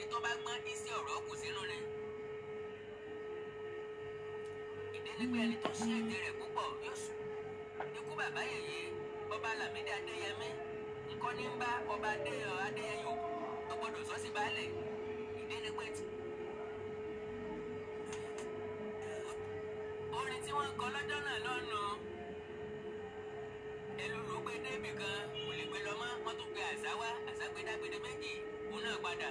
ẹni tó bá gbọ́n iṣẹ́ ọ̀rọ̀ kù sínú rẹ̀. ìdí ni pé ẹni tó ṣí èdè rẹ̀ púpọ̀ yóò sùn. ikú bàbá yèyé ọba Lámídì Adéyẹmí nǹkan ń bá ọba Adéyẹyè òkú tó gbọdọ̀ sọ́sì baálẹ̀ ìdí ni pé orin tí wọ́n ń lọ́jọ́ náà lọ́nu ẹlòlù gbé débì kan kò lè gbé lọ mọ́ wọ́n tún gbé àṣà méjì òun náà padà.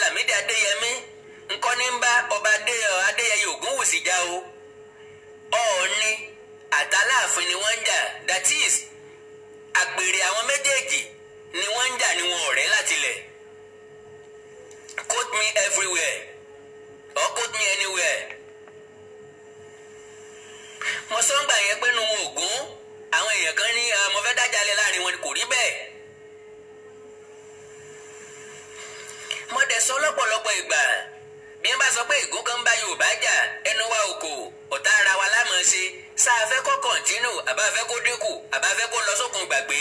Lamidi Adéyẹmí ńkọ́ ní ń bá ọba Adéyẹyè Ògúnwùsì jà o Ọọ̀ni àtàláàfin ni wọ́n ń jà that is àpèrè àwọn méjèèjì ni wọ́n ń jà ní wọn ọ̀rẹ́ látilẹ̀ quote me everywhere or quote me anywhere mo sọ ń gbà yẹn pé nu oògùn àwọn èèyàn kan ní ah, mo fẹ́ dájà lé láàrin wọn ni kò rí bẹ́ẹ̀. mo dẹ̀ sọ lọ́pọ̀lọpọ̀ ìgbà bí wọ́n bá sọ pé ìgún kan ń bá Yorùbá jà ẹnu wa òkò ọ̀tá ara wa lámọ̀ ṣe sáfẹ́ kó kọ̀ǹtínù àbáfẹ́ kó dínkù àbáfẹ́ kó lọ sókun gbàgbé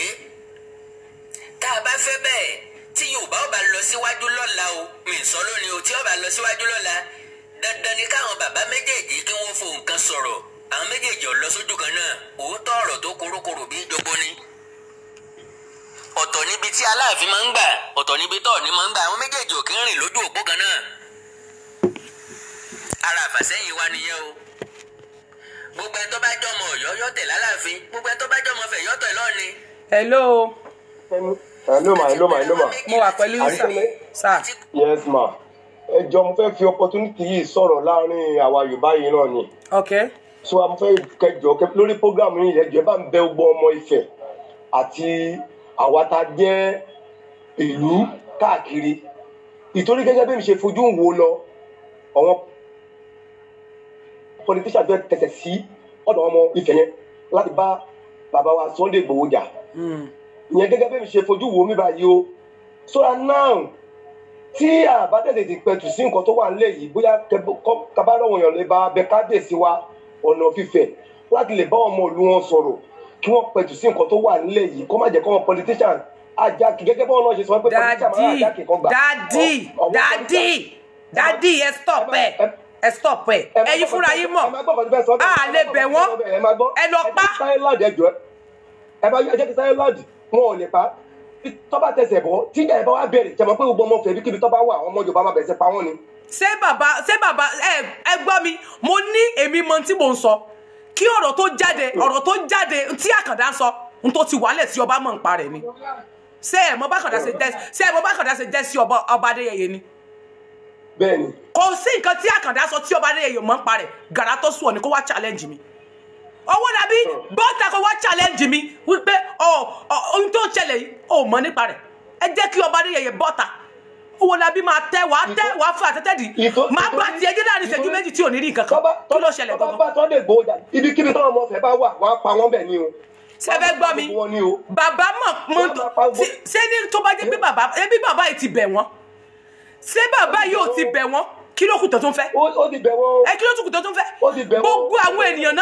tá a bá fẹ́ bẹ́ẹ̀ tí Yorùbá ó bá lọ síwájú lọ́la o mi sọ lónìí o tí ó bá lọ síwájú lọ́la dandan ni káwọn bàbá méjèèjì kí wọ́n fo nǹkan sọ̀rọ̀ àwọn méjèèjì ó lọ sójú kan náà òótọ́ ọ̀rọ̀ tó korokoro bí jọgbọ́n ni ọ̀tọ̀ níbi tí aláàfin máa ń gbà ọ̀tọ̀ níbi tọ́ọ̀ni máa ń gbà àwọn méjèèjì òkè ń rìn lójú òpó kan náà ara àfàsẹ́yìn wa nìyẹn o gbogbo ẹ tó bá jọmọ Ọ̀yọ́ yọ tẹ lálàáfin gbogbo ẹ tó bá jọmọ Ifẹ̀ yọ tẹ lọni. hello. hello ma hello ma hello ma. mo wà pẹ̀lú sa. yes ma ẹ jọ mo fẹ́ fi opportunity yìí sọ̀rọ̀ láàrin àwa Yorùbá yìí náà ni. ok. so a mo fẹ́ kẹjọ lórí program yìí ẹ jẹ́ bá ń bẹ gbogbo ọmọ Ifẹ̀ àti àwa ta jẹ́ ìlú káàkiri ìtorí gẹ́gẹ́ bí mi ṣe fojú wo lọ àwọn politician tó tẹ̀sẹ̀ sí ọ̀dọ̀ ọmọ Ifẹ̀ yẹn láti bá bàbá wa Sunday Igboho jà hmm. ìyẹn gẹ́gẹ́ bí mi ṣe fojú wo mi báyìí o sọ́ra náà tí àbátẹ̀tẹ̀ ti pẹ̀tù sí nǹkan tó wà ńlẹ̀ yìí bóyá kábàárọ̀ wọ̀nyàn lè bá bẹ kábíyèsí wa ọ̀nà fífẹ̀ láti lè bá ọmọ ìlú wọn sọ̀rọ̀ kí wọ́n pẹ̀tù sí nǹkan tó wà nílẹ̀ yìí kó má jẹ́ kó wọn politician ajáke gẹ́gẹ́ bọ́ọ̀ náà ṣe sọ pé politician máa ajáke kan gbà. dadi dadi dadi ẹ stop ẹ ẹ stop ẹ ẹyin fúnra yín mọ̀ a lè bẹ̀ wọ́n ẹ lọ pa. ẹ bá jẹ́ kí sáyẹ́ láàdì wọn ò lè pa tọ́ba tẹsẹ̀ bọ́ tíjà ẹ̀ bá wá bẹ̀rẹ̀ jẹ̀mọ́ pé gbogbo ọmọ fẹ̀mí kíbi tọ́ba wà ọmọ Yorùbá máa bẹ̀rẹ̀ sí pa wọ́n ni. ṣé bàbá ṣé bàbá ẹ gbọ́ mi mo ní èmi mọ tí mò ń sọ kí ọ̀rọ̀ tó jáde ọ̀rọ̀ tó jáde tí àkàndá sọ n tó ti wálẹ̀ tí ọba mọ̀ ń parẹ̀ ni ṣé ẹ̀ mọ bákàndá ṣe jẹ́ ṣé ẹ̀ mọ bákàndá ṣe jẹ́ sí ọba ọba adéyẹyẹ ni. bẹ́ẹ̀ni. kò sí nǹkan tí àkàndá sọ tí ọba adéyẹyẹ mọ̀ ń parẹ̀ gàrà tó sùn ọ̀ ni kó wá challenge mi ọwọ́ dàbí bọ́ta kó wá challenge mi wípé ọ̀ ohun tó ń ṣẹlẹ̀ yìí ò mọ̀ nípa rẹ̀ ẹ jẹ́ kí ọba adéyẹyẹ bọ́ta owó labi máa tẹ wàá tẹ wàá fún àtẹtẹdì máa bá tiẹ jẹ láàrin ìṣẹ́jú méjì tí ò ní rí nǹkan kí ló ṣẹlẹ̀ gbọgbọ. tọ́ba tọ́ lè gbó dà ibikíbi tọ́lọ́ ọmọ ọ̀fẹ́ bá wà wàá pa wọ́n bẹ̀ ni o. sẹfẹ gbọ́ mi bàbá mọ ṣé ní tó bá jẹ́ pé bàbá ẹbí bàbá yìí ti bẹ̀ wọ́n ṣé bàbá yìí ò ti bẹ̀ wọ́n kí ló kù tó tún fẹ́. ó ti bẹ̀ wọ́n. ẹ kí ló tún kù tó tún fẹ́. gbogbo àwọn ènìyàn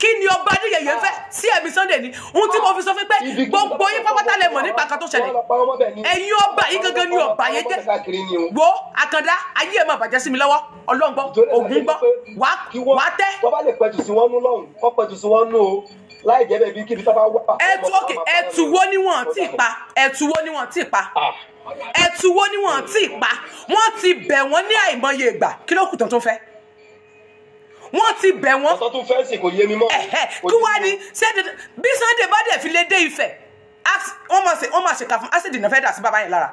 kí ni ọba ní yẹyẹ fẹ́ ah. sí ẹ̀mí Sunday ni ohun tí mo fi sọ fún pé gbogbo yín pápátá lè mọ̀ nípa kan tó ṣẹlẹ̀ ẹ̀yin ọba yìí gangan ni ọba yẹn jẹ́ wo àkàndá ayé ẹ̀ máa bàjẹ́ sí mi lọ́wọ́ ọlọ́run gbọ́ ògùn gbọ́ wà á tẹ́. tọ́ba lè pẹ̀tù sí wọn nú lọ́hùn kọ́ pẹ̀tù sí wọn nú o láì jẹ́ bẹ́ẹ̀ bí kíbi tọ́ba wà. ẹ̀tù òkè ẹ̀tù wo ni wọ́n ti pa ẹ̀tù wo ni wọ́n ti pa ẹ̀tù wo ni wọ́n ti pa wọ́n ti bẹ̀ wọ́n ní àìmọye ìgbà kí ló kù tán tó fẹ́ wọ́n ti bẹ̀ wọ́n. ọ̀sán tún fẹ́ẹ́ sì kò yé mi mọ́. kí wàá ní bí Sunday bá dẹ̀ fi lè dé Ifẹ̀ wọ́n máa ṣe wọ́n máa ṣe kà fún acid náà fẹ́ẹ́ dà sí bàbá yẹn lára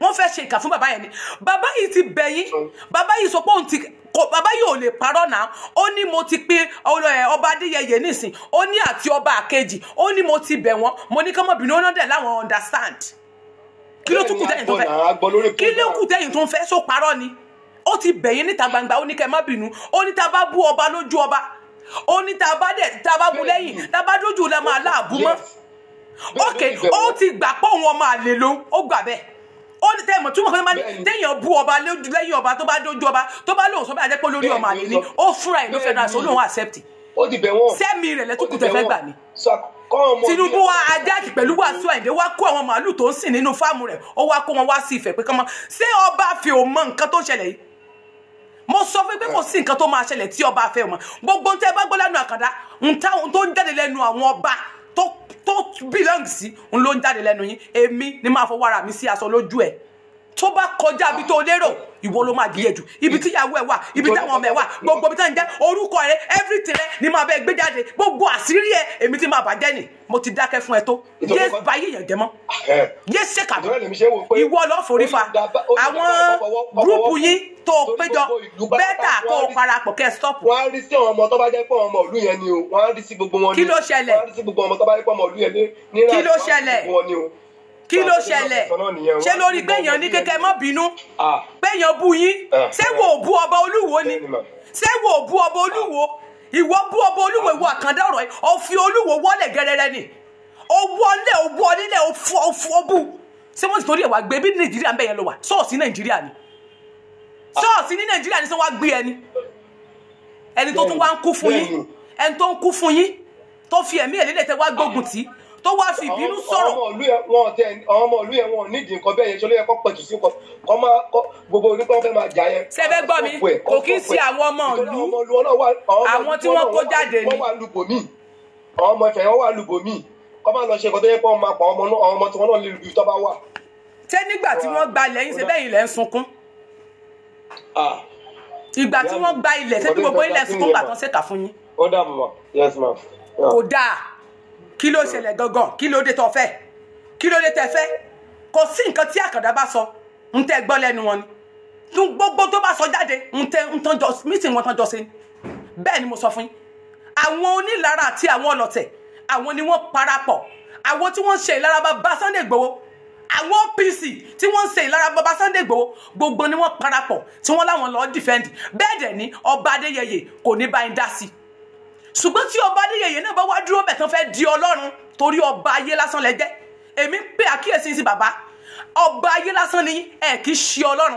wọ́n fẹ́ẹ́ ṣe ìkà fún bàbá yẹn ni bàbá yìí ti bẹ̀ yín bàbá yìí sọ pé òun ti kò bàbá yìí ò lè parọ́ náà ó ní mo ti pé ọba adéyẹyẹ nísìn ó ní àti ọba àkejì ó ní mo ti bẹ̀ wọ́n mo ní kọ́mọ́bìnrin ó ná dẹ̀ láwọn understand kí ló tún kù tẹ́yìn tó ń fẹ́ kí ló kù tẹ́yìn tó ń fẹ́ só parọ́ ni ó ti bẹ̀yìn níta gbangba ó ní kẹ́ má bínú ó ní ta bá bú ọba lójú ọba ó ní ta bá dẹ̀ ta bá bú lẹ́yìn ta bá dójú la máa láàbù mọ́ ok ó ti gbà pọ̀ wọn máa lè lo ó gbà bẹ́ẹ̀ ó ní tẹ́ẹ̀mọ̀ túmọ̀ pé téèyàn bú ọba lẹ́yìn ọba tó bá dójú ọba tó bá lóun sọ bí ajẹ́pọ̀ lórí ọmọ àlè ni ó fúnra ẹ̀ ló fẹ́ràn aṣọ olóhùn accept sẹ́mi rẹ̀ lẹ́tùkùtù ẹ̀fẹ́ gbà mí tinubu wa ajáàkì pẹ̀lú wàásù àyìndé wá kó àwọn màálù tó ń sìn nínú fáàmù rẹ̀ ó wá kó wọn wá sí ìfẹ́ pé kọ́mọ ṣé ọba fi òun mọ nǹkan tó ń ṣẹlẹ̀ yìí mo sọ fún pé kò sí nǹkan tó máa ṣẹlẹ̀ tí ọba fẹ́ mọ́ gbogbo tẹ́ bá gbọ́ lẹ́nu àkàndá nǹkan tó ń jáde lẹ́nu àwọn ọba tó belong sí n ló ń jáde lẹ́nu yín èmi ni máa fọwọ́ ara mi sí aṣọ lójú ẹ̀ tó bá kọjá ibi tó lérò ìwọ ló máa gbìyànjú ibi tí ìyàwó ẹ wà ibi táwọn ọmọ ẹ wà gbogbo ibi táwọn jẹ orúkọ rẹ everything rẹ ni máa bẹ gbé jáde gbogbo àṣírí ẹ èmi ti máa bàjẹ́ nì mo ti dákẹ́ fún ẹ tó yé báyé yẹn jẹ mọ́ yé ṣèkà ìwọ lọ forí fa àwọn gúrúùpù yín tó o péjọ bẹ́tà kó o parapọ̀ kẹ́ ẹ stọ́pù. wọ́n á rí sí àwọn ọmọ tó bá jẹ́ pé ọmọ ìlú yẹn ni o wọ́n á rí sí gbogbo wọn ni o kí ló ṣẹlẹ̀ kí ló ṣẹlẹ̀ kí ló ṣẹlẹ̀ ṣe lórí gbẹ̀yàn ní kékeré mọ́ bínú gbẹ̀yàn bu yín ṣé wò ó bu ọba olúwo ni ṣé wò ó bu ọba olúwo ìwọ bu ọba olúwo ìwọ àkàndá ọ̀rọ̀ yìí ó fi olúwo wọlé gẹ́rẹ́rẹ́ ni ó wọlé ó bu ọlílẹ̀ ó fọ ó fọ bú ṣé wọ́n ti torí ẹ̀ wá gbé bí nàìjíríà ń bẹ̀yẹ lọ wà ṣọ́ọ̀ṣì nàìjíríà ni ṣọ́ọ̀ṣì ní nàìjíríà ni ṣé wọ́n gbé ẹni ẹni tó tún wá ń kú fún yín ẹni tó ń kú fún yín tó fi ẹ̀mí ẹ̀ lélẹ̀ tẹ́ wá gbógun tì í tó wá fi ìbínú sọ̀rọ̀. àwọn ọmọ ìlú yẹn wọn nídìí nǹkan bẹ́ẹ̀ yẹn ṣọlẹ́ yẹn kọ́ pẹ̀tù sí kọ́ kọ́ máa kọ́ gbogbo onígbà wọn fẹ́ máa jà yẹn. sẹfẹ gbọ́ mi kò kí ń ṣe àwọn ọmọ ìlú àwọn tí wọ́n kó jáde ni. àwọn ọmọ ìfẹ́ wọn wà lùbò mí kọ́ máa lọ ṣe nǹkan tó yẹ kó máa pa àwọn ọmọ tí wọ́n náà lè lùbí tó bá wà kí ló ṣẹlẹ̀ gangan kí ló dé tó fẹ́ kí ló dé tẹ fẹ́ kò sí nǹkan tí àkàndá bá sọ ń tẹ́ gbọ́ lẹ́nu wọn ni gbogbo tó bá sọ jáde ń tẹ́ ń tán jọ mítìn wọn tán jọ sí bẹ́ẹ̀ ni mo sọ fún yín àwọn onílára àti àwọn ọlọ́tẹ̀ àwọn ni wọ́n parapọ̀ àwọn tí wọ́n ṣe ìlara bàbá Sunday Igboho àwọn OPC tí wọ́n ń ṣe ìlara bàbá Sunday Igboho gbogbo ni wọ́n parapọ̀ tí wọ́n láwọn lọ́ọ́ dìfẹ́ǹdì bẹ́ẹ̀ dẹ̀ ni ọba Adéyẹyè kò ní bá yín dá sí i ṣùgbọ́n tí ọba níyẹyẹ náà bá wá dúró bẹ̀ tán fẹ́ di ọlọ́run torí ọba ayé lásán lẹ jẹ́ èmi ń pè àkíyèsí sí bàbá ọba ayé lásán ni ẹ kì í ṣe ọlọ́run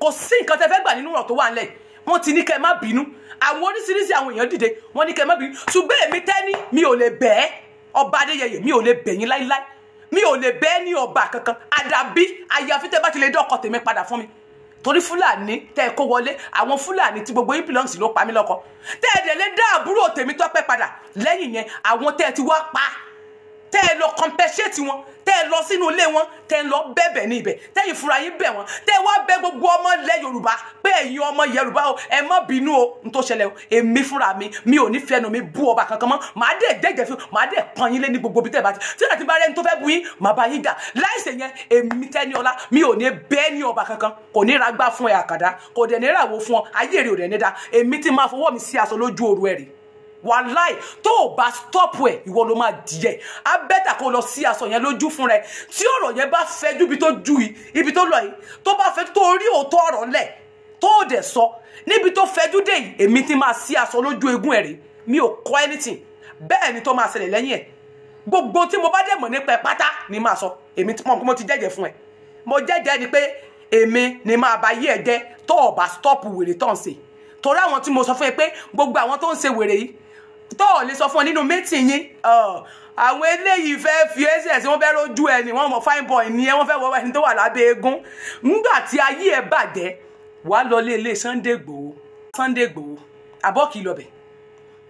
kò sí nǹkan tẹ fẹ́ gbà nínú ọ̀rọ̀ tó wà nílẹ̀ wọ́n ti ní kẹ́ má bínú àwọn oríṣiríṣi àwọn èèyàn dìde wọ́n ní kẹ́ má bínú ṣùgbọ́n èmi tẹ́ni mi ò lè bẹ́ẹ̀ ọba adéyẹyẹ mi ò lè bẹ̀yìn láíláí mi ò lè bẹ́ẹ̀ ní ọba kankan àdàbí àyàfi tẹ́ bá ti lè dọ́kọ̀ tèmi padà fún mi torí fúlàní tẹ́ ẹ kó wọlé àwọn fúlàní tí gbogbo yín belongs ló pa mí lọ́kọ tẹ́ ẹ dẹ̀ lé dá àbúrò tèmi tọ́pẹ́ padà lẹ́yìn yẹn àwọn tẹ́ ẹ ti wá pa tẹ́ ẹ lọ compensate wọn tẹ́ ẹ lọ sínú ilé wọn tẹ́ ẹ lọ bẹ̀bẹ̀ ní ibẹ̀ tẹ́ ẹ fura yín bẹ̀ wọ́n tẹ́ ẹ wá bẹ̀ gbogbo ọmọ ilẹ̀ yorùbá pé ẹ̀yin ọmọ yorùbá o ẹ má bínú o n tó ṣẹlẹ̀ o èmi fúnra mi mi ò ní fẹnu mi bú ọba kankan mọ́ màá dẹ̀ dẹ́jẹ̀ fún màá dẹ̀ pọn yín lé ní gbogbo bí tẹ́ ẹ bá ti tí ìrètí bá rẹ ní tó fẹ́ bu yín màá bá yín dà láìsẹ̀ yẹn èmi tẹ́ni ọlá mi ò ní bẹ́ẹ̀ ní ọba kankan kò ní ragbá fún ẹ àkàdá kò dẹ̀ ní ràwọ̀ fún ọ ayé rẹ̀ ò mi sí aṣọ lójú òru wàláì tó o bá stop ẹ̀ ìwọ ló máa di ẹ̀ á bẹ́tà kó lọ sí aṣọ yẹn lójú fún rẹ tí ọ̀rọ̀ yẹn bá fẹ́ ju ibi tó ju ibi tó lọ yìí tó bá fẹ́ tó rí òótọ́ ọ̀rọ̀ lẹ̀ tó o dẹ̀ sọ níbi tó fẹ́jú dé yìí èmi ti máa sí aṣọ lójú eegun ẹ̀ rí mi ò kọ́ anything bẹ́ẹ̀ ni tó máa ṣẹlẹ̀ lẹ́yìn ẹ̀ gbogbo tí mo bá dẹ̀ mọ̀ nípa ẹ̀ pátá ni máa sọ èmi ti mọ̀ pé mo ti jẹ́jẹ́ fún ẹ̀ mo jẹ́jẹ́ ni pé èmi ni máa bá yí ẹ̀ jẹ́ tó o bá stop wèrè tó ń ṣe torí àwọn tí mo sọ fún ẹ pé gbogbo àwọn tó ń ṣe wèrè yìí tó ò lè sọ fún ọ nínú mẹ́tìn yín àwọn eléyìí fẹ́ fi ẹsẹ̀ sí wọ́n fẹ́ rojú ẹ ni wọ́n mọ̀ fine boy ni ẹ wọ́n fẹ́ wọ ẹni tó wà lábẹ́ eégún nígbà tí ayé ẹ bàjẹ́ wàá lọ lé ilé Sunday Igboho Sunday Igboho abọ́kì lọ́bẹ̀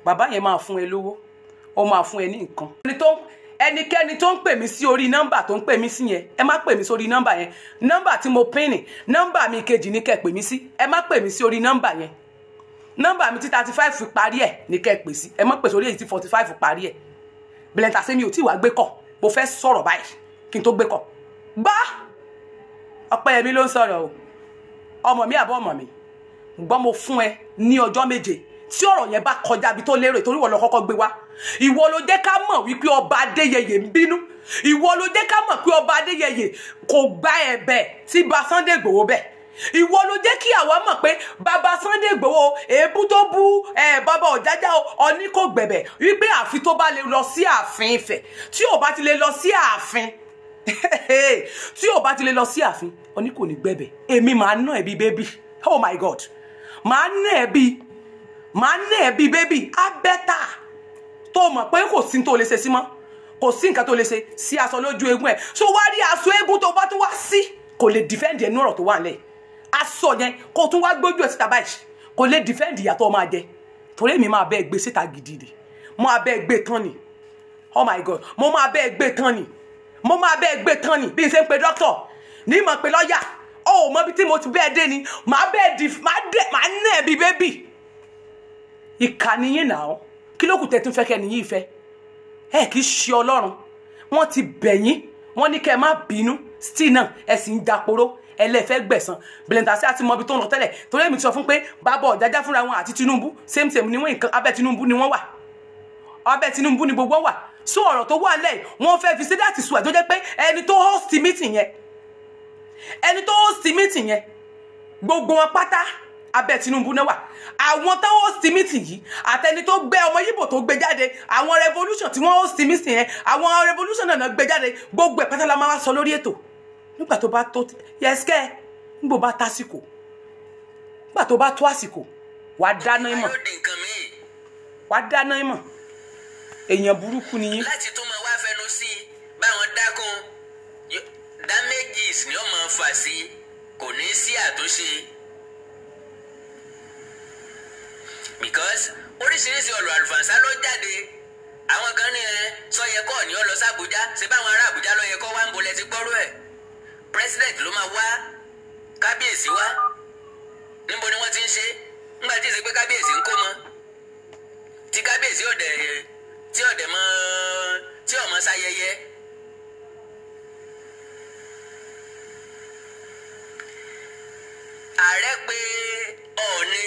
bàbá yẹn máa fún ẹ lówó ó máa fún ẹ ní nǹkan. ẹnikẹ́ni tó ń pè mí sí orí nọ́mbà tó ń pè mí sí yẹn ẹ má pè mí sí nọ́mbà yẹn nọ́mbà tí mo pín ní nọ́mbà mi kejì ní kẹ́ pè mí sí ẹ má pè mí sí orí nọ́mbà yẹn nọ́mbà mi tí thirty five fi parí ẹ̀ ní kẹ́ ẹ pè sí ẹ mọ́ pèsè orí èyí tí forty five parí ẹ̀ bìlẹ̀ntà sẹ́mi ò tí wàá gbé kọ̀ mo fẹ́ sọ̀rọ̀ báyìí kí n tó gbé kọ̀ gbá ọpẹ́yẹmí ló ń sọ̀rọ̀ o ọmọ mi àbọ̀ ọmọ mi gbọ́n mo fún ẹ ní ọjọ́ méje tí ọ̀rọ̀ yẹn bá kọjá ibi tó lérò ìtorí ìwọ kọ́kọ́ gbé wá ìwọ ló jẹ́ ká mọ̀ wípé ọba adéyẹyẹ ń bínú ìwọ ló jẹ́ ká mọ̀ pé ọba adéyẹyẹ kò gba ẹ̀bẹ̀ tí ba Sunday bẹ́ẹ̀ ìwọ ló jẹ́ kí àwa mọ̀ pé baba Sunday Igboho èébú tó bú baba Ọ̀jájá ọní kò gbẹ̀bẹ̀ wípé àfi tó bá lè lọ sí ààfin Ifẹ̀ tí ò bá ti lè lọ sí ààfin tí ò bá ti lè lọ sí ààfin ọní kò ní gbẹ̀bẹ̀ èmi màá ná ẹ̀bí bébì oh my god màá ná ẹ̀bí màá ná ẹ̀bí bébì á bẹ́tà tó mọ̀ pé kò sí tó lè ṣe sí mọ́ kò sí nǹkan tó lè ṣe sí aṣọ lójú eegun ẹ̀ so wá rí aṣọ eegun tó bá tó wá sí kò lè dìfẹ́ǹdì ẹnu ọ̀rọ̀ tó wà nílẹ̀ aṣọ yẹn kó tún wá gbójú ẹ̀ síta báyìí kò lè defend ìyàtọ̀ máa jẹ torí èmi máa bẹ́ẹ̀ gbé síta gidi ni mo máa bẹ́ẹ̀ gbé tán ni oh my god mo máa bẹ́ẹ̀ gbé tán ni mo máa bẹ́ẹ̀ gbé tán ni bí n ṣe ń pe doctor ní mọ̀ pé lọ́ọ̀yà ó mọ ibi tí mo ti bẹ́ẹ̀ dé ni màá bẹ́ẹ̀ di màá dẹ̀ màá nẹ̀ bí bébì ìkànnì yín nà ó kí ló kù tẹ̀ tún fẹ́ kẹ́ nìyí fẹ́ ẹ kì í ṣe ọlọ́run wọ́n ti bẹ̀yìn wọ́n ní kẹ́ ẹ má bínú still náà ẹ sì ń dapòró ẹlẹ́fẹ́ gbẹ̀san blentasi àti mọbi tó ń lọ tẹ́lẹ̀ torí èmi ti sọ fún pé bábọ̀ jájá fúnra wọn àti Tinubu same same ni wọ́n nǹkan abẹ́ Tinubu ni wọ́n wà abẹ́ Tinubu ni gbogbo wà so ọ̀rọ̀ tó wà lẹ̀ wọ́n fẹ́ fi sídà tìṣù ẹ̀ tó jẹ́ pé ẹni tó host meeting yẹn ẹni tó host meeting yẹn gbogbo wọn pátá abẹ́ Tinubu náà wà àwọn tó host meeting yìí àtẹni tó gbé ọmọ yíbò tó gbé jáde àwọn revolution tí wọ́n host meeting yẹn àwọn revolution náà gbé jáde gbogbo ẹ̀ pátá la máa wá sọ lórí ètò nígbà tó bá tó yẹsikẹ́ nígbà tó bá tásìkò nígbà tó bá tó àsìkò wà á dáná ìmọ̀ wà á dáná ìmọ̀ èèyàn burúkú ni yín. láti tó máa wá fẹnu sí i báwọn dákun damages ni ó máa fà sí kò ní sí àtúnṣe because oríṣiríṣi ọ̀rọ̀ àlùfànṣá ló jáde àwọn kan ní ẹ sọ yẹ kọ́ ni ó lọ sí Àbújá ṣé báwọn ará Àbújá ló yẹ kọ́ wá ń bolẹ̀ ti gbọ́rọ̀ ẹ̀ president ló máa wá kábíyèsí wá níbo ni wọ́n ti ń ṣe nígbà tí ìsèpé kábíyèsí ń kó mọ tí kábíyèsí ọ̀dẹ̀ tí ọ̀dẹ̀ mọ tí ọmọ sáyẹyẹ. ààrẹ pé ọ̀ọ́ni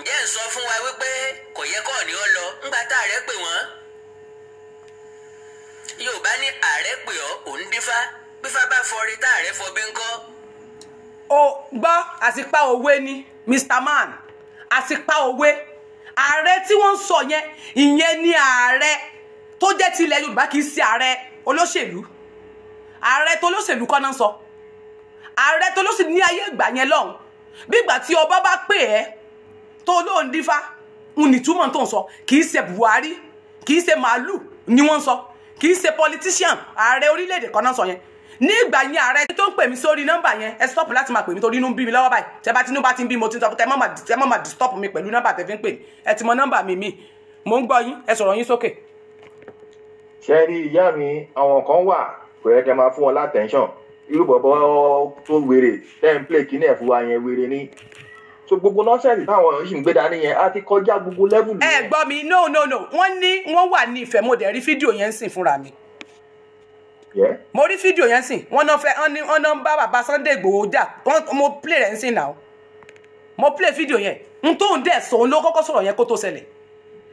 ǹjẹ́ ń sọ fún wa wípé kò yẹ kọ́ọ̀ni ọ lọ ńgbà tá ààrẹ pè wọ́n yóò bá ní ààrẹ pè ọ́ òun dífá bífá bá fọre tá àrẹ fọbẹ ńkọ́. o gbọ́ àtipa òwe ni Mr Man àtipa òwe ààrẹ tí wọ́n ń sọ yẹn ìyẹn ni ààrẹ tó jẹ́ tilẹ̀ Yorùbá kì í ṣe ààrẹ olóṣèlú ààrẹ tó olóṣèlú kọ́ náà sọ ààrẹ tó olóṣèlú ní ayé ìgbà yẹn lọ́hùn bí ìgbà tí ọba bá pè ẹ́ tó lóun dífá ń nìtúmọ̀ tó ń sọ kì í ṣe Buhari kì í ṣe màálù ni wọ́n ń sọ kì í ṣe politician ààrẹ orílẹ̀-èdè kan náà sọ yẹn ní ìgbà yẹn ààrẹ tó ń pè mí sórí nọ́mbà yẹn ẹ stop láti máa pè mí torí inú ń bí mi lọ́wọ́ báyìí tẹ bá tinú bá ti ń bí mo ti ń sọ fún tẹ má má stop mi pẹ̀lú nọ́mbà tẹ fi ń pè mí ẹ ti mọ nọ́mbà mi mi mò ń gbọ́ yín ẹ sọ̀rọ̀ yín sókè. ṣe rí ìyá mi àwọn kan wà kò yẹ kẹ máa fún wọn látẹ̀ńṣàn irú bọ̀bọ̀ tó wèrè ten play kíní ẹ̀ fún wa yẹn wèrè ni so gbogbo nọ́ọ̀sẹ̀sì táwọn èèyàn sì ń gbé dání yẹn á ti kọjá gbogbo lẹ́bùlù. ẹ gbọ́ mi no no no wọ́n ní wọ́n wà ní ìfẹ́ mo dẹ̀ rí fídíò yẹn ń sìn fúnra mi mo rí fídíò yẹn sìn wọn náà fẹ́ wọn náà ń bá bàbá Sunday Igboho jà mo play rẹ̀ ń sìn náà mo play fídíò yẹn n tó ń dẹ̀ sọ òun ló kọ́kọ́ sọ̀rọ̀ yẹn kó tó ṣẹlẹ̀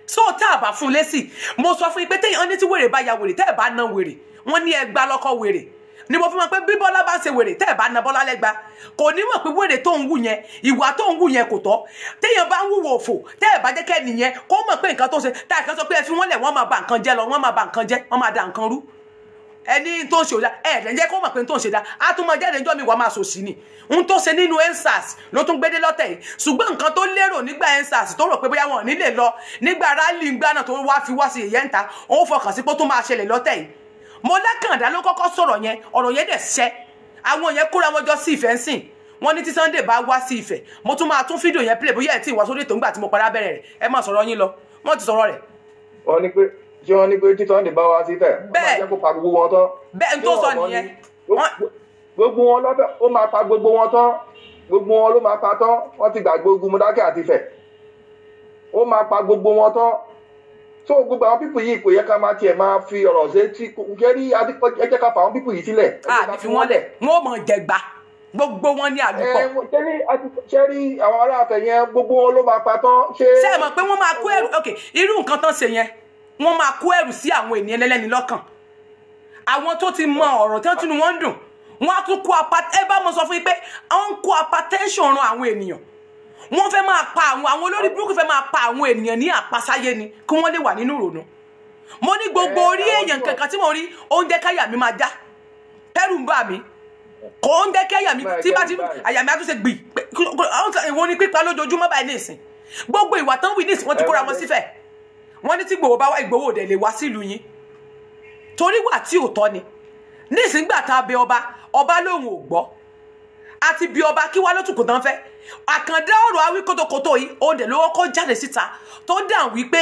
so tá a bá fún un lésì mo sọ fún yín pé téèyàn ní tí wèrè bá ya wèrè tẹ́ ẹ̀ bá na wèrè wọ́n ní ẹgbà lọ́kọ́ wèrè ni mo fi mọ̀ pé bí Bọ́lá bá ṣe wèrè tẹ́ ẹ̀ bá na Bọ́lá lẹ́gba kò ní mọ̀ pé wèrè tó ń wù yẹn ìwà tó ń wù yẹn kò tọ́ téèyàn bá ń wùwò òfò tẹ́ ẹ̀ bá jẹ́ kẹ́ nìyẹn kó mọ̀ pé nǹkan tó ṣe tá a kan sọ pé ẹ fi wọ́n lẹ̀ wọ́n máa bà nǹkan jẹ́ lọ wọ́n máa bà nǹkan jẹ́ wọ́n máa da nǹkan rú ẹni tó ń ṣe òdà ẹ ẹ jẹ́ kó mọ̀ pé tó ń ṣe dá a tún máa jáde jọ́ mi wàá máa sòsì ni n tó ṣe nínú ensars ló tún gbédé lọ́tẹ̀ yìí ṣùgbọ́n nǹkan tó lérò nígbà ensars tó rò pé bóyá wọn nílé lọ nígbà rálì ńgbà náà tó wá fi wá sí ìyẹn ta òun fọkàn sí pé tó máa ṣẹlẹ̀ lọ́tẹ̀ yìí mo lákàndá ló kọ́kọ́ sọ̀rọ̀ yẹn ọ̀rọ̀ yẹn dẹ̀ ṣẹ́ àwọn yẹn kóra wọn jọ sí ìfẹ́ ńsìn wọn ní tí Sunday bá wá sí Ifẹ̀ mo tún máa tún fídíò yẹn play bóyá ẹ tí ìwà sórí ètò ńgbà tí mo padà bẹ̀rẹ̀ rẹ̀ ẹ má sọ̀rọ̀ yín lọ wọ́n ti sọ̀rọ̀ rẹ̀. wọ́n ní pé tí wọ́n ní pé tí Sunday bá wá sí fẹ̀ ó máa jẹ́ kó pa gbogbo wọn tán. bẹ́ẹ̀ n tó sọ nìyẹn. gbogbo wọn lọ́bẹ̀ ó máa pa gbogbo wọn tán gbogbo wọn ló máa pa tán wọ́n ti gbàgbé ogun Mọdákẹ́ àti Ifẹ̀ ó máa pa gbogbo wọn tán so gbogbo àwọn pípù yìí kò yẹ ká máa tiẹ̀ máa fi ọ̀rọ̀ ṣe tí kò rí ẹ jẹ́ ká fà àwọn pípù yìí sílẹ̀. a fi wọn lẹ wọn ò mọ jẹgba gbogbo wọn ní àdúgbò. ṣé rí àwọn aráàfẹ yẹn gbogbo wọn ló máa pa tán. ṣé ẹ mọ̀ pé wọ́n máa kó ẹrù ok irú nǹkan tán ṣe yẹn wọ́n máa kó ẹ̀rù sí àwọn ènìyàn lẹ́lẹ́ni lọ́kàn àwọn tó ti mọ ọ̀rọ̀ tí wọ́n tún wọ́n ń dùn wọ́n á tún kó apá ẹ bá mo sọ fún yín pé wọ́n ń kó apá tẹ́ńsọ̀n ran àwọn ènìyàn wọ́n fẹ́ máa pa àwọn àwọn olórí burúkú fẹ́ máa pa àwọn ènìyàn ní àpasáyé ni kí wọ́n lè wà nínú ìrònú mo ní gbogbo orí èèyàn kankan tí mo rí oúnjẹ káyà mi máa já tẹ́rù ń bà mí kò oúnjẹ káyà mi tí bá ti àyà mi á tún ṣe gbì ìwọ ni pípa lójoojúmọ́ báyìí ní ìsìn gbogbo ìwà tán wí ní ìsìn wọ́n ti kóra wọn sífẹ̀ẹ́ wọ́n ní tí Ìgbòho bá wá Ìgbòho òdẹ̀ lè wá sílùú yín torí wà tí ò tọ́ ni nísìngbà tá a bẹ ọba ọba lòun ò gbọ́ àti bí ọba kí wá lótùkù tán fẹ́ àkàndá ọ̀rọ̀ awí kótókótó yìí òdẹ̀ lówó kó jáde síta tó dàn wípé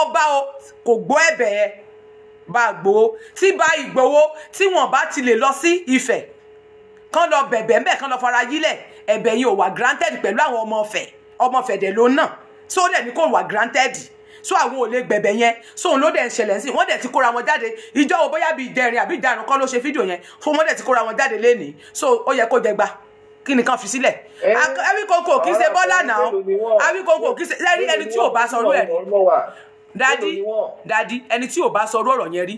ọba o kò gbọ́ ẹ̀bẹ̀ ẹ bá Ìgbòho tí bá Ìgbòho tí wọ́n bá ti lè lọ sí Ifẹ̀ kán lọ bẹ̀bẹ̀ ńbẹ̀ kán lọ fara yílẹ̀ ẹ̀bẹ̀ yìí ò wà granted pẹ̀lú àwọn ọmọ ọ̀fẹ́ ọmọ ọ̀fẹ́ dẹ̀ ló náà sódẹ̀ ni kò wà granted so àwọn ò lè gbẹ̀bẹ̀ yẹn so òun ló dẹ̀ ń ṣẹlẹ̀ sí wọ́n dẹ̀ ti kóra wọn jáde ìjọ wo bóyá bíi ìdẹrin àbí ìdarun kọ́ ló ṣe fídíò yẹn fún wọ́n dẹ̀ ti kóra wọn jáde lénìí so ó yẹ kó jẹ gba kí nìkan fi sílẹ̀ awíkoko kì í ṣe bọ́lá náà awíkoko kì í ṣe ẹni ẹni tí ò bá sọ ọ̀rọ̀ ẹ̀ rí dadi dadi ẹni tí ò bá sọ ọ̀rọ̀ yẹn rí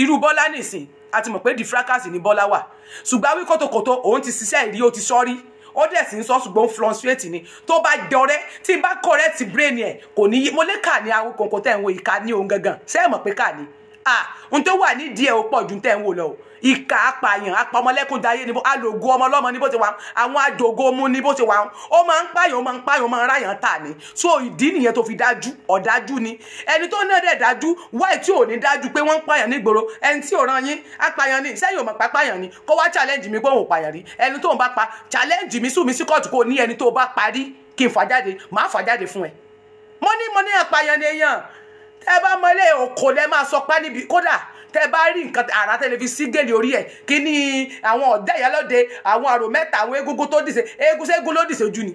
irú bọ́lá nìsín a mọ̀ pé di fracas ni bọ́lá wà ṣùgbọ́n awíkótókòtó òun ti ṣiṣẹ́ ìrí ó ti sọ́rí ó dẹ̀ sì ń sọ ṣùgbọ́n fluctuate ni tó bá dọ̀rẹ́ tí bá correct brain ẹ̀ kò ní mo lè kà ní awo kòkòtẹ́ ìwọ̀n ìka ní òun gangan ṣé ẹ mọ̀ pé kà ní Ah, ohun tó wà nídìí ẹ̀ ó pọ̀ ju tẹ́ ń wò lọ o ìka apààyàn apamọ́lẹ́kùn dayé ni bó alògo ọmọ ọlọ́mọ ni bó ti wà àwọn àjògo mu ni bó ti wà ó máa ń pààyàn ó máa ń pààyàn ó máa ń ráyàn tà ni so ìdí nìyẹn tó fi dájú ọ̀dájú ni ẹni tó náà dẹ̀ dájú wáì tí ò ní dájú pé wọ́n ń pààyàn nígboro ẹni tí ò ràn yín apààyàn ni sẹ́yìn ò mọ̀ pàpààyàn ni kó wá challenge mi pé òun pààyàn rí ẹni tó ń bá pa challenge mi sùn mi sí kóòtù kò ní ẹni tó bá parí kí n fàjáde màá fàjáde fún ẹ mo ní mo ní apààyàn ni èèyàn ẹ bá mọ ilé òkò lẹ máa sọ pa níbi kódà tẹ bá rí nǹkan àrà tẹlẹ fi sí gèlè orí ẹ kí ni àwọn ọ̀dà ìyálọ́de àwọn àrò mẹ́ta àwọn egungun tó dìse eégún ségun ló dìse jù ni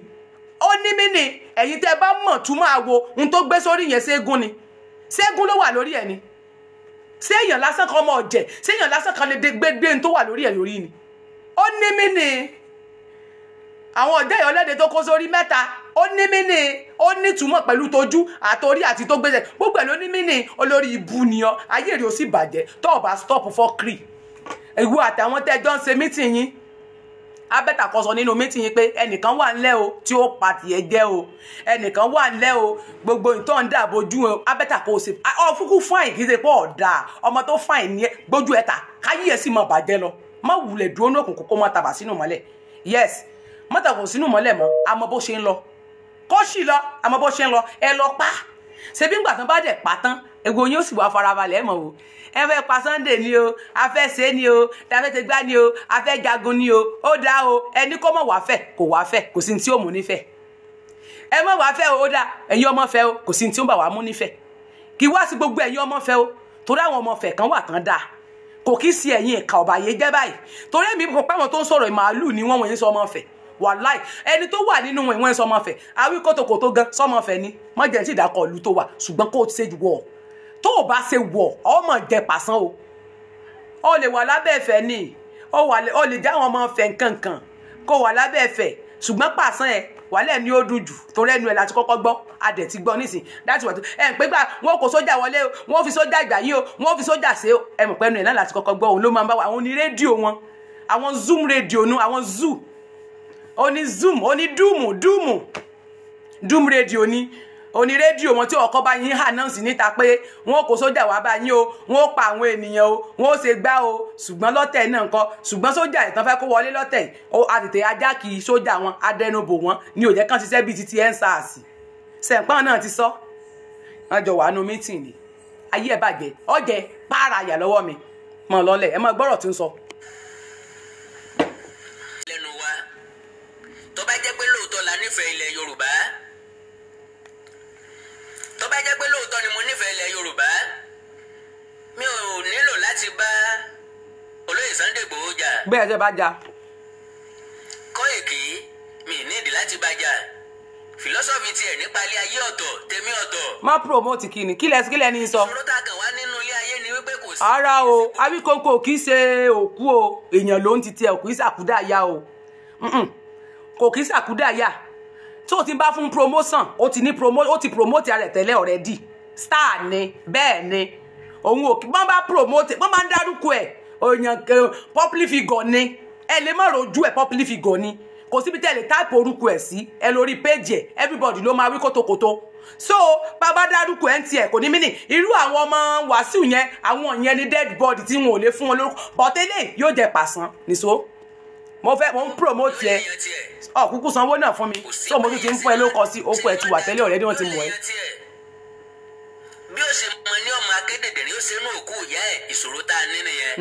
ó ní mí ni ẹ̀yin tẹ bá mọ̀ tún máa wo ohun tó gbé sórí yẹn ségun ni ségun ló wà lórí ẹ ni séèyàn lásán kan mọ̀ ọ̀jẹ̀ séèyàn lásán kan lè gbé gbé ohun tó wà lórí ẹ lórí ni ó ní mí ni àwọn ọ̀dẹ́ ìyọlẹ́dẹ tó kó sórí mẹ́ta ó ní mínì ó ní túmọ̀ pẹ̀lú tójú àtòrí àti tó gbèsè gbogbo ẹ̀ ló ní mínì olórí ibu nìyàn ayé rẹ̀ ó sì bàjẹ́ tó o stop for kiri ìwọ àtàwọn tẹ́ jọ ń ṣe mítìn yín abẹ́ta kọ́sọ nínú mítìn yín pé ẹnìkan wà ńlẹ́ o tí ó pa tìyẹ jẹ́ o ẹnìkan wà ńlẹ́ o gbogbo ìtọ́ ń dàbò ojú o abẹ́ta kò sí ọ̀fúnkú fáìn kì í ṣe pé ọ̀dà ọmọ tó fáìn ní gbójú ẹ̀ta káyé ẹ̀ sì máa bàjẹ́ lọ má wulẹ̀ dúró ní òkùnkùn kó má tabà sínú mọ́lẹ̀ yes mọ́tà kò sínú mọ́lẹ̀ mọ́ àmọ́ bó ṣe ń lọ kó sì lọ àmọ́ bó ṣe ń lọ ẹ lọ pa ṣebí ńgbà tán bá dẹ̀ pa tán ègbò yín ó sì wá farabalẹ̀ mọ̀ o ẹ fẹ́ pa Sunday ni o afẹ́ ṣe ni o tafẹ́ ti gbá ni o afẹ́ jagun ni o ó dáa o ẹni kó mọ̀ wá fẹ́ kò wá fẹ́ kò sí ní tí ó mú nífẹ̀ẹ́ ẹ mọ̀ wá fẹ́ o ó dáa ẹ̀yin ọmọ fẹ́ o kò sí ní tí ó bà wá mú nífẹ̀ẹ́ kì í wá sí gbogbo ẹ̀yin ọmọ fẹ́ o torí àwọn ọmọ fẹ́ kan wà tán dáa kò kí sí ẹ̀yin ìka ọ̀bàyé jẹ́ báyìí torí èmi kò pẹ́ wọn tó ń sọ̀rọ̀ màálù ni wọ́n wọ̀nyí sọ ọmọ fẹ́ wàláì ẹni tó wà nínú ìwọ̀n sọmọfẹ̀ awí kótókótó gan sọmọfẹ̀ ni mọ̀jẹ̀ ti dàkọ̀ ìlú tó wà ṣùgbọ́n kó o ti ṣe wọ̀ tó o bá ṣe wọ̀ ọmọ jẹ pàṣán o o lè wà lábẹ́ ẹ̀fẹ̀ ni o lè já àwọn ọmọ fẹ̀ nkankan kó wà lábẹ́ ẹ̀fẹ̀ ṣùgbọ́n pàṣán ẹ̀ wàhálẹ̀ ni ó dùn jù torí ẹnu ẹ̀ láti kọ́kọ́ gbọ́ adẹ̀ ti gbọ́ nísìn láti wàtú ẹ̀ ń pé gbà wọn kò sójà wọlé o wọn fi sójà gbà yí o wọn fi sójà ṣe o ẹ̀ mọ̀ pẹ́nu ẹ̀ náà láti kọ́kọ́ gbọ́ òun ló máa ń bá wa àwọn oní rédíò wọn àwọn zoom rédíò nu àwọn zoo Oni zoom oni dùmù dùmù dùmù rédíò ni Oni rédíò wọn tí ọkọ bá yín announce níta pé wọn kò sójà wá bá yín o wọn ò pa àwọn ènìyàn o wọn ò ṣe gbá o ṣùgbọ́n lọ́tẹ̀ náà ńkọ́ ṣùgbọ́n sójà ìtàn fẹ́ kó wọlé lọ́tẹ̀ ó àtètè ajá kì í sójà wọn adẹnubò wọn ni òjẹ́ kan ṣiṣẹ́ bíi titi ensars sẹ̀ǹpọ́n náà ti sọ wọn jọ wà nù mítìn ni ayé ẹ̀ bàjẹ́ ọ̀jẹ̀ pààrà àyà lọ́wọ́ mi mọ̀ lọ́lẹ̀ ẹ mọ̀ gbọ́rọ̀ tó ń sọ tó bá jẹ́ pé lóòótọ́ la nífẹ̀ẹ́ ilẹ̀ Yorùbá tó jẹ́ pé lóòótọ́ ni mo nífẹ̀ẹ́ ilẹ̀ Yorùbá mi ò nílò láti bá olóyè Sunday Igboho jà. bẹ́ẹ̀ ṣe bá jà. kọ́ èké mi nídìí láti bá jà fìlọ́sọ̀fì tiẹ̀ nípa ilé ayé ọ̀tọ̀ tèmi ọ̀tọ̀. má promote kini. ni kílẹ̀ kílẹ̀ ní sọ. ìṣòro tá a kàn wá nínú ilé ayé ni wípé kò sí. ara o Awikonko kì í ṣe òkú o èèyàn ló ń ti tiẹ̀ kì í ṣàkúdà ya o kò kí sàkúdàyà tó ti bá fún promotion ó ti ní promote ó ti promote ara ẹ̀ tẹ́lẹ̀ already star ni bẹ́ẹ̀ ni òun ò kí wọ́n bá promote wọ́n máa ń dárúkọ ẹ̀ òyìn public figure ni ẹ lè má rojú ẹ̀ public figure ni kò síbi tẹ́ ẹ lè táìpù orúkọ ẹ̀ sí ẹ lórí péjì ẹ̀ everybody ló máa wí kótókótó so bàbá dárúkọ ẹ̀ ń tiẹ̀ kò ní mí nì irú àwọn ọmọ wàásù yẹn àwọn yẹn ni dead body tí wọn ò lè fún wọn lórúkọ bọ́tẹ́lẹ̀ yóò jẹ pàṣán nìṣó mo fẹ́ mo ń promote ẹ ọ kúkú sanwó náà fún mi tó mo tún ti ń fún ẹ ló kọ sí okùn ẹ ti wà tẹ́lẹ̀ ọ̀rẹ́dí wọn ti mọ̀ ẹ́. bí o ṣe mọ ní ọmọ akédèdè ni ó ṣe inú òkú ìyá ẹ ìṣòro tá a ní nìyẹn.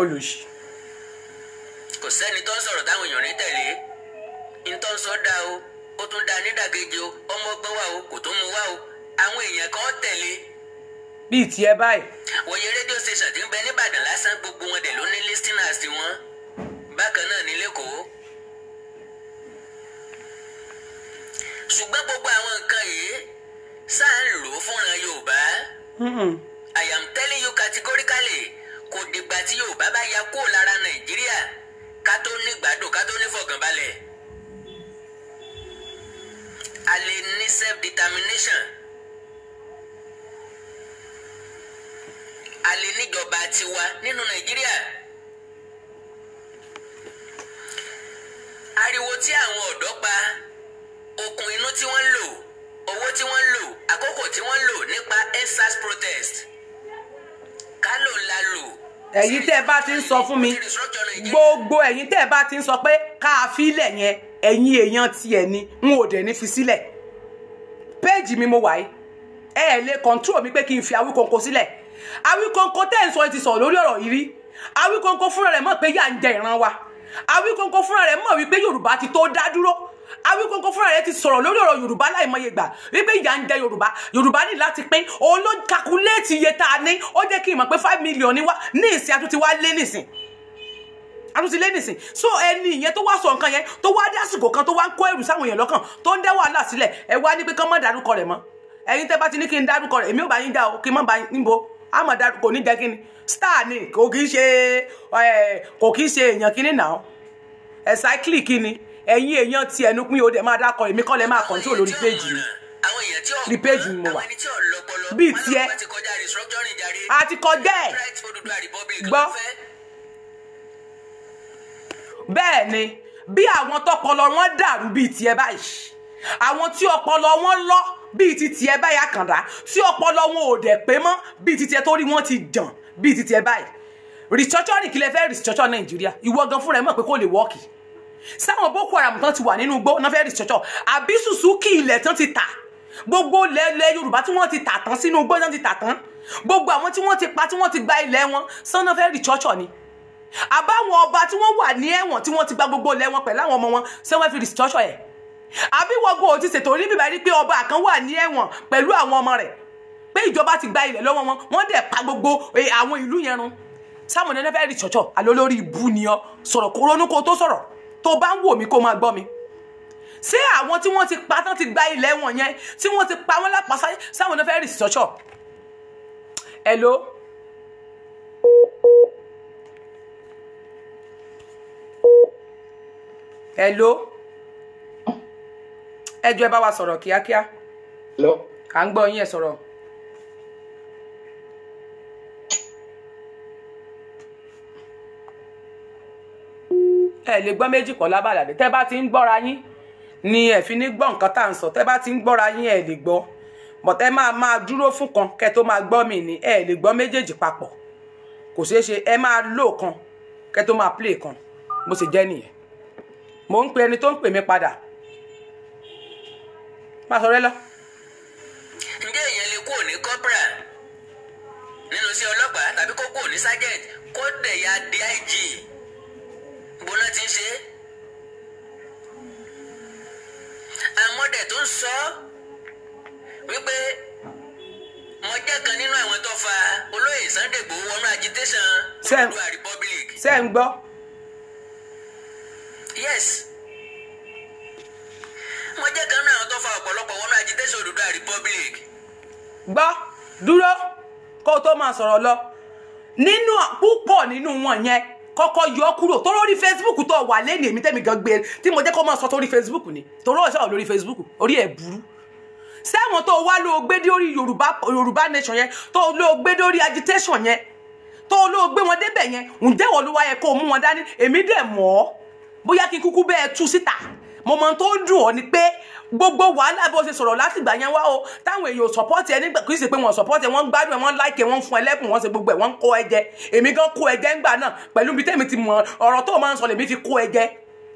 olùsí. Hmm. kò sẹ́ni tó ń sọ̀rọ̀ táwọn èèyàn ní tẹ̀lé ní tó ń sọ dá o ó tún dá nídàkejì o ọmọ ọgbọ́n wa o kò tó mu wá o àwọn èèyàn kan tẹ̀lé bíi tiẹ̀ báyìí. wòye rédíò station ti ń bẹ nìbàdàn lásán gbogbo wọn dẹ̀ ló ní listeners tiwọn bákan náà ní lẹ́kọ̀ọ́ ṣùgbọ́n gbogbo àwọn nǹkan yìí sáà fúnra Yorùbá. I am telling you categorically kò dìgbà tí Yorùbá bá ya kúrò lára Nàìjíríà ká tó ní gbádùn ká tó ní fọkànbalẹ̀. a lè ní self determination. a lè níjọba tiwa nínú Nàìjíríà. No ariwo tí àwọn ọ̀dọ́ pa okùn inú tí wọ́n ń lò owó tí wọ́n ń lò àkókò tí wọ́n ń lò nípa endsars protest kálò ńlá lò. ẹ̀yin tẹ́ ẹ bá ti ń sọ fún mi gbogbo ẹ̀yin tẹ́ ẹ bá ti ń sọ pé káàfilẹ̀ yẹn ẹ̀yin èèyàn tiẹ̀ ni n ò dẹ̀ ní fi sílẹ̀ péèjì mi mo wà yìí ẹ ẹ̀ lè kọ́ńtúrò mi pé kí n fi Awíkonko sílẹ̀ Awíkonko tẹ́ ẹ̀ ń sọ ẹ ti sọ lórí ọ̀rọ̀ yìí rí Awíkonko fúnra rẹ̀ mọ̀ pé yà ń jẹ ìran wa. Awíkóńkó fúnra rẹ̀ mọ̀ wípé Yorùbá ti tó dá dúró Awíkóńkó fúnra rẹ̀ ti sọ̀rọ̀ lórí ọ̀rọ̀ Yorùbá láìmọye gbà wípé ìyà ń jẹ Yorùbá Yorùbá ní láti pín òun ló kakuléètì iye tá a ní ó jẹ́ kí n mọ̀ pé five million ni wá ní ìsìn àtúntí wá lé nìsín àtúntí lé nìsín so ẹni ìyẹn tó wá sọ nǹkan yẹn tó wá dé àsìkò kan tó wá ń kó ẹrù sáwọn èèyàn lọ́kàn tó ń dá wàhálà sílẹ̀ ẹ wá ní pé kán má dárúkọ rẹ̀ mọ́ ẹ̀yin tẹ́ bá ti ní kí n dárúkọ rẹ̀ èmi ò bá yín dá o kí n má bá yín níbo àmọ̀ dárúkọ kò ní jẹ́ kí ni star ni kò kì í ṣe kò kì í ṣe èèyàn kí ni nà ọ́ ẹ̀sáìkìlì kí ni ẹ̀yin èèyàn ti ẹnu pín o dẹ̀ máa dákọ̀ èmi kọ́ lẹ́ máa control lórí péjì mi ní péjì mi mo wà bíi tiẹ̀ àti kọjá ẹ̀ gbọ́ bẹ́ẹ̀ ni bí àwọn tọpọlọ wọn dàrú bíi tiẹ̀ báyìí àwọn tí ọpọlọ wọn lọ bíi ti tiẹ̀ báyìí àkàndá tí ọpọlọ wọn ò dẹ̀ pé mọ́ bíi ti tiẹ̀ torí wọn ti dàn bíi ti tiẹ̀ báyìí rìṣọ́ṣọ́rì kí lè fẹ́ rìṣọ́ṣọ́ nàìjíríà ìwọ gan fúnra ẹ̀ mọ̀ pé kò lè wọ́ọ̀kì sáwọn boko haram tán ti wà nínú igbó náà fẹ́ rìṣọ́ṣọ́ àbí Suzuki ilẹ̀ tán ti tà gbogbo lẹ́lẹ́ yorùbá tí wọ́n ti tà tán sínú igbó náà ti tà tán gbogbo àwọn tí wọ́n ti pa tí wọ́n ti gba ilẹ̀ wọn sọ́nà fẹ́ rìṣọ́ṣọ́ ni àbáwọn ọba tí wọ́n wà ní ẹ̀wọ̀n tí wọ́n ti gba gbogbo ilẹ̀ wọn pẹ̀lú àwọn ọmọ wọn sẹ́wọ́n fi rìṣọ́ṣọ́ ẹ̀ àbíwọ́gbọ́n ò ti ṣètò orí rí pé ọba kan wà ní ẹ̀wọ̀n pẹ̀lú àwọn ọmọ rẹ̀ pé ìjọba ti gba ilẹ̀ lọ́wọ́ wọn wọ́n dẹ̀ pa gbogbo e, àwọn ìlú yẹn run Samuel nana fẹ́ẹ́ rí ṣọ̀ṣọ̀ àlọ́ lórí ibu ni ọ sọ̀rọ̀ kó ronú kó tó sọ̀rọ̀ tó bá ń wò mí kó máa gbọ́ mi ṣé àwọn tí wọ́n ti pa tán ti gba ilẹ̀ wọn yẹn tí wọ́n ti pa wọ́n lápá Samuel nana fẹ́ẹ́ rí ṣọ̀ṣọ̀ hello. hello ẹjọ́ ẹ bá wa sọ̀rọ̀ kíákíá. lọ. à ń gbọ́ yín ẹ sọ̀rọ̀. ẹ lè gbọ́ méjì kọ́ lábàlàdé tẹ́ bá ti ń gbọ́ra yín ni ẹ fi ní gbọ́ nǹkan tá à ń sọ tẹ́ bá ti ń gbọ́ra yín ẹ lè gbọ́ bọ̀tẹ́ máa máa dúró fún kan kẹ́ tó máa gbọ́ mi ní ẹ lè gbọ́ méjèèjì papọ̀ kò ṣeé ṣe ẹ máa lò kan kẹ́ tó máa play kan mo sì jẹ́ nìyẹn mo ń pe ẹni tó ń pè mí padà má sọ rẹ lọ. ǹjẹ́ èèyàn lè kúrò ní corporal nínú iṣẹ́ ọlọ́pàá tàbí kó kúrò ní sergeant kó dẹ̀ ya di IG gbóná ti ń ṣe é. àwọn dẹ̀ tó ń sọ wípé mo jẹ́ kan nínú àwọn tó fa olóyè Sunday Igboho wọnú agitation Oòduà Republic. ṣé ń gbọ́. yes mo jẹ́ kan náà tó fa ọ̀pọ̀lọpọ̀ wọnú agitation Oòduà Republic. gbọ́ dúró kó o tó máa sọ̀rọ̀ lọ nínú púpọ̀ nínú wọn yẹn kọ́kọ́ yọ kúrò tó lórí Facebook tó wà lẹ́nu èmi tẹ́mi gan gbé tí mo jẹ́ kó máa sọ tó lórí Facebook ni tó lórí ọ̀ṣọ́ lórí Facebook orí ẹ̀ burú sẹ́wọ̀n tó wá ló gbé lórí Yorùbá Yorùbá nation yẹn tó ló gbé lórí agitation yẹn tó ló gbé wọn débẹ̀ yẹn ǹjẹ́ wọ́n ló wáyẹ kó o mú wọn dání èmi dẹ̀ mọ̀ bóyá kí kúkú bẹ́ẹ̀ tú síta mo mọ tó dùn ọ́ ni pé gbogbo wàhálà bó ṣe sọ̀rọ̀ láti ìgbà yẹn wá o táwọn èèyàn support ẹ nígbà kìí ṣe pé wọn support ẹ wọn gbádùn ẹ wọn like ẹ wọn fún ẹ lẹ́bùn wọn ṣe gbogbo ẹ wọn kó ẹ jẹ èmi gan kó ẹ jẹ ńgbà náà pẹ̀lú ibi tẹ́mi ti mọ ọ̀rọ̀ tó máa ń sọ lèmi fi kó ẹ jẹ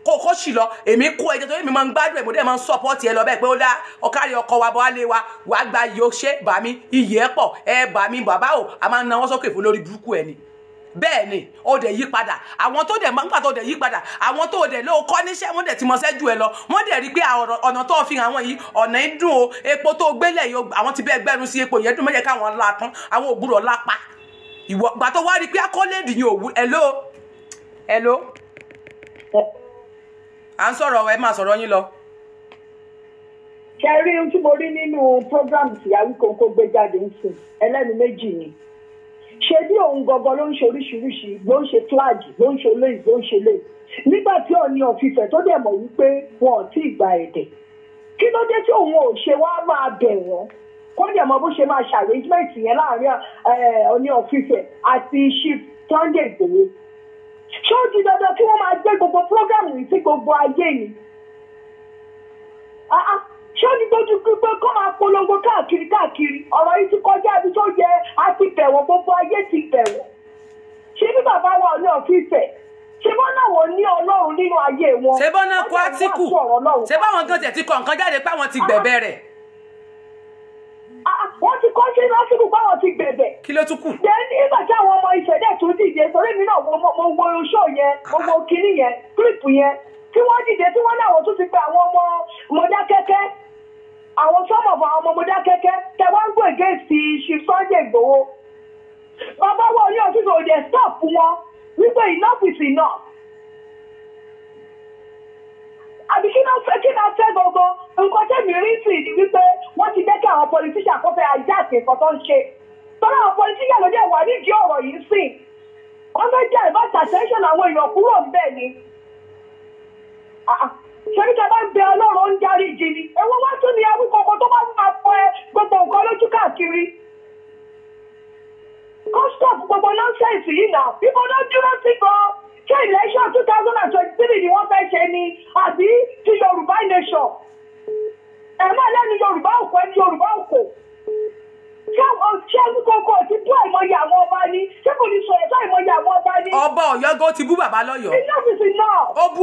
kó kó sì lọ èmi kó ẹ jẹ èmi máa ń gbádùn ẹ mo dé máa ń support ẹ lọ bẹ́ẹ̀ pé ó dá ọ̀kárí ọkọ wa bọ́ wálé wa wàá gba iye ó ṣe bàmí iyì ẹ pọ̀ ẹ bàmí bàbá o a máa ń nawọ́ sókè fún lórí burúkú ẹ ni bẹ́ẹ̀ ni ó dẹ̀ yí padà àwọn tó dẹ̀ nígbà tó dẹ̀ yí padà àwọn tó dẹ̀ ló kọ́ níṣẹ́ wọ́n dẹ̀ ti mọṣẹ́ jù ẹ lọ wọ́n dẹ̀ rí pé ọ̀nà tó fi hàn wọ́n yìí ọ̀nà ń dùn o epo tó gbélé yìí àwọn ti bẹ́ẹ̀ gbẹ́rù sí epo yẹn dùn mẹ́jẹ̀ káwọn la tán àwọn ògbúrọ̀ lápá ìwọ gbà tó wá rí pé akọ́lẹ́dì yìí òwú hello hello à ń sọ̀rọ̀ ẹ máa sọ̀rọ̀ yín lọ. ṣe rí ojú mo rí nínú program tìyàwó kòńkó gbé jáde ń sìn ẹlẹ́nu méjì ni ṣe bí òun gọgọ ló ń ṣe oríṣiríṣi ló ń ṣe flag ló ń ṣe lẹ́yìn ló ń ṣe lẹ́yìn nígbà tí ọ̀ni ọ̀fìfẹ́ tó dẹ̀ mọ̀ wípé wọn ò tí ì gba ẹ̀dẹ̀ kí ló dé tí òun ò ṣe wá máa bẹ̀ wọ́n kó dẹ̀ mọ̀ bó ṣe máa ṣe arrangement yẹn láàrin eh, ọ̀ni ọ̀fìfẹ́ àti chief Sunday Igboho ṣé di dandan kí wọ́n máa gbé gbogbo program yìí sí gbogbo ayé yìí ṣé ní dojú pípé kó máa polongo káàkiri káàkiri ọ̀rọ̀ yìí ti kọjá ibi tó yẹ a ti tẹ̀wọ̀ gbogbo ayé ti tẹ̀wọ̀ ṣé bí bàbá wa ní ọ̀fíìsẹ̀ ṣé bọ́n náà wọ́n ní ọlọ́run nínú ayé wọn. ṣé bọ́n náà kó átíkù ṣé báwọn gan tẹ̀ ti kọ̀ nǹkan jáde pé àwọn ti gbẹ̀bẹ̀ rẹ̀. Ah, ah, wọ́n ti kọ́ sí lásìkò báwọn ti gbẹ̀bẹ̀. kí ló tún kù. then nígbà tí àwọn ọmọ ìṣẹ̀dẹ̀ tó dìde torí mi náà mo wo ṣó yẹn mo wo kinní yẹn kílípù yẹn tí wọ́n dìde tí wọ́n náà wọ́n tún ti pe àwọn ọmọ mọ̀dákẹ́kẹ́ àwọn sọmọ fún àwọn ọmọdé kẹkẹ tẹ wá ń gbègé sí Chief onye Igboho bàbá wo ní òfìfò òde stop wọn wípé enough is enough àbí kí náà fẹ́ kí náà fẹ́ gbogbo nǹkan tẹ̀mí rí sí ni wípé wọ́n ti dẹ́kẹ́ àwọn politician kó fẹ́ ajá àti nǹkan tó àwọn ló dé wà nídìí ọ̀rọ̀ yìí sìn wọ́n fẹ́ ṣẹ́ni tí a bá ń bẹ ọlọ́run ó ń darí jì ni èwo wá tún ní ẹrú kankan tó bá ń máa pọ ẹ gbogbo nǹkan lójú káàkiri. kọ́sítọ̀pù gbogbo nọ́ńsẹ̀nsì yìí nà bíbọn náà dúró sí gan ṣé election two thousand and twenty three ni wọ́n fẹ́ ṣe ni àbí ti Yorùbá nation ẹ̀ máa lẹ́nu Yorùbá òkú ẹni Yorùbá òkú ṣé ẹni kókó ti bú àìmọye àwọn ọba ni ṣé kò ní sọ ẹ̀ṣọ́ àìmọye àwọn ọba ni. ọba Ọ̀yọ́ gan ti bú bàbá lọ́yọ̀ọ́. iná sì ti náà. ó bú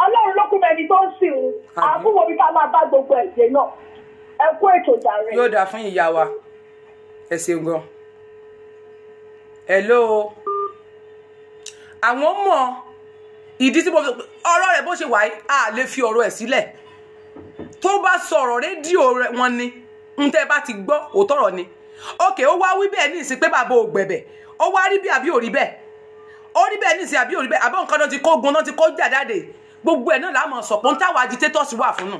ọlọ́run ló kún mẹ́ni tó ń sìn òun àbúrò mi ká máa bá gbogbo ẹ̀jẹ̀ náà ẹ kú ètò jàre. yóò dáa fún ìyá wa ẹ ṣeun gan. hello àwọn mọ ìdí tí mo fi ọ̀rọ̀ rẹ̀ bó ṣe wáyé a lè fi ọ̀rọ̀ ẹ̀ sílẹ̀ tó bá sọ̀rọ̀ rédíò wọn ni n tẹ́ bá ti gbọ́ òótọ́rọ̀ ni òkè ó wá wí bẹ́ẹ̀ ní ìsìn pé bàbá ò gbẹ̀bẹ̀ ó wá rí bí àbí ò rí bẹ́ẹ̀ ó rí bẹ́ẹ̀ ní ìsìn àbí ò rí bẹ́ẹ̀ àbọ̀ nǹkan náà ti kó gun náà ti kó jà jáde gbogbo ẹ̀ náà la máa sọ̀pọ̀ ń táwọn agitators wà fún nù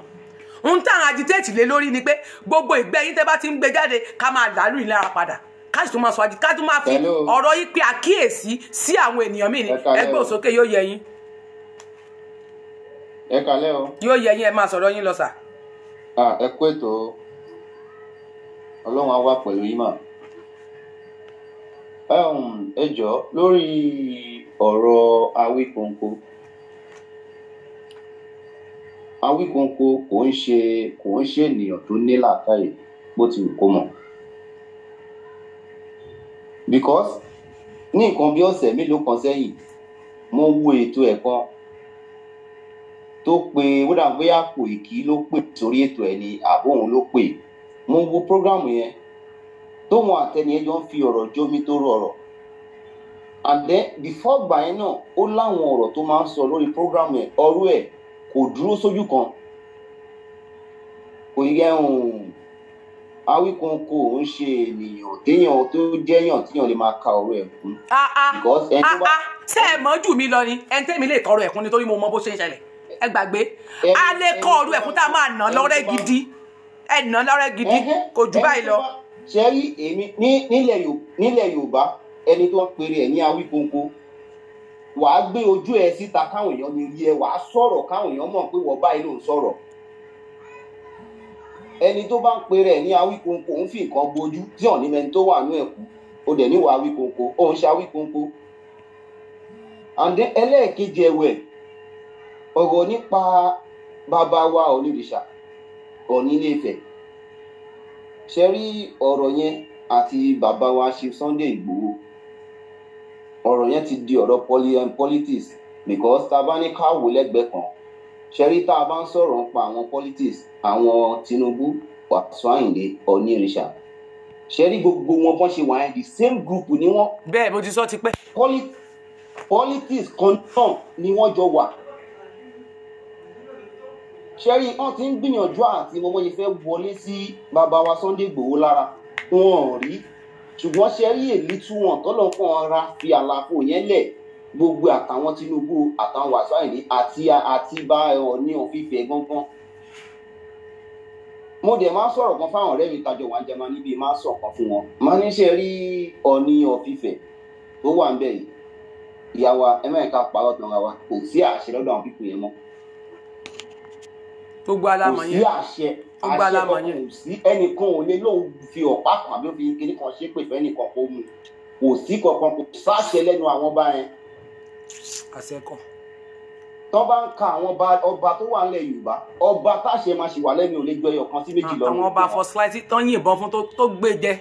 ń táwọn agitate lé lórí ni pé gbogbo ìgbẹ́ yín tẹ́ bá ti ń gbé jáde ká máa làálù yín lára padà ká sì tún máa sọ àjì ká tún máa fi ọ̀rọ̀ yìí pé àkíyèsí sí àwọn ènìyàn míì ni ẹgbẹ́ òsókè yóò yẹ yín. ẹ kalẹ́ o. yóò yẹ yín ẹ máa sọ̀rọ̀ yín lọ sà. ẹ kú ètò ọlọ́run á wà pẹ̀lú yín mà. ẹ jọ lórí ọ̀rọ̀ awíkóńkó. Awíkonko kò ń ṣe kò ń ṣe ènìyàn tó ní làákàyè bó ti wù kó mọ̀ because ní nǹkan bí ọ̀sẹ̀ mélòó kan sẹ́yìn mo wo ètò ẹ̀ kan tó pe wódà bóyá kò ìkí ló pè sórí ètò ẹ̀ ni àbó òun ló pè mo wo prógrámù yẹn tóun àtẹnìyẹn jọ ń fi ọ̀rọ̀ jómi tó rọrọ̀ and then before gbà yẹn náà ó láwọn ọ̀rọ̀ tó máa ń sọ lórí prógrámù ẹ̀ ọ̀rọ̀ ẹ̀ kò dúró sójú kan kò yẹ òun um, awíkóńkó ò ń ṣe ènìyàn téèyàn tó jẹ́yàn téèyàn lè máa ka ọ̀rọ̀ ẹ̀ kún. ṣé ẹ mọ̀ jù mí lọ ni ẹni tẹ́mi lè tọrọ ẹ̀kún nítorí mo mọ bó ṣe ń ṣẹlẹ̀ ẹ gbàgbé a lè kọ ọ̀rọ̀ ẹ̀kún tá a máa nà lọ́rẹ́ gidi ẹ nà lọ́rẹ́ gidi kò jù báyìí lọ. ṣe rí èmi nílẹ̀ Yorùbá ẹni tó ń pèrè ẹ̀ ní awíkóńkó wàá gbé ojú ẹ síta káwọn èèyàn lè rí ẹ wàá sọ̀rọ̀ káwọn èèyàn mọ̀ pé wọ́n báyìí ló ń sọ̀rọ̀ ẹni tó bá ń pe rẹ̀ ní awíkonko ń fi nǹkan gbojú tí ọ̀ní mẹ́ni tó wà nú ẹ̀kú ó dẹ̀ níwọ̀ awíkonko ó ń ṣe awíkonko and ẹlẹ́ẹ̀kejì ẹ̀wẹ̀ ọ̀rọ̀ nípa bàbá wa olùdìṣà Ọọ̀ni Ilé Ifẹ̀ ṣe ọ̀rọ̀ yẹn àti bàbá wa ṣe Sunday Ìgbòho ọ̀rọ̀ yẹn ti di ọ̀rọ̀ eh, politics because tá a bá ní ká wò lẹ́gbẹ̀ẹ́ kan ṣẹ́rí tá a bá ń sọ̀rọ̀ nípa àwọn politics àwọn Tinubu Wàsíù Àyìndé Onírìṣà ṣẹ́rí gbogbo wọn bọ́n ṣe wà yẹn the same group ni wọ́n. bẹ́ẹ̀ mo ti sọ ti pẹ́. politics kan náà ni wọ́n jọ wà ṣẹ́rí wọ́n ti ń gbìyànjú àti mọ́mọ́ yìí fẹ́ wọlé sí bàbá wa Sunday Ìgbòho lára wọn ò rí ṣùgbọ́n ṣe rí èlí tú wọn tọ́lọ́ fún ọra fi àlàfo yẹn lẹ̀ gbogbo àtàwọn Tinubu àtàwọn Wàsíù Àyìndé àti àti bá Ọọ̀ni òfìfẹ́ gbọ́ngbọ́n. mo dẹ̀ máa sọ̀rọ̀ kan fáwọn ọ̀rẹ́ mi tajọ wà ń jẹ́ máa níbi máa sọ̀ kan fún wọn. máa ní ṣe rí Ọọ̀ni òfìfẹ́ tó wà ń bẹ̀ yìí ìyá wa ẹ mẹ́rin ká pa ọ̀tàn wa kò sí àṣẹ lọ́dọ̀ àwọn pípọ̀ yẹn mọ́. tó gbọ́ alámọ̀ yẹn. kò sí àṣẹ àṣẹ kan kò sí ẹnìkan ò lè lóun fi ọ̀pá kan àbí òfin kiri kan ṣépè fẹ́ nìkan kó mu kò sí kankan kò sáṣẹ lẹ́nu àwọn ọba yẹn. àṣẹ kan. tó bá ń ka àwọn ọba ọba tó wà nílẹ̀ yorùbá ọba táṣẹ máa ṣì wà lẹ́nu ò lè gbé ẹyọ kan sí méjì lọ́rùn. àwọn ọba fọsíláìtì tó ń yìnbọn fún tó gbé jẹ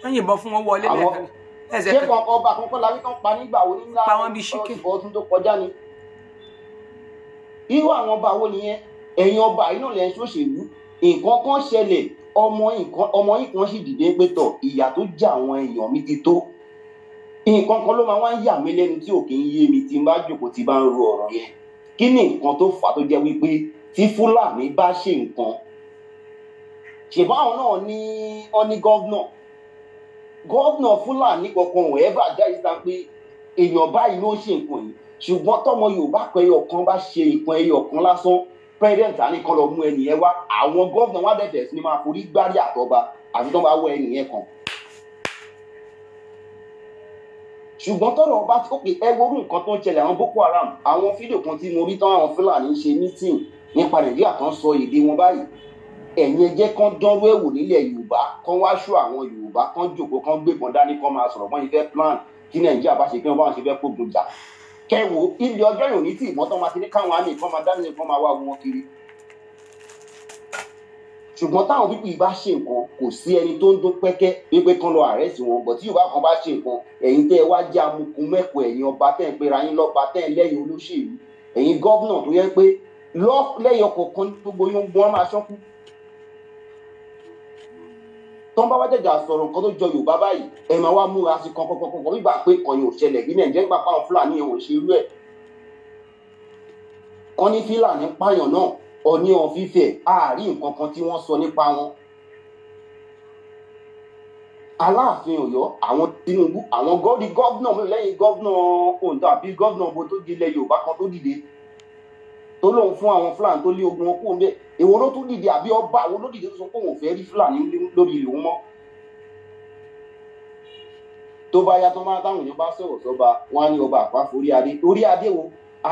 tó ń yìnbọn fún wọn wọlé lẹ́ẹ̀kan ṣé kan ọba kan kọ́ la wí kan pa nígbà wo nígbà ọdún tó kọjá ni irú àwọn ọba wo nìyẹn ẹ̀yin ọba yìí náà lẹ́ ń ṣòṣèlú nǹkan kan ṣẹlẹ̀ ọmọ nǹkan ọmọ yìí kan sì dìde pé tọ̀ ìyà tó jẹ àwọn èèyàn mi ti tó nǹkan kan ló máa wá ń yà mí lẹ́nu tí ò kì í yé mi tí n bá jòkó tí n bá ń ro ọ̀rọ̀ yẹn kí ni nǹkan tó fà á tó jẹ́ wípé tí fúlàní bá ṣe nǹkan ṣùgbọ́n àwọn náà ní wọ́n ní gọ́vnà gọ́vnà fúlàní kankan ò ẹ́bà jáde síta pé èèyàn báyìí ló ṣe nǹkan yìí ṣùgbọ́n tọmọ yorùbá kan kan bá ṣe nǹkan ẹyọ kan lásán president á ní kọ́ lọ mú ẹnìyẹn wá àwọn gọ́vnà wọn dẹ̀tẹ̀ sí ni máa forí gbárí àtọ́ba àti tó bá wọ ẹnìyẹn kan. ṣùgbọ́n tọrọ ọba tó pè ẹ wo nǹkan tó ń ṣẹlẹ̀ àwọn Boko Haram àwọn fídíò kan tí mo rí tán àwọn Fúlàní ń ṣe mítìn nípa Nàìjíríà kan sọ èdè wọn báyìí ẹ̀yin jẹ́ kán dánwó ẹ̀wò nílẹ̀ Yorùbá kán wá àwọn Yorùbá kán jòkó kán gbébọn dání kán máa sọ̀rọ̀ mọ́ ìfẹ́ plan kí Nàìjíríà bá ṣe kí wọ́n bá wọn ṣe fẹ́ kógun jà kẹwò ilé ọjọ́ yòó ní tí ìmọ̀tán máa ti ní káwọn àmì ìfọ́n máa dání ìfọ́n máa wá wọn kiri ṣùgbọ́n táwọn pípì bá ṣe nǹkan kò sí ẹni tó ń dún pẹ́kẹ́ wípé kán lọ àrẹ́sì wọn bọ̀ tí yorùbá kan bá ṣe nǹkan ẹ̀yin tẹ́ ẹ wá jẹ́ amukun mẹ́kọ ẹ̀yin ọba tẹ́ ẹ̀ pera yín lọ́ba tẹ́ ẹ̀ lẹ́yìn olóṣèlú ẹ̀yin gọ́vnà tó yẹ pé lẹ́yìn ọkọ̀ kan gbogbo yín wọ́n máa ṣọ́kú tọ́n bá wá jẹ̀jà sọ̀rọ̀ nǹkan tó jọ yorùbá báyìí ẹ̀ máa wá múra sí kan kọ́kọ́ kọ́kọ́ wípé àpé kọ̀yìn òṣẹlẹ̀ bí nàìjíríà gbà pàrọ̀ fúlàní ẹ̀ ò ṣe irú ẹ̀. kọ́ ní fúlàní pààyàn náà ọ̀ní ọ̀fífẹ́ àárín nǹkan kan tí wọ́n sọ nípa wọn. aláàfin ọ̀yọ́ àwọn tinubu àwọn gọ́ọ̀dì gọ́ọ̀nà lẹ́yìn gọ́ọ̀nà ondo àbí gọ́ọ̀nà ọ̀bọ tó di ilẹ̀ yorùbá kan tó dìde tó lóun fún àwọn fúlàní tó lé ogun wọn kúrò níbẹ̀ èwo ló tún dìde àbí ọba àwọn olódìde tó sọ pé òun fẹ́ rí fúlàní lórí ìlú mọ́ tó bá yá tó máa táwọn èèyàn bá sọ̀rọ̀ sọ́ba wọn á ní ọba àpáfò orí adé orí adé wo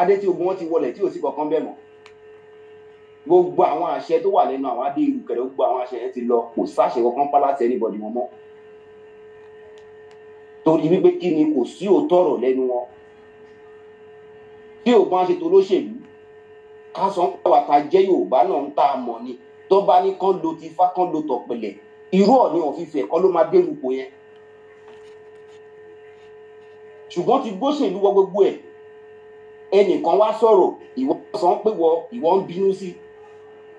adé tí ogun wọn ti wọlẹ̀ tí ò sí kankan bẹ́ẹ̀ mọ́ gbogbo àwọn àṣẹ tó wà lẹ́nu àwọn adé ìlú kẹrẹ gbogbo àwọn àṣẹ yẹn ti lọ kò sáṣẹ kankan pálátì anybody wọn mọ́ torí wípé kí ni kò sí òótọ́ ọ̀rọ̀ lẹ́nu wọn tí òògùn àṣetò olóṣèlú ká sọ ń pàwọ́ ta jẹ́ yorùbá náà ń tà mọ̀ ni tó bá ní kán lo ti fá kán lo tọ̀pẹ̀lẹ̀ irú ọ̀ ni òfìfẹ́ kọ́ ló máa dérú ko yẹn ṣùgbọ́n ti gbóṣèlú wọ gbogbo ẹ̀ ẹnìkan wá sọ̀rọ̀ ìwọ sọ ń pè wọ ìwọ ń bínú sí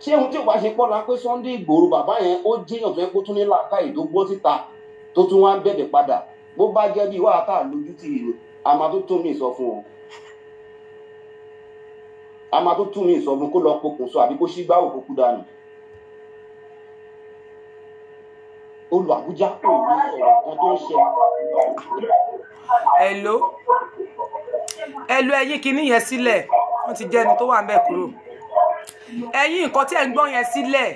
ṣé ohun tí wàá ṣe pọ́ la pé Sunday Ìgbòho bàbá yẹn ó jẹ́yàn tó yẹ kó tún ní làákàyè tó síta tó tún wá ń bẹ̀bẹ̀ padà bó bá jẹ́ bí wàá tà lójú tì í a máa tó tó mi sọ fún ọ a máa tún tún mi ìsọfún kó lọ pokùn so àbí kó ṣí gbáwò kó kú dànù. olù àbújá kò ní sọ̀rọ̀ tó ń ṣe. hello hello ẹ̀yin kinní yẹn sílẹ̀ wọ́n ti jẹ́ni tó wà ń bẹ̀ kúrò ẹ̀yin nǹkan tí ẹ̀ ń gbọ́ yẹn sílẹ̀.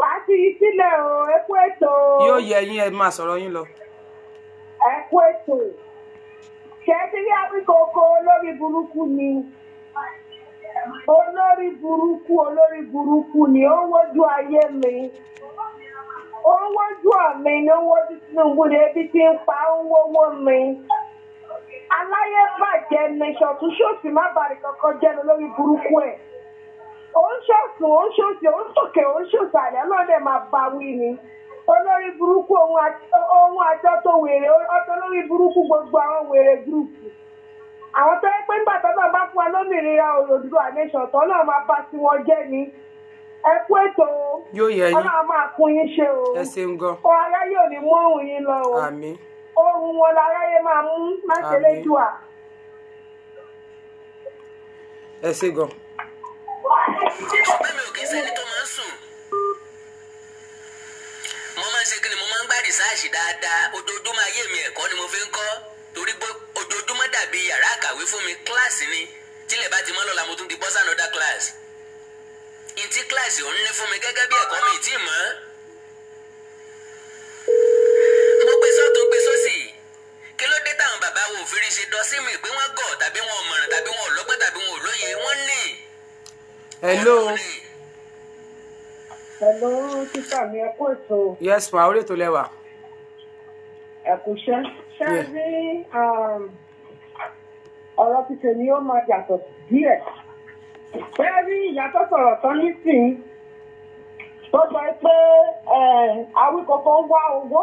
wàá ti sílẹ̀ o ẹ kú ètò. yóò yẹ ẹ̀yin ẹ máa sọ̀rọ̀ yín lọ. ẹ kú ètò ṣé tí ní àbíkòkò olórí burúkú ni. olórí burúkú olórí burúkú ni ó nwọju ayé mi ó nwọju àmì ni ó wójú Tinubu ni ebi ti ń pa ń wówó mi aláyé bàjẹ́ ni ṣọ̀tún ṣòsì má bàrẹ̀ kankan jẹ́ ni lórí burúkú ẹ̀ ó ń ṣọ̀sùn ó ń ṣòsì ó ń sòkè ó ń ṣòsàlẹ̀ máa wí ni olórí burúkú ohun àjọ tó wèrè ọtọ lórí burúkú gbogbo àwọn wèrè gúrùpù. àwọn tó yẹ pé nígbà tó náà bá fún wa lómìnira Oòduà nation tó náà máa fa tiwọn jẹ ni ẹ kú ètò ọlọ́run máa kún yín ṣe o ọ aráyé ò ní mú òun yín lọ o ohun wọn láráyé máa mú má ṣe lẹ́jọ́ à. ẹ ṣe gan. ṣùgbọ́n mo máa ń ṣe kí ni mo máa ń gbá dáadáa ojoojúmọ́ ayé mi ẹ̀kọ́ ni mo fi ń kọ́ fún mi kíláàsì ni tílẹ̀ bá ti mọ́ lọ́la mo tún ti bọ́ sànọ́dá kíláàsì ìtí kíláàsì òun ní fún mi gẹ́gẹ́ bí ẹ̀kọ́ mi ìtì mọ́ mo gbé sọ́tún gbé sósì kí ló dé táwọn bàbá wo òfin ṣe dọ́ sí mi pé wọ́n gọ̀ tàbí wọn ò mọ̀ràn tàbí wọn lọ́gbẹ́ tàbí wọn lóye wọ́n ní. hello. hello títà mi ẹ kú ètò. yes ma orí ètò lẹ́wà. ẹ kú ṣẹ́ ọ̀rọ̀ ti tèmi ó máa yàtọ̀ díẹ̀ bẹ́ẹ̀ rí ìyàtọ̀ sọ̀rọ̀ tán nísìnyí tó sọ pé Awíkókó wá owó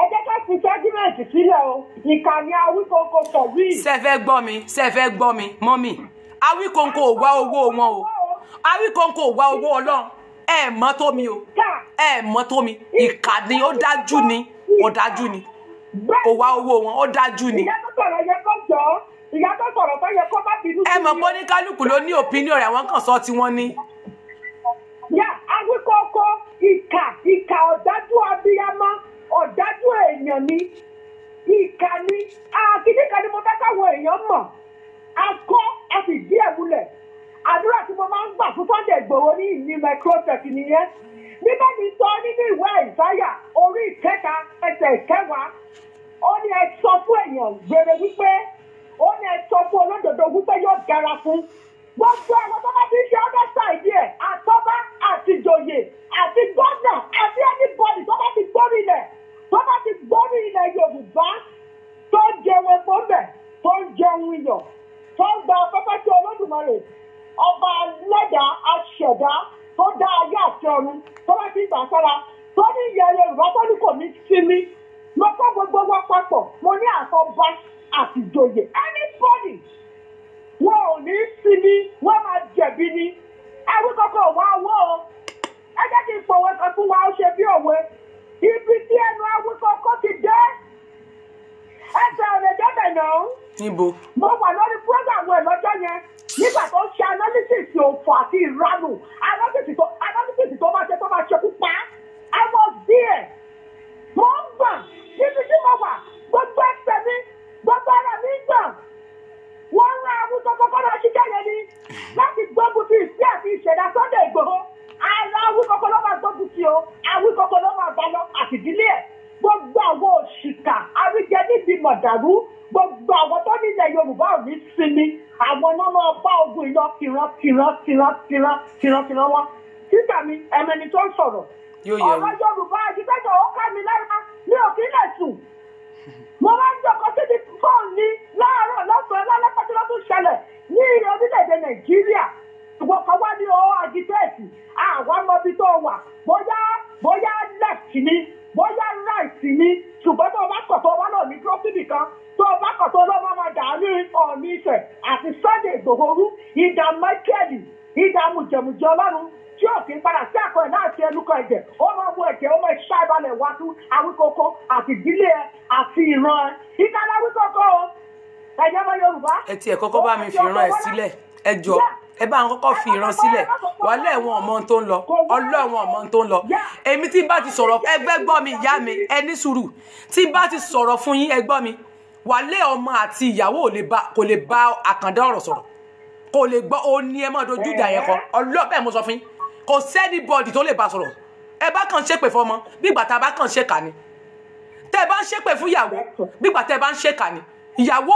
ẹ jẹ́ ká fi sẹ́gímẹ̀ntì sílẹ̀ o ìkànnì Awíkókó pọ̀ wí. ṣe fẹ́ gbọ́ mi ṣe fẹ́ mi mọ́mì Awíkókó ò wá owó wọn o Awíkókó wá owó ọlọ́run ẹ̀ mọ́ mi o ẹ̀ mọ́ mi ìkànnì ó dájú ni ó dájú ni kò wá owó wọn ó dájú ni. ìyá tó sọ̀rọ̀ yẹ kó jọ ìyá tó sọ̀rọ̀ tó yẹ kó má bínú sí i. ẹ mọ̀ pé oníkálukú ló ní opinion rẹ̀ àwọn kan sọ tí wọ́n ní. yá awíkọ́kọ́ ìkà ìkà ọ̀dájú abiyamọ ọ̀dájú èèyàn ni ìkà ni àkìdíkà ni mo fẹ́ káwọn èèyàn mọ̀ akọ́ a sì díẹ̀ múlẹ̀ àdúrà tí mo máa ń gbà fún Sunday Ìgbòho ní ìní microtech nìyẹn bíbélì sọ nínú ìwé ìsáyà orí ìkẹta ẹsẹ̀ ìkẹwàá ó ní ẹ sọ fún èèyàn rere wípé ó ní ẹ sọ fún olódodo wípé yóò gara fún gbogbo àwọn tó bá ti ṣe ọdọ ṣáìdì ẹ àtọba àti joyè àti gọdà àti ẹnibọdì tó bá ti gbórí ilẹ̀ tó bá ti gbórí ilẹ̀ yorùbá tó jẹun epo bẹ tó jẹun iyọ̀ tó gba afẹ́fẹ́ tí olódùmarè ọba lẹ́dàá aṣẹ̀dá tó dá ayé àti ọ̀run tó bá ti gbà sára tó ní ìyá yorùbá tó ní kò ní sinmi mo kọ́ gbogbo wa papọ̀ mo ní àtọ́ba àti ìjòyè anybody wọn ò ní sinmi wọn máa jẹ̀bi ni ẹrú kọ́kọ́ wá wọ́ ọ ẹ jẹ́ kí n pòwe kan fún wa ó ṣe bí òwe ibi tí ẹnu awúkọ́ kó ti dé ẹsẹ̀ ọ̀rẹ́ jẹ́bẹ̀ náà. níbo. mo wà lórí program ẹ̀ lọ́jọ́ yẹn nígbà tó ń ṣe analysis òfò àti ìranù analysis tó analysis tó máa ṣe tó máa ṣekú pa I was there mo ń gbọ̀n níbi tí mo wà gbogbo ẹsẹ̀ mi gbogbo ara mi ń gbọ̀n wọ́n rán awùsọ kọ́kọ́ lọ ṣiṣẹ́ yẹn ni láti gbógun ti ìsí àti ìṣẹ̀dá Sunday Ìgbòho ara awùsọ kọ́kọ́ ló máa gbógun ti o awùsọ kọ́kọ́ ló máa bá lọ àtìdílé ẹ̀ gbogbo àwọn òṣìkà àríjẹ níbi mọ̀dàrú gbogbo àwọn tó nílẹ̀ yorùbá ò ní sinmi àwọn náà máa bá ogun iná kìran kìran kìran kìran kìran kìran wọn títà mi ẹ̀mẹ́ni tó ń sọ̀rọ̀ ọ̀rọ̀ yorùbá àdìgbẹ́jọ ó ká mi lára mi ò kí lè sùn mo máa ń jọkọ síbi fóònù ní láàárọ̀ lọ́sàn-án lálẹ́pẹ́ tí wọ́n tún ṣẹlẹ̀ ní orílẹ̀-èdè nàìjíríà ṣùgbọ́n kan wá ní ọ́ àdìgbẹ́ẹ̀sì àwọn ọmọbi tó wà bóyá bóyá lẹ́ẹ̀kì ni bóyá right ni ṣùgbọ́n tó o bá kọ̀ tó o bá lọ ní trọ́sìbì kan tó o bá kọ̀ tó o lọ́ máa dà ní ọ̀ọ̀ni ìfẹ̀ àti Sunday Ìgbòho rú ìdá mákẹ́ẹ̀lì ìdá mùjẹ̀mùjẹ ọlọ́run tí ò kí ń padà sí àkọyẹ náà ti ẹnu kan ẹ̀jẹ̀ ó máa wọ ẹ̀jẹ̀ ó máa ṣá ìbalẹ̀ wá tú awíkókó àti ìdílé ẹ àti ìran ẹ ìdáná awíkókó ẹ̀jẹ̀ ọmọ Yorùbá. ẹ tiẹ̀ kọ́kọ́ bá mi fi rán ẹ sílẹ̀ ẹ jọ ẹ bá ń kọ́kọ́ fi ìran sílẹ̀ wàhálà ẹ̀wọ̀n ọmọ tó ń lọ ọlọ́ ẹ̀wọ̀n ọmọ tó ń lọ èmi tí n bá ti sọ̀rọ̀ ẹgbẹ́ gbọ́ mi ìyá mi ẹ ní sùúrù tí n bá ti sọ̀rọ̀ fún yín ẹ gbọ́ mi wàhálà ọmọ àti ìyàwó kò lè bá àkàndá ọ̀rọ̀ sọ̀rọ̀ kò lè gbọ́ ó ní ẹ máa dojú ìjà yẹn kọ ọlọ́ bẹ́ẹ̀ mo sọ fún yín kò sẹ́ni bọ́ọ̀dì tó lè bá sọ̀rọ̀ ẹ bá kàn ṣépè fọmọ bígbà tá a bá kàn ṣèkà ni tẹ́ bá ń ṣépè fún ìyàwó bígbà tẹ́ bá ń ṣèkà ni ìyàwó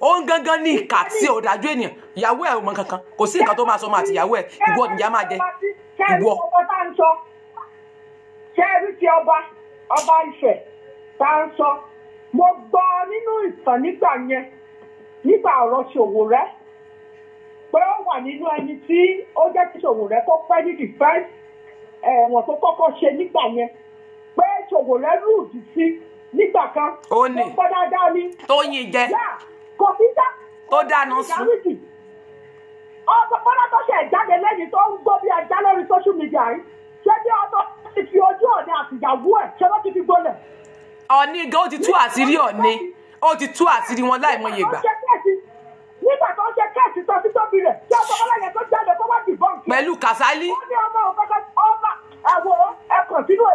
òun gangan ní ìkà tí ò dájú ènìyàn ìyàwó ẹ̀ ọmọ kankan kò sí nǹkan tó máa sọ ọmọ àti ìyàwó ẹ̀ ìwọ nìyá máa jẹ ìwọ. ṣé ẹ rí ti ọba ọba Ifẹ̀ tá a ń sọ mo gbọ́ nínú ìtàn nígbà yẹn nígbà ọ̀rọ̀ Ṣòwòrẹ́ pé ó wà nínú ẹni tí ó jẹ́ kí Ṣòwòrẹ́ kó pẹ́ ní defence ẹ̀wọ̀n tó kọ́kọ́ ṣe nígbà yẹn pé Ṣòwòrẹ́ lùdì sí nígbà kan tó ní. tó yin jẹ kò sí dá. tó dáná sùn. ọkọ bọ́lá tó ṣe ìjáde lẹ́yìn tó ń gbó bí ajá lórí social media yìí ṣé bí ọmọ ti fi ojú ọ̀nà àtìyàwó ẹ̀ ṣé wọ́n ti fi gbólẹ̀. ọ̀ní gan ó ti tú àṣírí ọ̀ní ó ti tú àṣírí wọn láìmọye gbà. nígbà tó ń ṣe kẹ́ẹ̀sì tó ti tóbi rẹ̀ ṣé ọkọ bọ́lá yẹn tó jáde kó wá dìbọn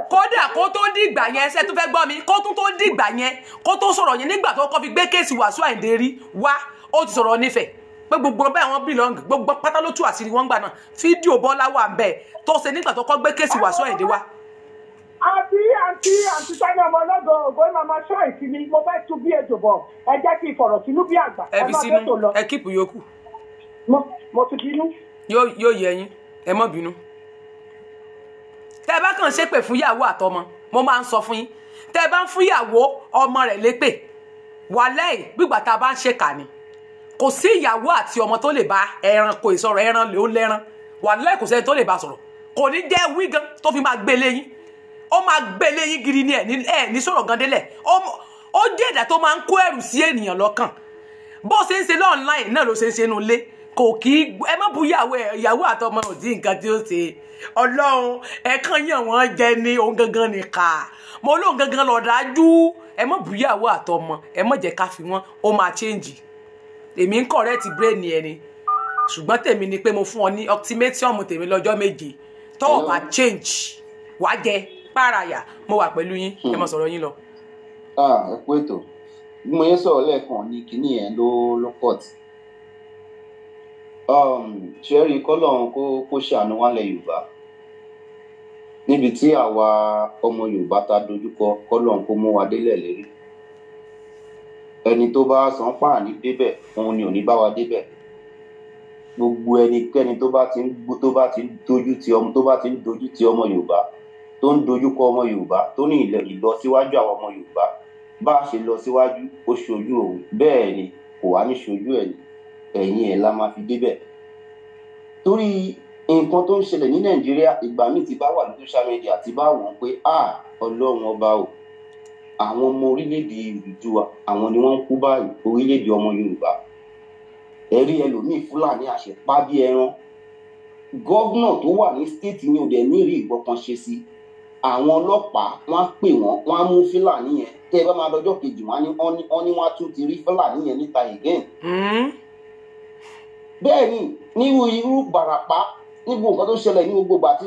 kódà kó tó dìgbà yẹn ṣe tó fẹ́ gbọ́ mi kó tó tó dìgbà yẹn kó tó sọ̀rọ̀ yẹn nígbà tó kọ́ fi gbé kéèsì Wàsíù Àyìndé rí wá ó ti sọ̀rọ̀ nífẹ̀ẹ́ pé gbogbo ọbẹ̀ àwọn bílọ̀ǹgì gbogbo pátá ló tú àṣírí wọn gbà náà fídíò Bọ́lá wà ń bẹ̀ tó ṣe nígbà tó kọ́ gbé kéèsì Wàsíù Àyìndé wá. àti àti àti sani ọmọ ọlọ́dọ̀ ògbóni mama ṣọ́ ìsinmi mo fẹ́ tú bí ejò bọ̀ ẹ jẹ́ kí ìfọ̀rọ̀ sínú bí àgbà ẹ má fẹ́ tó lọ. ẹ kí ìpò yòókù. mo ti tẹ́ bá kàn ṣépè fún ìyàwó àtọmọ mo máa ń sọ fún yín tẹ́ bá ń fún ìyàwó ọmọ rẹ̀ lépè wàlẹ́ẹ̀ gbígbà tá a bá ń ṣèkà ni kò sí ìyàwó àti ọmọ tó lè bá ẹranko ìsọ̀rọ̀ ẹran ló lẹ́ran wàlẹ́ẹ̀ kò sẹ́ni tó lè bá sọ̀rọ̀ kò ní jẹ́ wígan tó fi máa gbélé yín ó máa gbélé yín gidi ni ẹ̀ ní sọ̀rọ̀ gan délẹ̀ ó jẹ́ ẹ̀dá tó máa ń kó ẹ̀rù sí ènìyàn lọ́kàn bó ṣe ń ṣe online náà ló ṣe ń ṣe nulẹ̀ kò kí ẹ má bu ìyàwó ẹ ìyàwó àtọmọ ò sí nǹkan tí ó ṣe ọlọ́run ẹ kàn yàn wọ́n jẹ ní ohun gangan nìka mo lóhun gangan lọ dájú ẹ má bu ìyàwó àtọmọ ẹ má jẹ́ ká fi wọ́n ó máa change èmi ń correct brain ẹni ṣùgbọ́n tèmi ni pé mo fún ọ ní ultimatum tèmi lọ́jọ́ méje tó o change wá jẹ párayà mo wà pẹ̀lú yín ẹ mọ̀ hmm. sọ̀rọ̀ yín lọ. Ah, ẹ kú ètò bí mo yẹn sọ̀rọ̀ lẹ́ẹ̀kan ní kinní yẹn ló pọ̀ tì Um, ṣẹ́rí kọ́lọ́run kó kó ṣàánú wálẹ̀ yorùbá níbi tí àwa ọmọ yorùbá ta dojúkọ kọ́lọ́run kó mú wa délẹ̀ lérí ẹni tó bá san páàní débẹ̀ òun ni ò ní bá wa débẹ̀ gbogbo ẹnikẹ́ni tó bá ti ń tó bá ti ń dojú ti ọmọ tó bá ti ń dojú ti ọmọ yorùbá tó ń dojúkọ ọmọ yorùbá tó ní ilẹ̀ ìlọsíwájú àwọn ọmọ yorùbá bá a ṣe lọ síwájú ó ṣojú òun bẹ́ẹ̀ ni kò wá ní ṣojú ẹ̀ ni ẹ̀yìn ẹ̀ la máa fi débẹ̀ torí nǹkan tó ń ṣẹlẹ̀ ní nàìjíríà ìgbà míì ti bá wà ní social media ti bá wò pé a ọlọ́run ọba o àwọn ọmọ orílẹ̀-èdè Odùduwà àwọn ni wọ́n ń kú báyìí orílẹ̀-èdè ọmọ yorùbá ẹ̀rí ẹlòmíì fúlàní àṣepá bí ẹran gọ́vnà tó wà ní stéètì ni ò dẹ̀ ní rí ìgbọ́kan ṣe sí àwọn ọlọ́pàá wọ́n á pè wọ́n wọ́n á mú fúlàní yẹn tẹ́ ẹ bá máa dọjọ́ kejì wọ́n á ní wọ́n á tún ti rí fúlàní yẹn níta again. Hmm? bẹ́ẹ̀ ni nírú irú barapa níbo nǹkan tó ṣẹlẹ̀ ní gbogbo ìgbà tí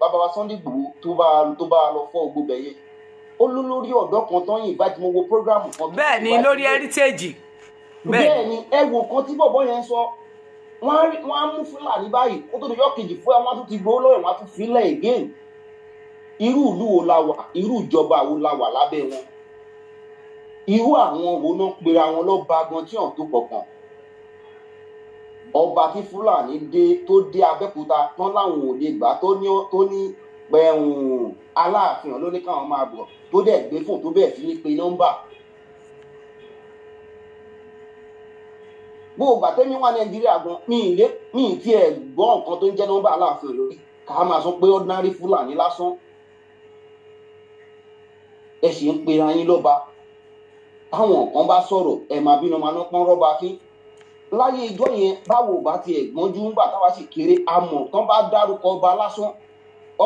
bàbá wa Sunday Igboho tó bá tó bá lọ fọ́ ogbó bẹ̀yẹ ó ló lórí ọ̀dọ́ kan tán yìí ìbájú mo wo programu kan. bẹ́ẹ̀ ni lórí heritage. bẹ́ẹ̀ ni ẹ wo kan tí bọ̀bọ̀ yẹn sọ wọ́n á mú fúlàní báyìí ó tó dojọ́ kejì fún ẹ wọ́n ti gbó lọ́rẹ̀ wọ́n á tún filẹ̀ again irú ìlú wo la wà irú ìjọba wo la wà lábẹ́ wọn irú àwọn wo náà pera wọn lọ́ba gan tí wọn tó kọ̀ọ̀kan ọba tí fúlàní dé tó dé abẹ́kúta tán láwọn ò lè gbà tó ní pẹ̀hùn aláàfin ló ní káwọn máa bọ̀ tó dẹ̀ gbé fún tó bẹ̀ẹ̀ sí ní pe nọ́mbà. gbogbo àtẹ́mí wà nàìjíríà gan mi ì tiẹ̀ gbọ́ nǹkan tó ń jẹ́ nọ́mbà aláàfin lórí ká máa sọ pé ordinary fúlàní lásán ẹ sì ń pera yín lọ́ba táwọn kan bá sọ̀rọ̀ ẹ̀ máa bínú máa ná pọ́n rọ́bà fín láyé ìjọ yẹn báwo bá ti ẹ̀gbọ́njú ńgbà táwa sì kéré amọ̀ tán bá dárúkọ ọba lásán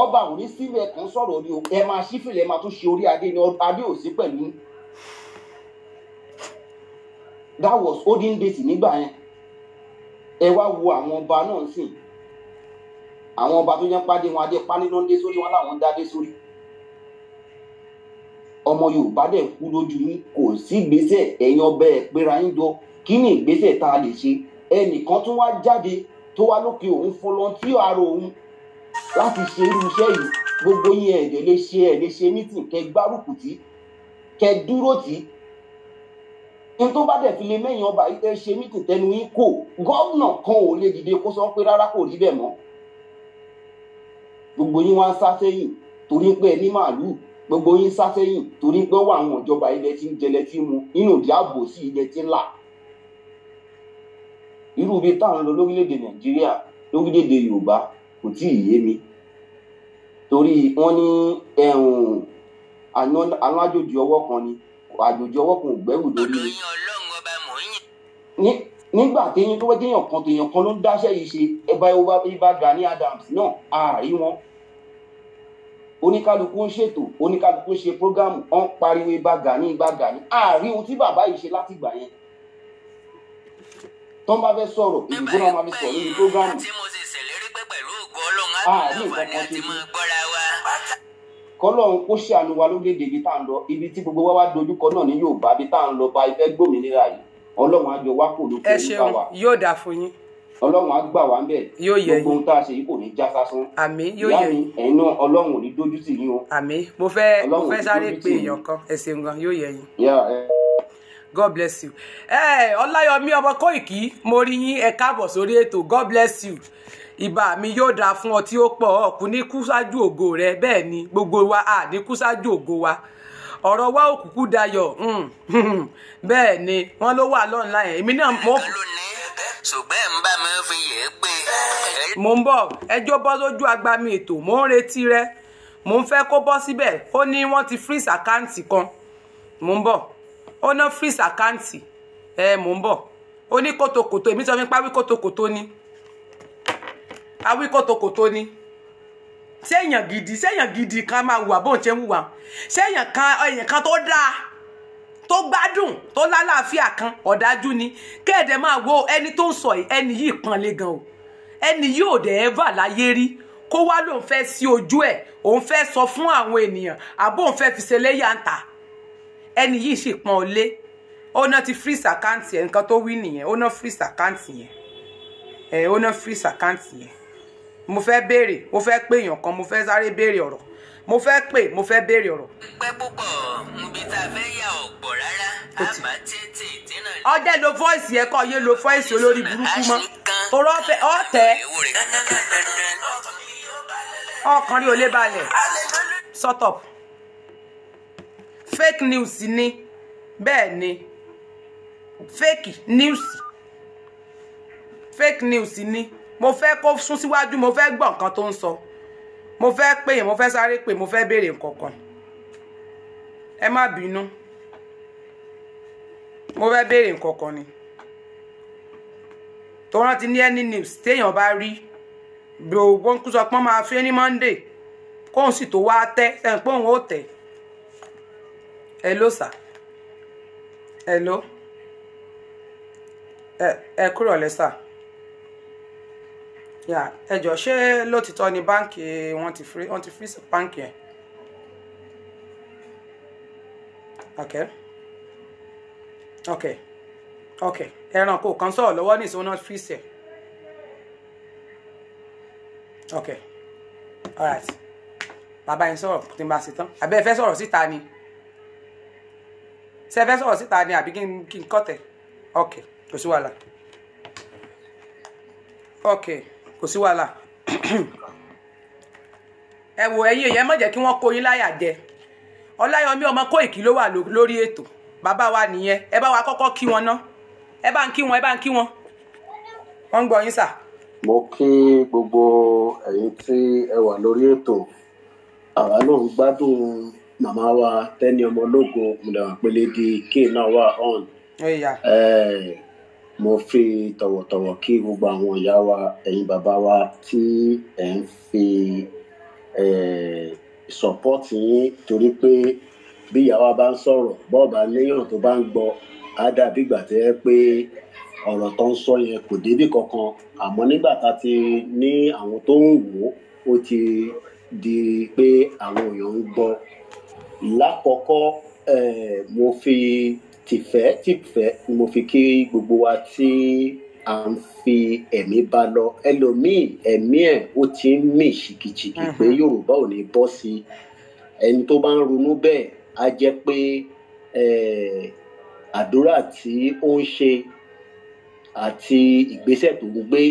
ọba ò ní sílẹ̀ kan sọ̀rọ̀ ni o ẹ máa sífìlẹ̀ ẹ máa tún ṣe orí adé ni adé ò sí pẹ̀lú that was olden days nígbà yẹn ẹ wá wo àwọn ọba náà sìn àwọn ọba tó yẹn pàdé wọn adé pánínú dé sórí wọn làwọn dá dé sórí ọmọ Yorùbá dẹ̀ kú lójú yín kò sí gbèsè ẹ̀yin ọbẹ̀ ẹ̀ péra yín jọ kí ni ìgbésẹ̀ tá a lè ṣe ẹnìkan tún wá jáde tó wá lókè òun fọlọ́ntì ara òun láti ṣe irú iṣẹ́ yìí gbogbo yín ẹ̀dẹ̀ lè ṣe ẹ̀ lè ṣe mítìn kẹ́ gbárùkù tí kẹ́ dúró tí n tó bá dẹ̀ fi lè mẹ́yìn ọba ẹ ṣe mítìn tẹnu yín kò gọ́ọ̀nà kan ò lè dìde kó sọ pé rárá kò rí bẹ́ẹ̀ mọ́ gbogbo yín wá ń sá sẹ́yìn torí pé ẹ ní màálù gbogbo yín sá sẹ́yìn torí pé ó wà àwọn ìjọba ilẹ̀ tí ń jẹlẹ̀ tí mu inú ìdí àbòsí ilẹ̀ tí ń là irú ibi tá à ń lọ lórílẹ̀‐èdè nàìjíríà lórílẹ̀‐èdè yorùbá kò tí ì yé mi torí wọ́n ní àwọn àjòjì ọwọ́ kan ni àjòjì ọwọ́ kan ò gbẹ́rù lórí mi. nígbà téèyàn tó wẹ́ téèyàn kan téèyàn kan ló ń dáṣẹ́ yìí ṣe ẹba ibà Gani Adams náà àárí wọn oníkálukú ń ṣètò oníkálukú ń ṣe prógámù ọ̀n pariwo ibà Gani ibà Gani àárí ohun tí bàbá yìí ṣe látìgbà yẹn tó ń bá fẹ́ sọ̀rọ̀ ìdìbò náà máa fi sọ̀rọ̀ nínú programu. àmì nǹkan kan ti fi kọlọ́run kó ṣàánú wa lórílẹ̀‐èdè ibi tá à ń lọ ibi tí gbogbo wa wá dojúkọ náà ní Yorùbá ibi tá à ń lọ bá ifẹ́ gbòmìnira yìí Ọlọ́run á jọ wá kò ló kó ní bá wa. ẹ ṣeun yóò dà fún yín. Ọlọ́run á gbà wá ń bẹ̀. yóò yẹ yín gbogbo ohun tá a ṣe yìí kò ní já sásán. àmín yóò yẹ yín. ẹ̀yin náà Ọlọ́run ò ní dójú tì yín o. àmín mo fẹ́ mo fẹ́ sáré pé èèyàn kan ẹ ṣeun gan yóò yẹ yín god bless you ẹ ọláyọmí ọmọ kóìkì mo rí yín ẹ káàbọ̀ sórí ètò god bless you ìbà mi yóò dáa fún ọ tí ó pọ̀ ọkùn ní kú ṣáájú ògo rẹ bẹ́ẹ̀ ni gbogbo wa à ní kú ògo wa ọ̀rọ̀ wa ò kúkú dayọ̀ hmm, hmm, hmm, bẹ́ẹ̀ ni wọ́n ló wà lọ́nà yẹn èmi náà mo. ṣùgbọ́n ẹ̀ ń bá mo ń bọ̀ ẹjọ́ bọ́ lójú agbami ètò mo ń retí rẹ mo ń fẹ́ kó bọ́ síbẹ̀ ó ní wọ́n ti freeze àkáǹtì kan mo ń bọ̀ ó ná freeze àkáǹtì ẹ mò ń bọ̀ ó ní kótókòtó èmi sọ fipá wí kótókòtó ni awí kótókòtó ni séèyàn gidi séèyàn gidi kan máa wùwà bóun ṣe ń wùwà séèyàn kan èèyàn kan tó dáa tó gbádùn tó lálàáfíà kan ọ̀dájú ni kéèdè máa wo ẹni tó ń sọ yìí ẹni yìí pọ́nlé gan o ẹni yìí ò dẹ̀ ẹ́ bà láyé rí kó wá lóun fẹ́ sí ojú ẹ̀ òun fẹ́ sọ fún àwọn ènìyàn àbóun fẹ́ fi ṣe léyà ń ta ẹni yìí sì pọ́n ọ lé ó ná ti freeze account yẹn nǹkan tó wí nìyẹn ó ná freeze account yẹn ẹ ó ná freeze account yẹn mo fẹ́ béèrè mo fẹ́ pé èèyàn kan mo fẹ́ sáré béèrè ọ̀rọ̀ mo fẹ́ pè mo fẹ́ béèrè ọ̀rọ̀. pẹ́ púpọ̀ nbí ta fẹ́ yà ọ̀pọ̀ rárá a tètè dínà. ọjẹ́ lo voice yẹn kọ́ yé lo voice olórí burúkú mọ́ torọ́ ọ̀fẹ́ ọ̀tẹ́ ọkàn rí olé balẹ̀ sọ́tọ̀pù fake news ni bẹ́ẹ̀ ni fake news fake news ni mo fẹ́ kó sún síwájú mo fẹ́ gbọ́ nǹkan tó ń sọ mo fẹ́ pè mo fẹ́ sáré pè mo fẹ́ béèrè nǹkan kan ẹ má bínú mo fẹ́ béèrè nǹkan ni tó rántí ní any news téèyàn bá rí gbogbo ń kú sọ pé wọ́n máa fi ní monday kóun sì tó wá tẹ́ sẹ́yìn pé òun ó tẹ̀ hello sir hello ẹ ẹ kúrò lẹ sir yà ẹ jọ ṣé lótìtọ́ ni báǹkì wọn ti free wọn ti free sí báǹkì yẹn ok ok ok ẹranko kan sọ̀rọ̀ lọ́wọ́ ní ìṣòwò náà free sí ẹ ok alright bàbá yẹn sọ̀rọ̀ tí n bá ṣe tán àbẹ́ ẹ fẹ́ sọ̀rọ̀ síta ni ṣe fẹ́ sọ̀rọ̀ síta ni àbí kí n kọ́tẹ̀ ok kò sí wàhálà ok kò sí wàhálà ẹ wò ẹ̀yin èèyàn má jẹ́ kí wọ́n kó yín láyà jẹ ọláyọmí ọmọ Kóìkí ló wà lórí ètò bàbá wa nìyẹn ẹ bá wa kọ́kọ́ kí wọn ná ẹ bá ń kí wọn ẹ bá ń kí wọn wọ́n ń gbọ́ yín sà. mo kí gbogbo ẹ̀yin tí ẹ wà lórí ètò àwa ló ń gbádùn màmá wa tẹ́ni ọmọ ológo mùdàmà pélédé kí náà wà on. mo fi tọ̀wọ̀tọ̀wọ̀ kí gbogbo àwọn ìyá wa ẹ̀yin bàbá wa tí ẹ̀ ń fi support yín torí pé bí ìyàwó bá ń sọ̀rọ̀ bọ́ọ̀bà léèyàn tó bá ń gbọ́ á dàbí ìgbà tó yẹ pé ọ̀rọ̀ tó ń sọ yẹn kò débì kankan àmọ́ nígbà tá a ti ní àwọn tó ń wò ó ó ti di pé àwọn èèyàn ń gbọ́ lákọ̀ọ́kọ́ mo fi tìfẹ́ tìfẹ́ mo fi kí gbogbo wa tí à ń fi ẹ̀mí bá lọ ẹlòmíì ẹ̀mí ẹ̀ ó ti ń mì ṣìkìṣìkì pé Yorùbá ò ní bọ́ sí i ẹni tó bá ń ronú bẹ́ẹ̀ á jẹ́ pé àdúrà tí ó ń ṣe àti ìgbésẹ̀ tó ń gbé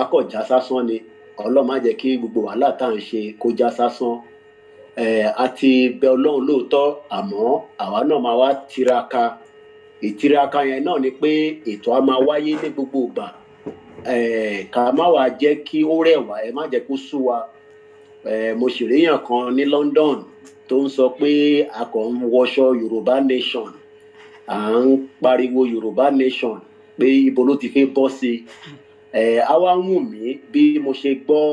àkọjá sásán ni Ọlọ́run má jẹ́ kí gbogbo wàhálà tá à ń ṣe kó já sásán àti bẹ ọlọ́run lóòótọ́ àmọ́ àwa náà máa wá tiraka ìtiraka yẹn náà ni pé ètò a máa wáyé ní gbogbo ìgbà ka má wàá jẹ́ kí ó rẹ̀ wá ẹ má jẹ́ kó sú wa mo sì ríyàn kan ní London tó ń sọ pé a kàn ń wọṣọ Yorùbá nation à ń pariwo Yorùbá nation pé ibo ló ti fẹ́ bọ́ sí i àwa ń wù mí bí mo ṣe gbọ́.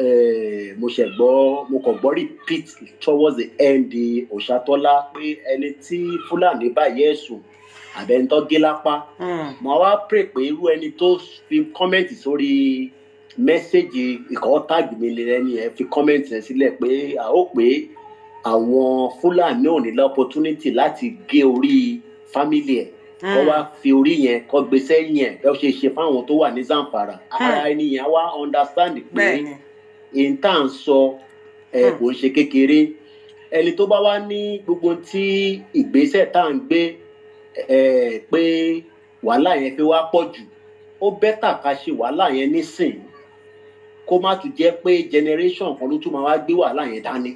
Eh, mo ṣe gbọ́ mo kàn gbọ́ repeat towards the end Òṣàtọ́lá pé ẹni tí Fúlàní báyìí ẹ̀sùn àbẹ̀ntọ́ gé lápá hmm. mo wá pray pé irú ẹni tó fi kọ́mẹ́ǹtì sórí mẹ́sẹ̀gì ìkọ́ táàgì mi lẹ́ni ẹ̀ fi kọ́mẹ́ǹtì rẹ̀ sílẹ̀ pé a ó pé àwọn Fúlàní ò ní lọ́pọ̀túnítì láti gé orí fámìlì ẹ̀ hmm. kọ́ wá fi orí yẹn kọ́ gbé sẹ́yìn ẹ̀ bẹ́ẹ̀ ṣe ṣe fáwọn tó wà ní Zamfara hmm. ara ẹni yẹn wá understand pé èyí tá à ń sọ ẹ hmm. kò ń ṣe kékeré ẹni tó bá wá ní gbogbo tí ìgbésẹ̀ tá à ń gbé ẹ pé wàhálà yẹn fi wá pọ̀ jù ó bẹ́tà ká ṣe wàhálà yẹn nísìn kó má tún jẹ́ pé generation kan ló tún máa wá gbé wàhálà yẹn dání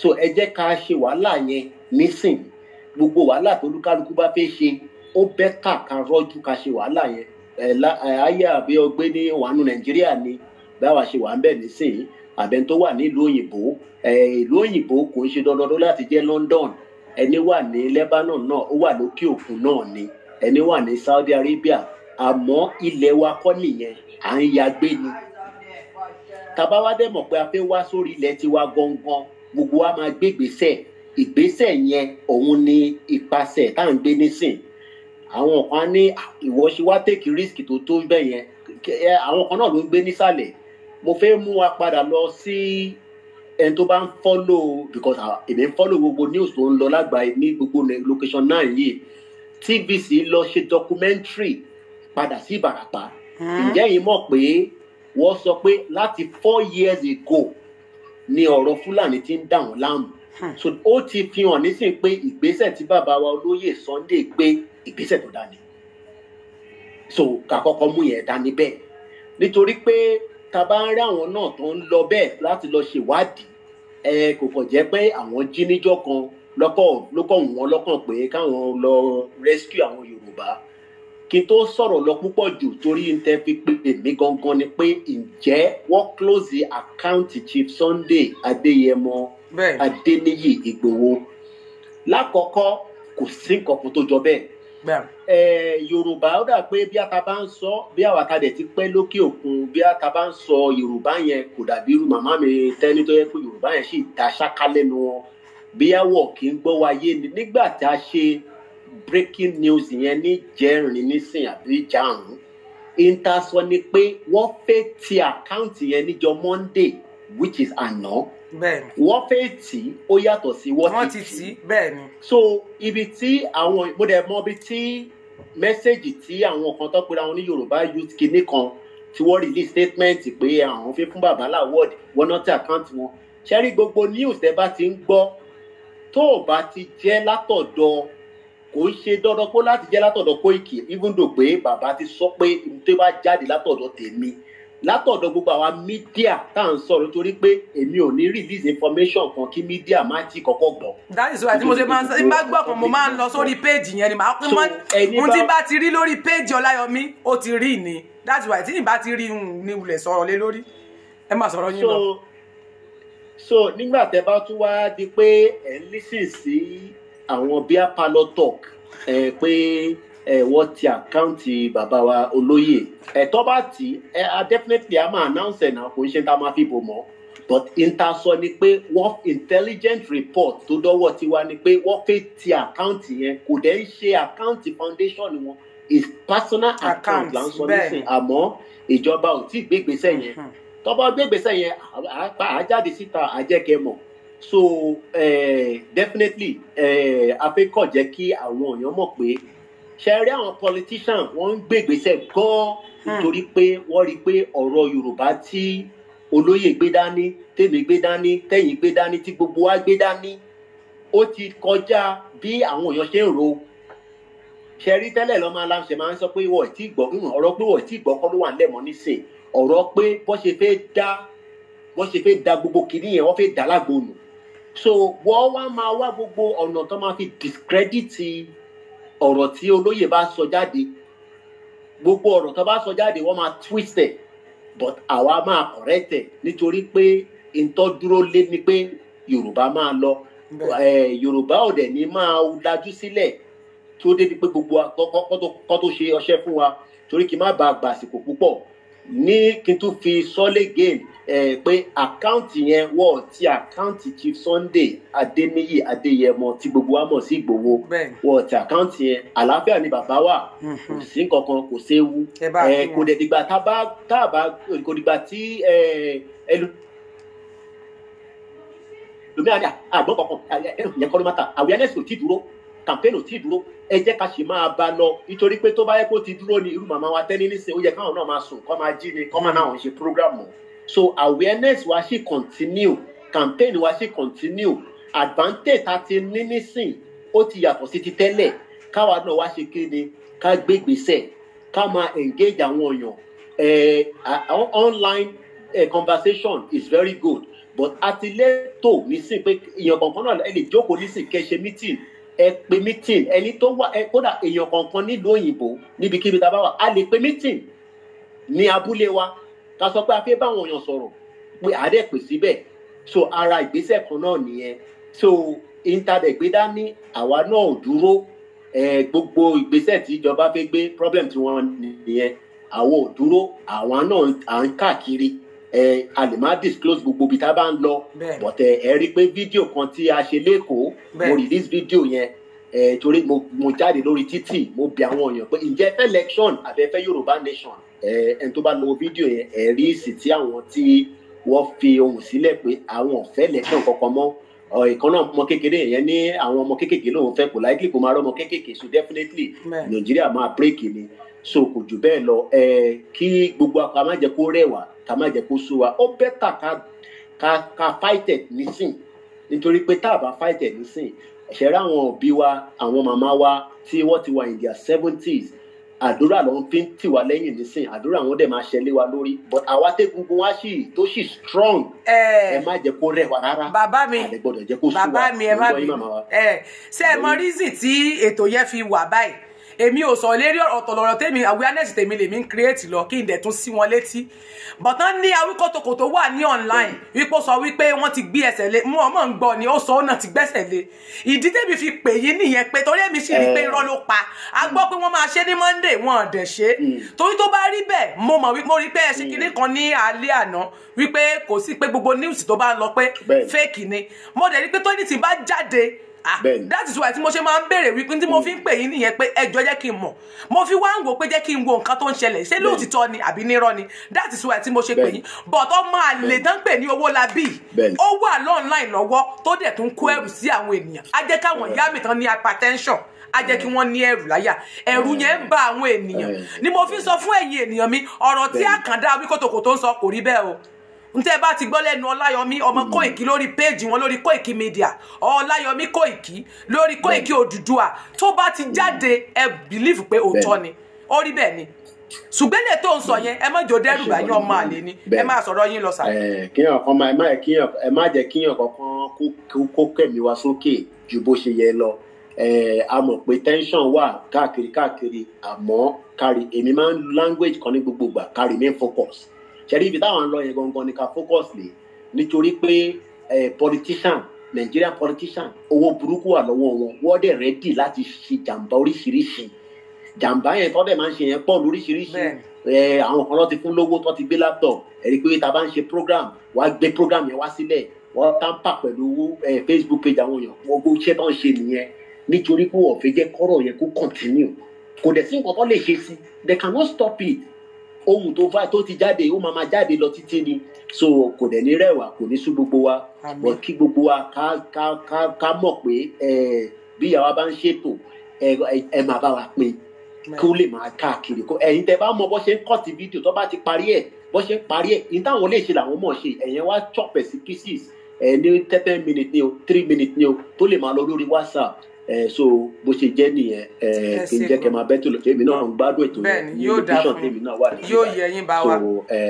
so ẹ jẹ́ ká ṣe wàhálà yẹn nísìn gbogbo wàhálà tó lúkálukú bá fẹ́ ṣe ó bẹ́tà ká rọ́jú ká ṣe wàhálà yẹn ẹ̀ ayé àbí ọgbẹ́ ní wàánu nàìjíríà ni báwa ṣe wà ń bẹ̀ nísìnyí àbẹ̀ni tó wà nílùú òyìnbó ìlú òyìnbó kò ń ṣe dandan láti jẹ́ London ẹni wà ní Lebanon náà ó wà lókè òkun náà ni ẹni wà ní Saudi Arabia àmọ́ ilẹ̀ wa kọ́ nìyẹn à ń yagbé ni tàbá wa dẹ̀ mọ̀ pé a fẹ́ wá sórí ilẹ̀ tiwa gangan gbogbo wa máa gbé ìgbésẹ̀ ìgbésẹ̀ yẹn òun ni ìpasẹ̀ tá à ń gbé nísìn àwọn kan ní ìwọ ṣe wá tèkì rísìkì tó tó bẹ́ẹ̀ yẹn àwọn kan náà ló ń gbé nísàlẹ̀ mo fẹ́ mú wa padà lọ sí ẹni tó bá ń follow because ah, èmi ń follow gbogbo news tó ń lọ lágbàáyé ní gbogbo location náà yìí TVC lọ ṣe documentary padà sí Ìbàràpá hmm. ǹjẹ́ yìí mọ̀ pé wọ́n sọ pé láti four years ago ni ọ̀rọ̀ Fúlàní ti ń dà wọ́n láàmú hmm. so ó ti fi hàn nísìnyí pé ìgbésẹ̀ tí bàbá wa olóyè Sunday gbé ìgbésẹ̀ tó dání so kàkọ́kọ́ mú yẹn dání bẹ́ẹ̀ nítorí pé ta bá ń rí àwọn náà tó ń lọ bẹ́ẹ̀ láti lọ ṣèwádìí ẹ kò kàn jẹ́ pé àwọn jí níjọ́ kan lọ́kọ̀ lọ́kọ̀ wọn lọ́kàn pé káwọn lọ rescue àwọn Yorùbá kí n tó sọ̀rọ̀ lọ púpọ̀ jù torí n tẹ́ fi pè mí gangan ni pé ǹjẹ́ wọ́n close account Chief Sunday Adéyẹmọ Adéníyì Ìgbòho lákọ̀ọ́kọ́ kò sí nǹkan kan tó jọ bẹ́ẹ̀ yorùbá ó dà pé bí ata bá ń sọ bí àwa ta dẹ̀ ti pẹ́ lókè òkun bí ata bá ń sọ yorùbá yẹn kò dàbí irú màmá mi tẹ́ni tó pé yorùbá yẹn sì ta lẹ́nu wọn bí àwọ̀ kì í gbọ́ wáyé ni nígbà tá a ṣe breaking news yẹn ní jẹ́rìn nísìn àbí jàrún ìta sọ ni pé wọ́n fẹ́ ti àkáǹtì yẹn níjọ monday which is àná. No bẹ́ẹ̀ni. wọ́n fẹ́ tì í ó yàtọ̀ sí wọ́n ti tì í bẹ́ẹ̀ni. so ibi tí àwọn mo dẹ̀ mọ ibi tí mẹ́sẹ̀gì tí àwọn kan tó pera wọn ní yorùbá youth kinní kan tí wọ́n release statement pé àwọn fi fún bàbá làwọ́ọ̀dì wọn náà ti àkáǹtì wọn ṣẹ́rí gbogbo news ẹ bá ti ń gbọ́ tó o bá ti jẹ́ látọ̀dọ̀ kò ń ṣe dandan pé láti jẹ́ látọ̀dọ̀ Koiki even though pé bàbá ti sọ pé tó bá jáde látọ̀dọ̀ tèmi látọ̀dọ̀ gbogbo àwa mídíà tá à ń sọ̀rọ̀ torí pé èmi ò ní release information kan kí mídíà má ti kọ́kọ́ gbọ́. that is why tí mo ṣe máa ń sọ bá gbọ́ kan mo máa ń lọ sórí péèjì yẹn ni màá pín mọ́ ohun tí bá ti rí lórí péèjì Ọláyọmí ó ti rí ni that is why tí ìbá ti rí ni wulẹ̀ sọ̀rọ̀ lé lórí ẹ má sọ̀rọ̀ yín lọ. so nígbà tẹ bá tún wá di pé ẹ ń lísìn sí àwọn bíi talk ẹ pé ẹ wọ́n ti àkáǹtì bàbá wa olóyè ẹ tó bá tì ẹ a definitely a máa announce ẹ̀ náà kò ń ṣe tá a máa fi bò mọ́ but inter sọ ni pé wọ́n intelligent report tó dọ́wọ́ tiwa ni pé wọ́n fẹ́ ti àkáǹtì yẹn kò dẹ̀ ń ṣe àkáǹtì foundation wọn is personal account là ń sọ nísìnyí àmọ́ ìjọba ò tí ì gbé ìgbésẹ̀ yẹn mm-hmm. tó bá gbé ìgbésẹ̀ yẹn àjáde síta àjẹkẹ́ mọ̀ so eh, definitely eh, a fẹ́ kọ̀ jẹ́ kí àwọn èèyàn mọ̀ pé ṣe àwọn politician wọ́n ń gbègbèsẹ̀ gan-an hmm. nítorí pé wọ́n rí i pé ọ̀rọ̀ Yorùbá tí olóyè gbé dání tèmi gbé dání tẹ̀yìn gbé dání tí gbogbo wa gbé dání ó ti kọjá bí àwọn èèyàn ṣe ń ro ṣe rí tẹ́lẹ̀ lọ́mọ aláṣẹ máa ń sọ pé wọ́n ti gbọ́ hmm, ọ̀rọ̀ pé wọ́n ti gbọ́ kọ́ ló wà nílẹ̀ mọ́ ọ̀rọ̀ pé bọ́ ṣe fẹ́ dá bọ́ ṣe fẹ́ dá gbogbo kìíní yẹn wọ́n fẹ́ dá lágbo nù so wọ́n wá máa wá gbogbo ọ̀nà tó máa fi discredit ọ̀rọ̀ tí olóyè bá sọ jáde gbogbo ọ̀rọ̀ tó bá sọ jáde wọ́n máa twist ẹ̀ but àwa máa correct ẹ̀ nítorí pé ntọ́ dúró lé ni pé yorùbá máa lọ yorùbá ọ̀dẹ̀ ni máa lajú sílẹ̀ tó débi pé gbogbo kọ́ tó ṣe ọṣẹ́ fún wa torí kí n má bàa gbàsìkò púpọ̀ ní kí n tún fi sọ́lé game pé àkáǹtì yẹn wọ̀ ti àkáǹtì Chief Sunday Adéníyì Adéyẹmọ tí gbogbo wa mọ̀ sí Ìgbòho wọ̀ ti àkáǹtì yẹn àlàáfíà ni bàbá wà mhm. kò sí kankan kò séwu kò dẹ̀ dìgbà tá a bá kò dìgbà tí ẹlú lómi àdá àgbọn kankan yẹn kọ́ ló má ta awareness ò tí dúró campaign ò tí dúró ẹ jẹ́ ká ṣe máa bá lọ nítorí pé tó bá yẹ kó ti dúró ni irú màmá wa tẹ́ni nísìnyí ó yẹ káwọn náà máa sùn kọ́ máa jí ni kọ́ máa náà ṣe program mọ́ so awareness wa ṣì continue campaign wa ṣì continue advantage ta ti ní nísìn ó ti yàtọ̀ sí ti tẹ́lẹ̀ káwa náà wá ṣe kéde ká gbé gbèsè ká máa engage àwọn èèyàn eh, online eh, conversation is very good but àtìlẹ́tò nísìn pé èèyàn kankan náà ẹ lè jókòó nísìn kẹ́ ṣe meeting ẹ pe meeting ẹni tó wà ẹ kódà èèyàn kankan nílùú òyìnbó níbikíbi tá a bá wà a lè pe meeting ní abúlé wa ta sọ pé a fẹ́ báwọn èèyàn sọ̀rọ̀ pé àádẹ́ pè síbẹ̀ so ara ìgbésẹ̀ kan náà nìyẹn so intadẹ̀gbédá ní àwa náà ò dúró gbogbo ìgbésẹ̀ tí ìjọba fẹ́ gbé problem tí wọ́n nìyẹn àwa ò dúró àwa náà à ń káàkiri a lè má disclose gbogbo ibi tá a bá ń lọ but ẹ rí i pé fídíò kan tí a ṣe lẹ́kọ̀ọ́ mo release fídíò yẹn torí mo jáde lórí títì mo bi àwọn èèyàn pé ǹjẹ́ fẹ́ election àbẹ́fẹ́ Yorùbá nation ẹni tó bá lo fídíò yẹn ẹ rí èsì tí àwọn tí wọ́n fi ohùn sílẹ̀ pé àwọn ọ̀fẹ́ lẹ́kàn kankan mọ́ ìkan náà ọmọ kékeré yẹn ní àwọn ọmọ kékèké lòun fẹ́ kò láìkí kò máa rọ́mọ kékèké so definitely nàìjíríà máa bírèkì ni so kò jù bẹ́ẹ̀ lọ ẹ kí gbogbo akọ a má jẹ́ kó rẹwà ká má jẹ́ kó sú wa ó bẹ́tà ká ká ká nísìn nítorí pé tá a bá fight nísìn ṣẹ̀rẹ̀ àwọn òbí wa àwọn màmá wa tí wọ́n ti wà in their seventies àdúrà ló ń fi ń tì wá lẹ́yìn nísìn àdúrà wọn dẹ̀ máa ṣẹlẹ̀ wa lórí but àwa tẹ́gungun wa sì tó sì strong ẹ má jẹ́ kó rẹ̀ wá rárá bàbá mi bàbá mi ẹ má bí ẹ ṣe mọ rízì tí ètò yẹn fi wà báyìí Emi ò sọ lérí ọ̀tọ̀ lọ́rọ̀ tèmi awareness tèmi lèmi ń create lọ kí n dẹ̀ tún sí wọn létí bọ̀tán ní awíkọ́tòkò tó wà ní online wípé so sọ wípé wọ́n ti gbé ẹsẹ̀ lé mọ́ ọmọ ń gbọ́ ni ó sọ ọ́nà ti gbẹ́sẹ̀ lé ìdí tèmi fi pè yín nìyẹn pe torí èmi si rí pé irọ́ ló pa a gbọ́ pé wọ́n máa ṣe ní Monday wọn ò dẹ̀ ṣe hmm. torí tó bá rí bẹ́ẹ̀ mo mọ̀ wípé mo rí pé ẹṣin hmm. kìíní kan ní alẹ́ àná wípé kò sí pé gbogbo news tó bá lọ pé fake ni mo dẹ̀ rí to ni ti ba jade. Ah, that is why tí mo ṣe máa ń béèrè wípé tí mo hmm. fi ń pè yín nìyẹn pé ẹjọ́ jẹ́ kí n mọ̀ mo fi wá ń wò pé jẹ́ kí n wo nǹkan tó ń ṣẹlẹ̀ ṣé lóòtítọ́ ni àbí nírọ́ ni that is why tí mo ṣe pè yín but ọmọ àlè tán pè ní owó labí ó wà online lọ́wọ́ tó dẹ̀ tún kó ẹrù sí àwọn ènìyàn á jẹ́ káwọn ìyá mi tán ní hypertension a jẹ́ kí wọ́n ní ẹrù láyà ẹrù yẹn ń ba àwọn ènìyàn ni mo fi sọ fún ẹ̀yin ènìyàn mi ọ̀rọ̀ tí àkàndá wíkótòkò tó ń sọ kò rí bẹ́ẹ̀ o ntẹ́ bá ti gbọ́ lẹ́nu ọláyọmí ọmọ hmm. kóìkì lórí péèjì wọn lórí kóìkì media ọláyọmí kóìkì lórí kóìkì òdùdúà tó bá ti jáde ẹ bìlífù pé òótọ́ ni ó rí bẹ́ẹ̀ ni ṣùgbọ́n lè tó ń sọ yẹn ẹ má jò dẹ́rù bá yín ọmọ àlè ni ẹ má sọ̀rọ̀ yín lọ sàlẹ̀. kíyàn kan máa ẹ má jẹ́ kíyàn kankan kó kẹ̀mí wa sókè ju bó ṣe yẹ lọ a mọ̀ pé tension wà káàkiri káàkiri àmọ́ kárí èmi máa ń language kan ní gbogbo gbà kárí main focus ṣẹ́rí ibi táwọn ń lọ yẹn gangan ni ká focus lé nítorí pé politician Nigerian politician owó burúkú wà lọ́wọ́ wọn wọ́n dẹ̀ rẹ́dì láti ṣe jàǹbá oríṣiríṣi jàǹbá yẹn tọ́ dẹ̀ máa ń ṣe yẹn pọ̀ lóríṣiríṣi àwọn kan lọ́ ti fún lówó tó ti gbé laptop ẹ̀rí pé tá a bá ń ṣe program wàá gbé program yẹn wá sílẹ̀ wọ́n tampa pẹ̀lú Facebook page àwọn èèyàn wọ́n gbó iṣẹ́ tó ń ṣe nìyẹn nítorí pé wọ́n fẹ́ jẹ́ kọ́rọ̀ yẹn kó continue kò dẹ̀ sí nǹkan tó lè ṣe sí they cannot stop it ohun tó fa tó ti jáde ó máa ma jáde lọ títí ni so kò dẹ̀ ní rẹwà kò ní sú gbogbo wa but kí gbogbo wa ká ká ká ká mọ̀ pé bí àwa bá ń ṣètò ẹ máa bá wa pín kí ó lè máa káàkiri kó ẹ̀yin tẹ́ bá mọ̀ bó ṣe ń kọ́ ti fídíò tó bá ti parí ẹ̀ bó ṣe ń parí ẹ̀ ní táwọn lè ṣe làwọn mọ̀ ṣe ẹ̀yẹn wá chop ẹ̀ sí pieces ẹ̀ ní ten minutes ni o three minutes ni o tó lè máa lọ lórí WhatsApp ẹ so bó ṣe jẹ́ nìyẹn ẹ kì í jẹ́ kẹ́ máa bẹ́tò lọ́sẹ̀ èmi náà ń gbádùn ètò yẹn ní location tèmi náà wà ní ìgbà so ẹ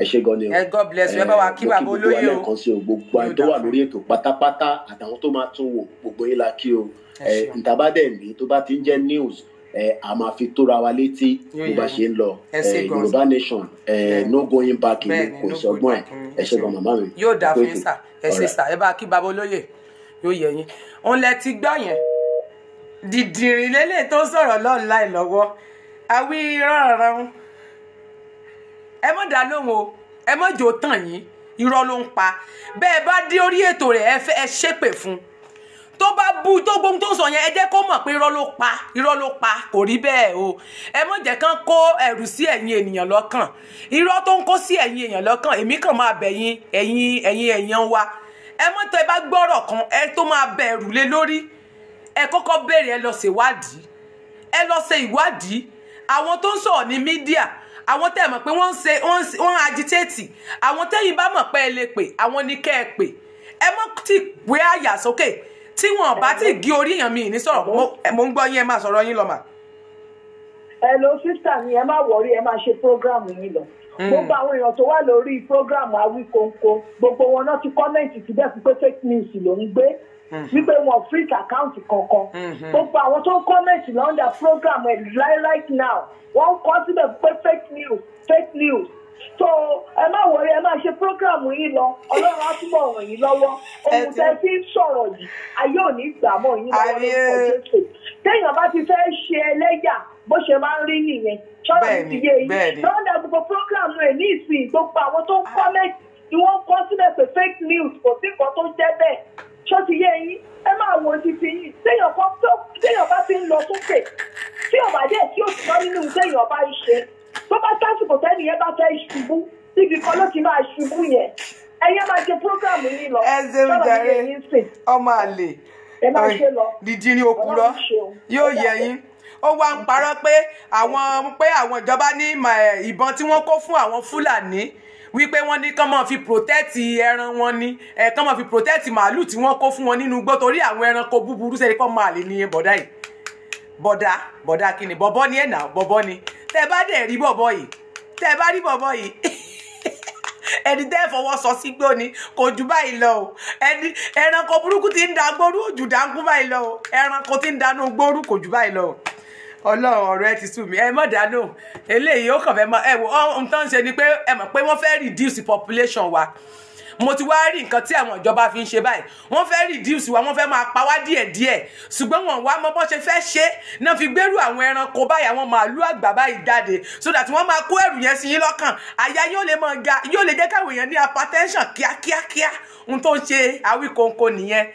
ẹ ṣe gan ni o ẹ God bless you ẹ bá wa kí bàbá olóyè o kan sí o gbogbo àìtó wà lórí ètò pátápátá àtàwọn tó máa tún wò gbogbo yín la kí o ẹ ìtàbádẹ́ mi tó bá ti ń jẹ́ news ẹ a máa fi tóra wa létí bó bá ṣe ń lọ ẹ yorùbá nation ẹ no going back ni kò sọgbọn ẹ ẹ ṣe gan màmá mi. yóò dà fún yín sà ẹ ṣe sà ẹ bá kí bàbá olóyè yóò yẹ yín òun lẹ ti gbọ́ yẹn dìdìrín lélẹ̀ tó sọ̀rọ̀ lọ́run láì lọ́wọ́ àwí ránran ẹ mọ̀ dá lóhùn o ẹ mọ̀ jò tàn yín irọ́ ló ń pa bẹ́ẹ̀ bá dé orí ètò rẹ̀ ẹ ṣépè fún tó bá bú tó gbóhùn tó sọ yẹn ẹ jẹ́ kó mọ̀ pé irọ́ ló pa irọ́ ló pa kò rí bẹ́ẹ̀ o ẹ mọ̀ jẹ́ kán kó ẹ̀rù sí ẹ̀yin ènìyàn lọ́kàn irọ́ tó ń kó sí ẹ̀yin èèyàn lọ́kàn èmi kàn máa bẹ̀yìn ẹ̀yin ẹ̀yin ẹ̀yàn wa ẹ mọ́ tẹ́ bá gbọ́rọ̀ kan ẹ tó máa bẹ̀rù lé lórí ẹ kọ́kọ́ béèrè ẹ lọ ṣe ìwádìí ẹ lọ ṣe ìwádìí àwọn tó ń sọ̀rọ̀ ní mídíà àwọn tẹ́ ẹ mọ̀ pé wọ́n ń ṣe wọ́n ń agitéètì àwọn tẹ́yìn bá mọ̀ pé ẹ lè pè àwọn ní kẹ́ ẹ pè ẹ mọ́ ti gbé àyà sókè tí wọn bá ti gé orí èèyàn mi ní sọ̀rọ̀ mo ń gbọ́ yín ẹ máa sọ̀rọ̀ yín lọ ẹ lo sísà mi ẹ má wọrí ẹ má ṣe prógráàmù yín lọ. Mm. gbogbo àwọn èèyàn tó wà lórí program Awíkonko gbogbo wọn náà ti kọ́mẹ̀ntì síbẹ̀ fún pé fake news ló ń gbé mm. wípé wọn freak account kankan mm-hmm. gbogbo àwọn tó ń kọ́mẹ̀ntì lọ́ndà program ẹ̀ right now wọ́n ń kọ́ síbẹ̀ pé fake news fake news so ẹ má wọrí ẹ má ṣe prógrámù yìí lọ ọlọ́run á túbọ̀ ràn yín lọ́wọ́ ohun tẹ́ fi ń sọ̀rọ̀ yìí ayé ò ní gbà mọ́ yín lọ́wọ́ lórúkọ jésù téèyàn bá ti fẹ́ ṣe ẹlẹ́yà bó ṣe máa ń rí nìyẹn ṣọ́ra ti yé yìí lọ́dà gbogbo prógrámù ẹ̀ ní ìsìn gbogbo àwọn tó ń kọ́ ah. mẹ́tì ni wọ́n kọ́ síbẹ̀ pé fake news kò sí nǹkan tó jẹ́ bẹ́ẹ̀ ṣó ti yé yín ẹ máa wo títí yìí téèyàn bá fi ń lọ sókè tí ọ̀bàjẹ́ tí ó ti lọ nínú téèyàn bá ń ṣe tó bá sásìkò tẹ́ni yẹn bá fẹ́ ṣubú síbi kan ló ti máa ṣubú yẹn ẹ̀yẹ́ máa ṣe prógámù yìí lọ sọ́dọ̀ mi yẹn sìn. ọmọ àlè dídí ní okùrọ yóò yẹ yín ó wá ń parọ́ pé àwọn pé àwọn ìjọba ní ìbọn tí wọ́n kó fún àwọn fúlàní wípé wọ́n ní kán máa fi protect ẹran wọn ni kán máa fi protect màálù tí wọ́n kó fún wọn nínú igbó torí àwọn ẹranko búburú sẹ́ni kán máa lè ní bọ̀dá yìí bọ̀dá bọ̀dá kí ni bọ̀bọ́ ni ẹ̀ nà bọ̀bọ́ ni tẹ bá dẹ̀ rí bọ̀bọ̀ yìí tẹ bá rí bọ̀bọ̀ yìí ẹni tẹ́ fọwọ́ sọ sí gbó ni kò jù báyìí lọ o ẹni ẹranko burúkú ti ń da gbóru òjù dáńkú báyìí lọ o ẹranko ti ń danú gbóru kò jù báyìí lọ o ọlọ́run ọ̀rọ̀ ẹ ti sú mi ẹ mọ̀ dánú eléyìí ó kàn fẹ́ mọ ẹ wò ó ohun tó ń ṣe ni pé ẹ mọ̀ pé wọ́n fẹ́ reduce population wa mo ti wá rí nǹkan tí àwọn ìjọba fi ń ṣe báyìí wọ́n fẹ́ reduce wa wọ́n fẹ́ máa pa wá díẹ̀díẹ̀ ṣùgbọ́n wọn wá mọ bọ́n ṣe fẹ́ ṣe náà fi gbẹ́rù àwọn ẹranko báyìí àwọn màálù àgbà báyìí jáde so that wọ́n máa kó ẹrù yẹn sí yín lọ́kàn àyà yóò lè máa ga yóò lè jẹ́ káwọn èèyàn ní hypertension kíákíákíá ohun tó ń ṣe àwíkóńkó nìyẹn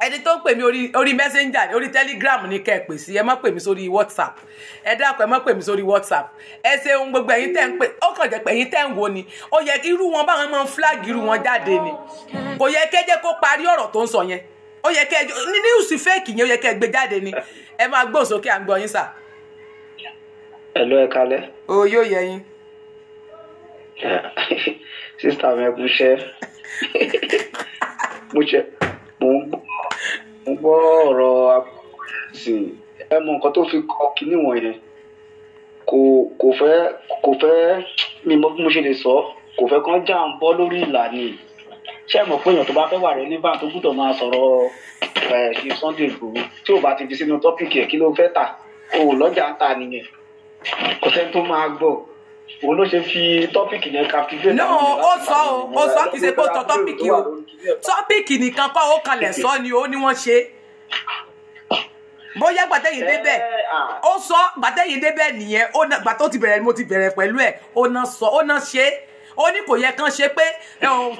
ẹni tó ń pè mí orí messenger ní orí telegram ní kẹ́ ẹ pè sí ẹ má pè mí sórí whatsapp ẹ dákun ẹ má pè mí sórí whatsapp ẹ ṣe ohun gbogbo ẹ̀yin tẹ́ ń pè ó kàn jẹ́ pé ẹ̀yin tẹ́ ń wo ni ó yẹ kí irú wọn báwọn máa ń flag irú wọn jáde ni kò yẹ kẹ́jẹ́ kó parí ọ̀rọ̀ tó ń sọ yẹn ó yẹ kẹ́ ní níwùsì fẹ́ẹ̀kì yẹn ó yẹ kẹ́ gbé jáde ni ẹ máa gbóhùn sókè à ń gbọ́ yín sà. ẹ ló ẹ kalẹ̀. o yóò yẹ yín. sísítà mi ẹ kú iṣẹ́ mo ń mo gbọ́ ọ̀rọ̀ sìn ẹ mọ nǹkan tó fi kọ kinní wọ̀nyẹn kò kò fẹ́ kò fẹ́ mi mọ bí mo ṣe lè sọ kò fẹ́ kán já ń bọ́ lórí ìlànà ṣé ẹ mọ̀ pé èèyàn tó bá fẹ́ wà rẹ nígbà tó gbúdọ̀ máa sọ̀rọ̀ ẹ̀ ṣe Sunday Igboho tí ò bá ti di sínú tọ́pìkì ẹ̀ kí ló fẹ́ tà o lọ́jà ń ta nìyẹn kò sẹ́ni tó máa gbọ́ òun ló ṣe fi tọ́pìkì yẹn captivate. no ó sọ o ó sọ kì í ṣe pé ó tọ tọ́pìkì o tọ́pìkì nìkan kọ́ ó kalẹ̀ sọ ni ó ní wọ́n ṣe bóyá gbàtẹ́yìn débẹ̀ eh, ah. ó sọ gbàtẹ́yìn débẹ̀ nìyẹn gbàtó ti bẹ̀rẹ̀ mo ti bẹ̀rẹ̀ pẹ̀lú ẹ̀ ó ná sọ ó ná ṣe é ó ní kò yẹ kán ṣe pé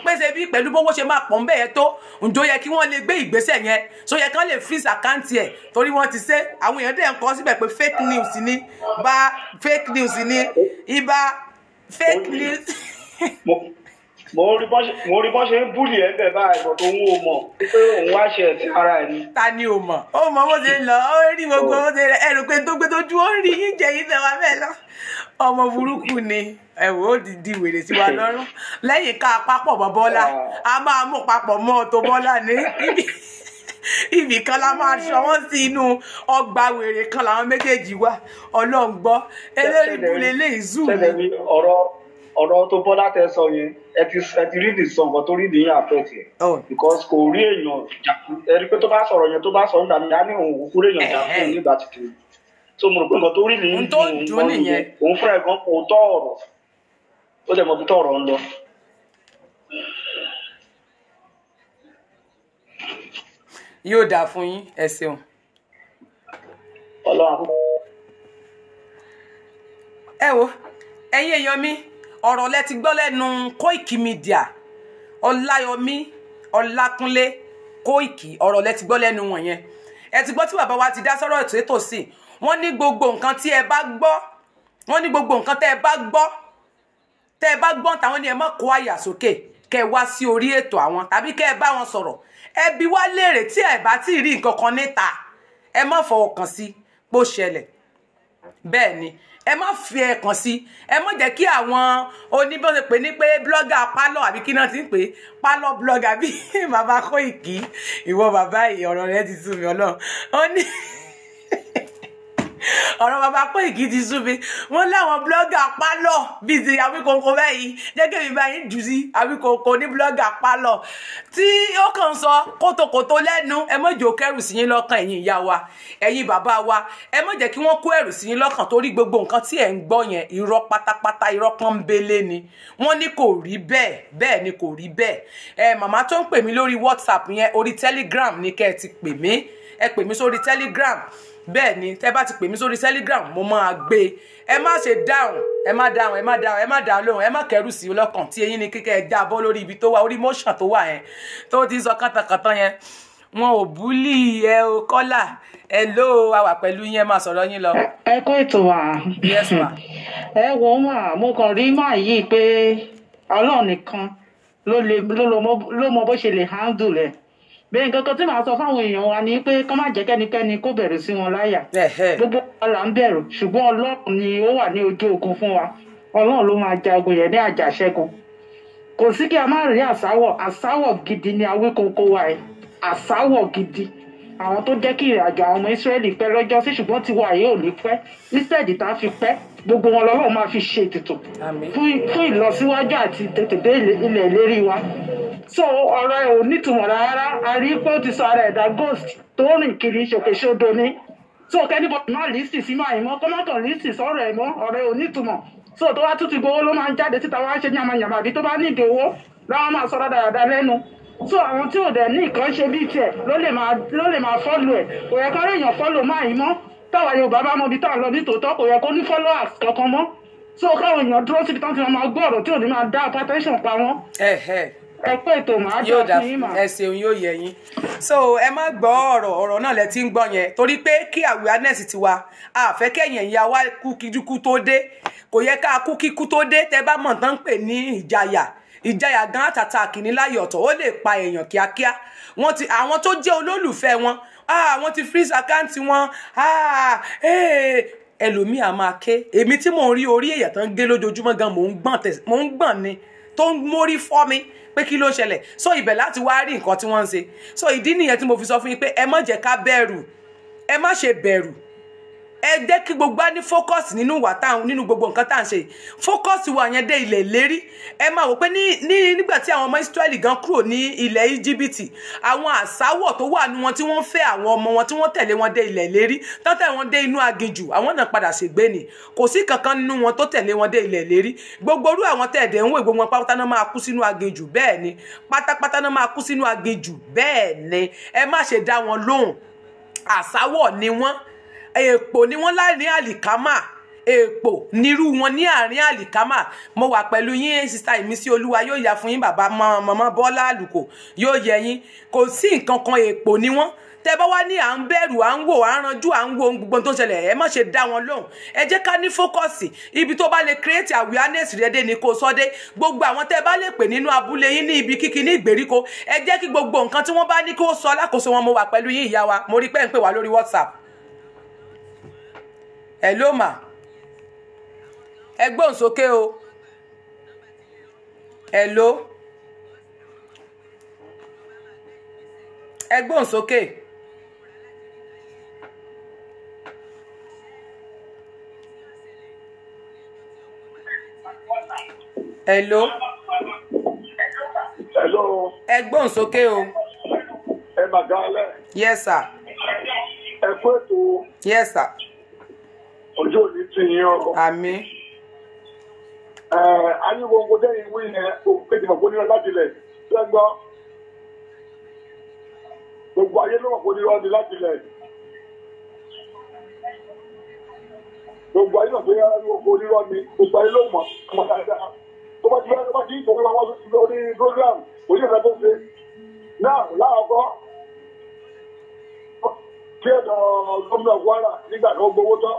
pèsè bí pẹ̀lú bówó ṣe máa pọ̀ ń bẹ̀yẹ tó ǹjọ́ yẹ kí wọ́n lè gbé ìgbésẹ̀ yẹn so yẹ kán lè freeze àkáǹtì ẹ̀ torí wọ́n ti ṣe àwọn èèyàn dẹ̀ ń kọ́ síbẹ̀ pé fake news ni bá fake news ni ibà fake news. mo rí bọ́ ṣe ń búlì ẹ̀ bẹ̀ báyìí bọ̀ tó ń wò mọ̀ pé òun wá ṣe ẹ̀sìn ara ẹ̀ ni. ta ni o mọ o mọ bó ṣe lọ ó rí gbogbo ẹrù pé tó gbé tó ju ó rí yín jẹ yín lọ wá bẹ́ẹ̀ lọ ọmọ burúkú ni ẹ̀wọ̀ ó di di wèrè sí wa lọ́rùn lẹ́yìn ká papọ̀ mọ́ bọ́lá ah. a máa mú papọ̀ mọ́ ọ̀tò bọ́lá ní ibi ibì kan la máa hmm. ṣọwọ́ sí inú ọgbà wèrè kan làwọn méjèèjì wà ọlọ́run gbọ́ eléyìí bulẹ̀ eléyìí zù mí. ọ̀rọ̀ tó bọ́lá tẹ sọ yẹn ẹ ti ẹ ti rí nìsọ nǹkan tó rí nìyẹn àfẹ́tì ẹ̀ because kò rí èèyàn jàkú ẹ rí pé tó bá sọ̀rọ̀ yẹn tó bá sọ̀rọ̀ nígbà mi á ní òun kúrò èèyàn jàkú eh, eh. nígbà tuntun so mo rò pé nǹkan tó rí nìyẹn òun fúnra ẹ̀ gan kò tọ́ ọ̀rọ̀ ó dẹ̀ mọ ibi tọ̀rọ̀ ń lọ. yóò dáa fún yín ẹ ṣeun. ọlọ́run àkókò. ẹ wo ẹ̀yin èèyàn mi ọ̀rọ̀ lẹ ti gbọ́ lẹ́nu Koiki Media Ọláyọmí Ọlákúnlé Koiki ọ̀rọ̀ lẹ ti gbọ́ lẹ́nu wọn yẹn ẹ ti gbọ́ tí bàbá wa ti dá sọ́rọ̀ ètò ètò sí wọ́n ní gbogbo nǹkan tí ẹ bá gbọ́ wọ́n ní gbogbo nǹkan tẹ́ ẹ bá gbọ́ tẹ́ ẹ bá gbọ́n táwọn ni ẹ má kó àyà sókè kẹ́ ẹ wá sí orí ètò àwọn tàbí kẹ́ ẹ bá wọn sọ̀rọ̀ ẹ bi wá léèrè tí ẹ bá tí ì rí nǹkan kan níta ẹ má fọwọ́ kàn sí pó ṣẹlẹ̀ bẹ́ẹ̀ ni ẹ má fi ẹ̀kàn sí ẹ má jẹ́ kí àwọn oníbọ̀sẹ̀ pé ní pé blọ́gà pálọ̀ àbí kí náà ti ń pè pálọ̀ blọ́gà bí bàbá Kóìkì ìwọ bàbá yìí rẹ ti sú mi ọlọ́run ó ní ọ̀rọ̀ bàbá pé ìkí ti sú mi wọ́n láwọn blọ́gà pálọ̀ bíi ti Awíkonko báyìí jẹ́gẹ́ mi báyìí jù sí Awíkonko ní blọ́gà pálọ̀ tí ó kàn sọ kótókótó lẹ́nu ẹ má jẹ́ ó kẹ́rù sí yín lọ́kàn ẹ̀yin ìyá wa ẹ̀yin bàbá wa ẹ má jẹ́ kí wọ́n kó ẹ̀rù sí yín lọ́kàn torí gbogbo nǹkan tí ẹ̀ ń gbọ́ yẹn irọ́ pátápátá irọ́ pọ́nbélé ni wọ́n ní kò rí bẹ́ẹ̀ bẹ́ẹ̀ ni kò rí bẹ́ẹ̀ ẹ màmá tó ń pè mí lórí WhatsApp yẹn orí Telegram ní kẹ́ ẹ ti pè mí ẹ pè mí sórí Telegram bẹ́ẹ̀ ni tẹ́ bá ti pè mí sórí telegram mo máa gbé ẹ má ṣe dáhùn ẹ má dáhùn ẹ má dáhùn ẹ má dáhùn lóhùn ẹ má kẹrù sí ọlọ́kàn tí eyín ni kíkẹ́ ẹ já bọ́ lórí ibi tó wà orí mọ́ṣàn tó wà yẹn tó ti sọ kàtàkàtà yẹn wọn ò búlì ẹ o kọ́là ẹ ló wà pẹ̀lú yín máa sọ̀rọ̀ yín lọ. ẹ kó ètò wa ẹ wò ó mà mo kàn rí máa yí pé ọlọ́run nìkan ló mọ bó ṣe lè handle rẹ̀ bẹ́ẹ̀ nǹkan kan tí màá sọ fáwọn èèyàn wa ni pé kọ́ má jẹ́ kẹ́nikẹ́ni kó bẹ̀rù sí wọn láyà gbogbo wa là ń bẹ̀rù ṣùgbọ́n ọlọ́run ni ó wà ní ojú ogun fún wa ọlọ́run ló máa jagun yẹn ní àjàṣẹ́gun kò sí kí a má rí àsáwọ̀ àsáwọ̀ gidi ni awíkoko wa ẹ̀ àsáwọ̀ gidi àwọn tó jẹ́ kí ìrìnàjò àwọn ọmọ Ísírẹ́lì pẹ́ lọ́jọ́ sí ṣùgbọ́n tiwa yìí ò ní pẹ́ instead tá a fi pẹ́ gbogbo wọn lọ́wọ́ máa fi ṣe ètùtù fún ìlọsíwájú àti tètè dé ilẹ̀ ìlérí wa so ọ̀rọ̀ ẹ̀ ò nítumọ̀ rárá a rí pé ó ti sọ ara ẹ̀dá ghost tó rìn kiri ṣòkèṣodo ni so kẹ́nìbọ̀dì náà lìsì sínú àìmọ́ kọ́mọ́tò lìsì sọ̀rọ̀ ẹ̀mọ́ ọ̀rọ̀ ẹ̀ ò nítumọ̀ so tó wá tún ti gbowó ló máa ń jáde síta wá ṣe yamayama àbí tó bá nídìí owó láwọn máa sọ dáadáa lẹ́nu so àwọn tí ò dẹ̀ ní nǹkan ṣe bíi tiẹ̀ ló lè máa fọ́lù ẹ̀ kò yẹ kó lèèyàn fọ́lù máa yín táwa Yorùbá bá mọ tá à lọ ní kò yẹ kó ní followers kankan mọ́ so káwọn èèyàn dúró síbi tán ti máa gbọ́ ọ̀rọ̀ tí ò ní máa dá hypertension pa wọ́n ẹ pé ètò màá dà mà. ẹ ṣeun yóò yẹ yín so ẹ má gbọ́ ọ̀rọ̀ ọ̀rọ̀ náà lẹ ti ń gbọ́ yẹn torí pé kí awareness ti wa àfẹ́kẹ́yìn ìyá wa kú kíkú tó dé kò yẹ ká kú kíkú tó dé tẹ bá mọ̀ tán pè ní ìjayà ìjayà gan àtàtà kìíní láyé ọ̀tọ̀ ó lè pa èèyàn kíákíá wọn ti àwọn tó jẹ́ olólùfẹ́ wọn àwọn ti freeze account wọn e, ẹlòmíì á máa ké èmi tí mò ń rí orí èèyàn tán gé lójoojúmọ́ gan mò ń gbọ̀n ni tó ń mórí fọ́ mi pé kí ló ṣẹlẹ̀ so ibẹ̀ láti wá rí nǹkan tí wọ́n ń ṣe so ìdí nìyẹn tí mo fi sọ fún yín pé ẹ má jẹ́ ká bẹ̀rù ẹ má ṣe bẹ̀rù ẹ jẹ́ kí gbogbo á ní focus nínú ìwà táwọn nínú gbogbo nǹkan tá à ń ṣe focus wa yẹn dé ilẹ̀ ìlérí ẹ máa wò pé ní nígbà tí àwọn ọmọ Ísírẹ́lì gan kúrò ní ilẹ̀ íjíbítì àwọn àsáwọ̀ tó wà ní wọn tí wọ́n fẹ́ àwọn ọmọ wọn tí wọ́n tẹ̀lé wọn dé ilẹ̀ ìlérí tó tẹ̀lé wọn dé inú aginjù àwọn náà padà ṣègbé ni kò sí kankan nínú wọn tó tẹ̀lé wọn dé ilẹ̀ ìlérí gbogbo orú àwọn tẹ̀dẹ̀ ń wò gbogbo wọn pátá náà máa kú sínú aginjù bẹ́ẹ̀ ni pátápátá náà máa kú sínú aginjù bẹ́ẹ̀ àsáwọ̀ ni wọ́n èèpo ni wọ́n láàrin àlìkámà èèpo nírú wọn ní àárín àlìkámà mo wà pẹ̀lú yín sista ìmísí olúwa yóò yà fún yín bàbá màmá bọ́lá àlùkò yóò yẹ yín kò sí nǹkan kan èèpo ni wọ́n tẹ bá wá ní à ń bẹ̀rù à ń wò à ń ranjú à ń wo gbogbo tó ń ṣẹlẹ̀ ẹ má ṣe dá wọn lóhùn ẹ jẹ́ ká ní fókọ̀sì ibi tó bá lè create awareness rẹ dé ni kò sọ dé gbogbo àwọn tẹ bá lè pè nínú abúlé yín ní ibi kíkí ní ìgbèríko ẹ jẹ́ kí gbogbo nǹkan tí wọ́n bá ní kí ó sọ alákòóso wọn mo wà pẹ̀lú yín ìyá wa mo rí pé ń pè wá lórí WhatsApp hello ma ẹ gbóhùn sókè o hello ẹ gbóhùn sókè. hello. hello. ẹ gbóhùn sókè o. ẹ màgá alẹ́. yes sir. ẹ kú ètò. yes sir ojú òní ti yín o. àmín. ayé gbogbo dẹ́yìn wí yẹn òun kéde mọ̀ bóni láti lẹ̀ ṣẹ́ gbọ́ gbogbo ayé ló mọ̀ bóni lọ́ọ̀ni láti lẹ̀ gbogbo ayé náà tó yára ní gbogbo onírọ́ọ̀ni gbogbo ayé ló mọ̀ ọmọ dáadáa tó bá ti bá tó bá ti ìtòkè wa wọ́n lórí program òye ìfẹ́ tó ṣe náà láàkọ́ kí ẹ̀dọ̀ gómìnà Kwara nígbà tó gbowó tán.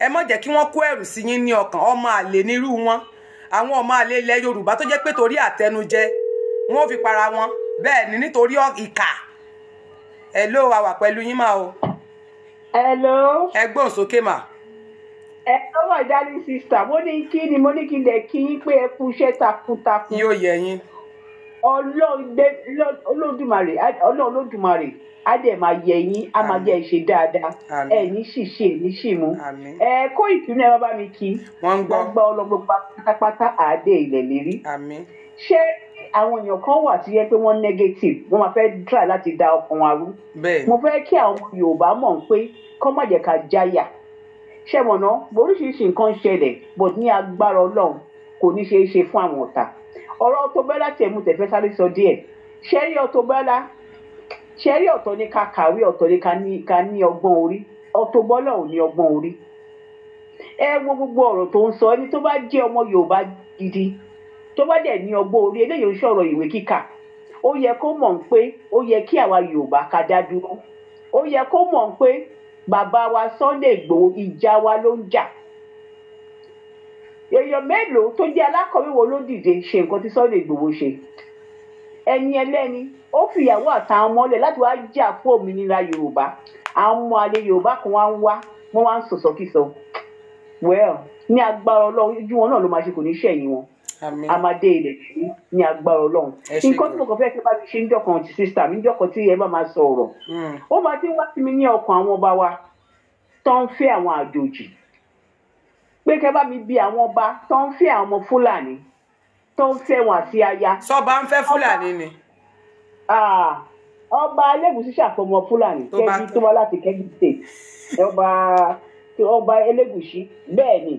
ẹ má jẹ́ kí wọ́n kó ẹ̀rù sí yín ní ọkàn ọmọ àlè nírú wọn àwọn ọmọ àlè ilẹ̀ yorùbá tó jẹ́ pé torí àtẹnujẹ wọ́n fi para wọn bẹ́ẹ̀ ni nítorí ìkà ẹ ló wa wà yín máa o. hello. ẹ gbọ́n sókè mà. ẹ ọmọ ìdálí sista mo ní kí ni mo ní kí lè kí yín pé ẹ kú iṣẹ́ takuntakun. yóò yẹ yín. á dẹ̀ máa yẹ yín á máa jẹ́ ìṣe dáadáa ẹ ní ṣìṣe ní ṣìmú ẹ kó ìtúnú ẹ bá mi kí gbàgbà ọlọ́gbọ́n pátápátá àádé ilẹ̀ lérí ṣé àwọn èèyàn kan wà tí yẹ pé wọ́n negative wọ́n máa fẹ́ try láti da ọkàn wa rú mo fẹ́ kí àwọn Yorùbá mọ̀ pé kọ́ má jẹ́ ká jáyà ṣé mọ̀nà oríṣiríṣi nǹkan ṣẹlẹ̀ but ní agbára Ọlọ́run kò ní ṣeé ṣe fún àwọn ọ̀tá ọ̀rọ̀ Auto Bola tẹ̀mú tẹ̀fẹ́ sáré sọ díẹ̀ ṣẹ́rí Auto ṣe rí ọ̀tọ̀ ni ká kàwé ọ̀tọ̀ ni ká ní ọgbọ́n orí ọ̀tọ̀ gbọ́lọ̀ ò ní ọgbọ́n orí ẹ wo gbogbo ọ̀rọ̀ tó ń sọ ẹni tó bá jẹ́ ọmọ Yorùbá gidi tó bá dẹ̀ ní ọgbọ́n orí eléyìí ń sọ̀rọ̀ ìwé kíkà ó yẹ kó mọ̀ pé ó yẹ kí àwa Yorùbá ká dá dúró ó yẹ kó mọ̀ pé bàbá wa Sunday Igboho ìjà wa ló ń jà èèyàn mélòó tó jẹ́ alákọ̀wé wo ló dìde ṣe nǹkan tí Sunday Igboho ṣe ẹni ẹlẹ́ni ó fìyàwó àtàwọn ọmọ lẹ̀ láti wá jà fún òmìnira yorùbá àwọn ọmọ àlè yorùbá kan wá ń wá wọ́n wá ń sọ̀sọ̀kìsọ well ní agbára ọlọ́run ojú wọn náà ló máa ṣe kò ní ṣẹ̀yìn wọn amadé ilẹ̀ ní agbára ọlọ́run nǹkan tí mo kàn fẹ́ kí bá mi ṣe ń jọkàn sísà mi ń jọkàn tí ẹ bá máa sọ ọ̀rọ̀ hmm. ó máa ti wá sí mi ní ọkàn àwọn ọba wa tó ń fẹ́ àwọn àjòjì pé kẹ́ bá mi bi àwọn ọba tó ń fẹ́ àwọn ọmọ fúlàní tó ń fẹ́ wọn àti aya. sọba ń fẹ́ fúlàní ni. ọba elégùsì ṣàfọmọ fúlàní kẹ́bí tó wá láti kẹ́bí state ọba ọba elégùsì bẹ́ẹ̀ ni